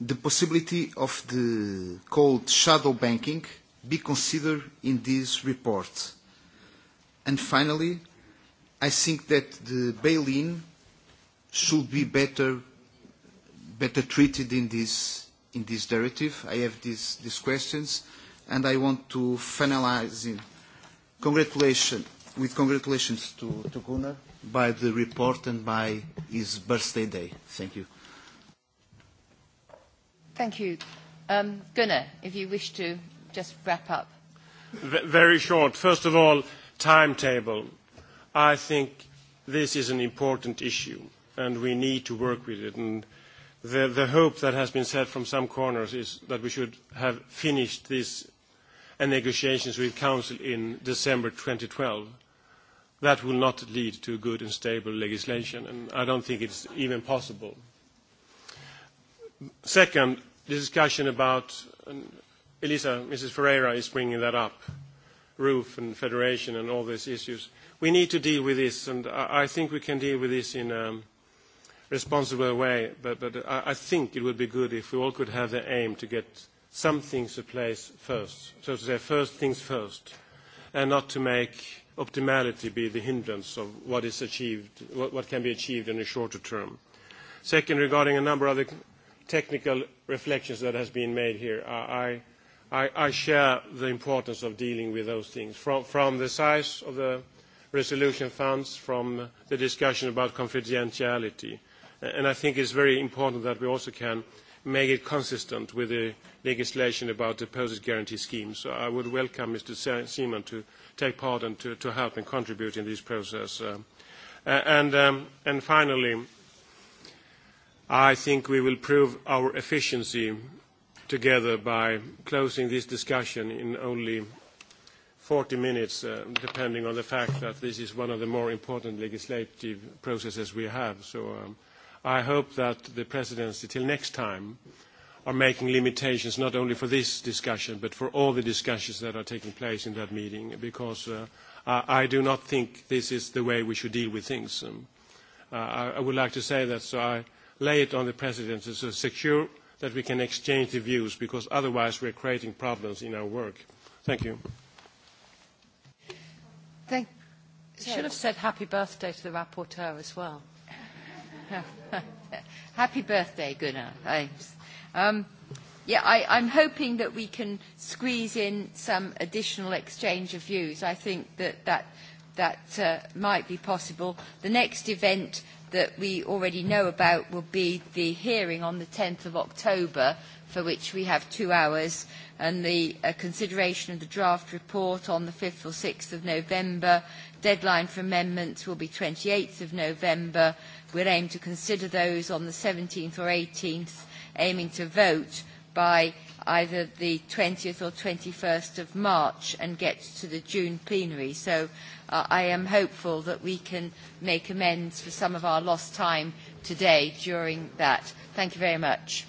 the possibility of the called shadow banking uh, be considered in this report. And finally, I think that the bail-in should be better, better treated in this, in this directive. I have these, these questions, and I want to finalize in congratulations, with congratulations to, to Gunnar by the report and by his birthday day. Thank you.
Thank you. Um, Gunnar, if you wish to just wrap up.
V very short. First of all, timetable. I think this is an important issue, and we need to work with it. And the, the hope that has been said from some corners is that we should have finished this and uh, negotiations with Council in December 2012. That will not lead to good and stable legislation, and I don't think it's even possible. Second, the discussion about um, Elisa, Mrs. Ferreira is bringing that up, roof and federation and all these issues. We need to deal with this, and I, I think we can deal with this in a responsible way, but, but I, I think it would be good if we all could have the aim to get some things in place first, so to say, first things first, and not to make optimality be the hindrance of what is achieved, what, what can be achieved in the shorter term. Second, regarding a number of the technical reflections that has been made here, I, I, I share the importance of dealing with those things, from, from the size of the resolution funds, from the discussion about confidentiality. And I think it's very important that we also can make it consistent with the legislation about deposit guarantee schemes. So I would welcome Mr. Seaman to take part and to, to help and contribute in this process. Uh, and, um, and finally, I think we will prove our efficiency together by closing this discussion in only 40 minutes, uh, depending on the fact that this is one of the more important legislative processes we have. So um, I hope that the presidency, till next time, are making limitations not only for this discussion, but for all the discussions that are taking place in that meeting, because uh, I, I do not think this is the way we should deal with things. Um, uh, I, I would like to say that, so I lay it on the presidency to so secure – that we can exchange the views, because otherwise we're creating problems in our work. Thank you.
Thank should have said happy birthday to the rapporteur as well. [LAUGHS] happy birthday, Gunnar. Thanks. Um, yeah, I, I'm hoping that we can squeeze in some additional exchange of views. I think that that, that uh, might be possible. The next event that we already know about will be the hearing on the 10th of October, for which we have two hours, and the uh, consideration of the draft report on the 5th or 6th of November. Deadline for amendments will be 28th of November. We'll aim to consider those on the 17th or 18th, aiming to vote by either the 20th or 21st of March and get to the June plenary. So uh, I am hopeful that we can make amends for some of our lost time today during that. Thank you very much.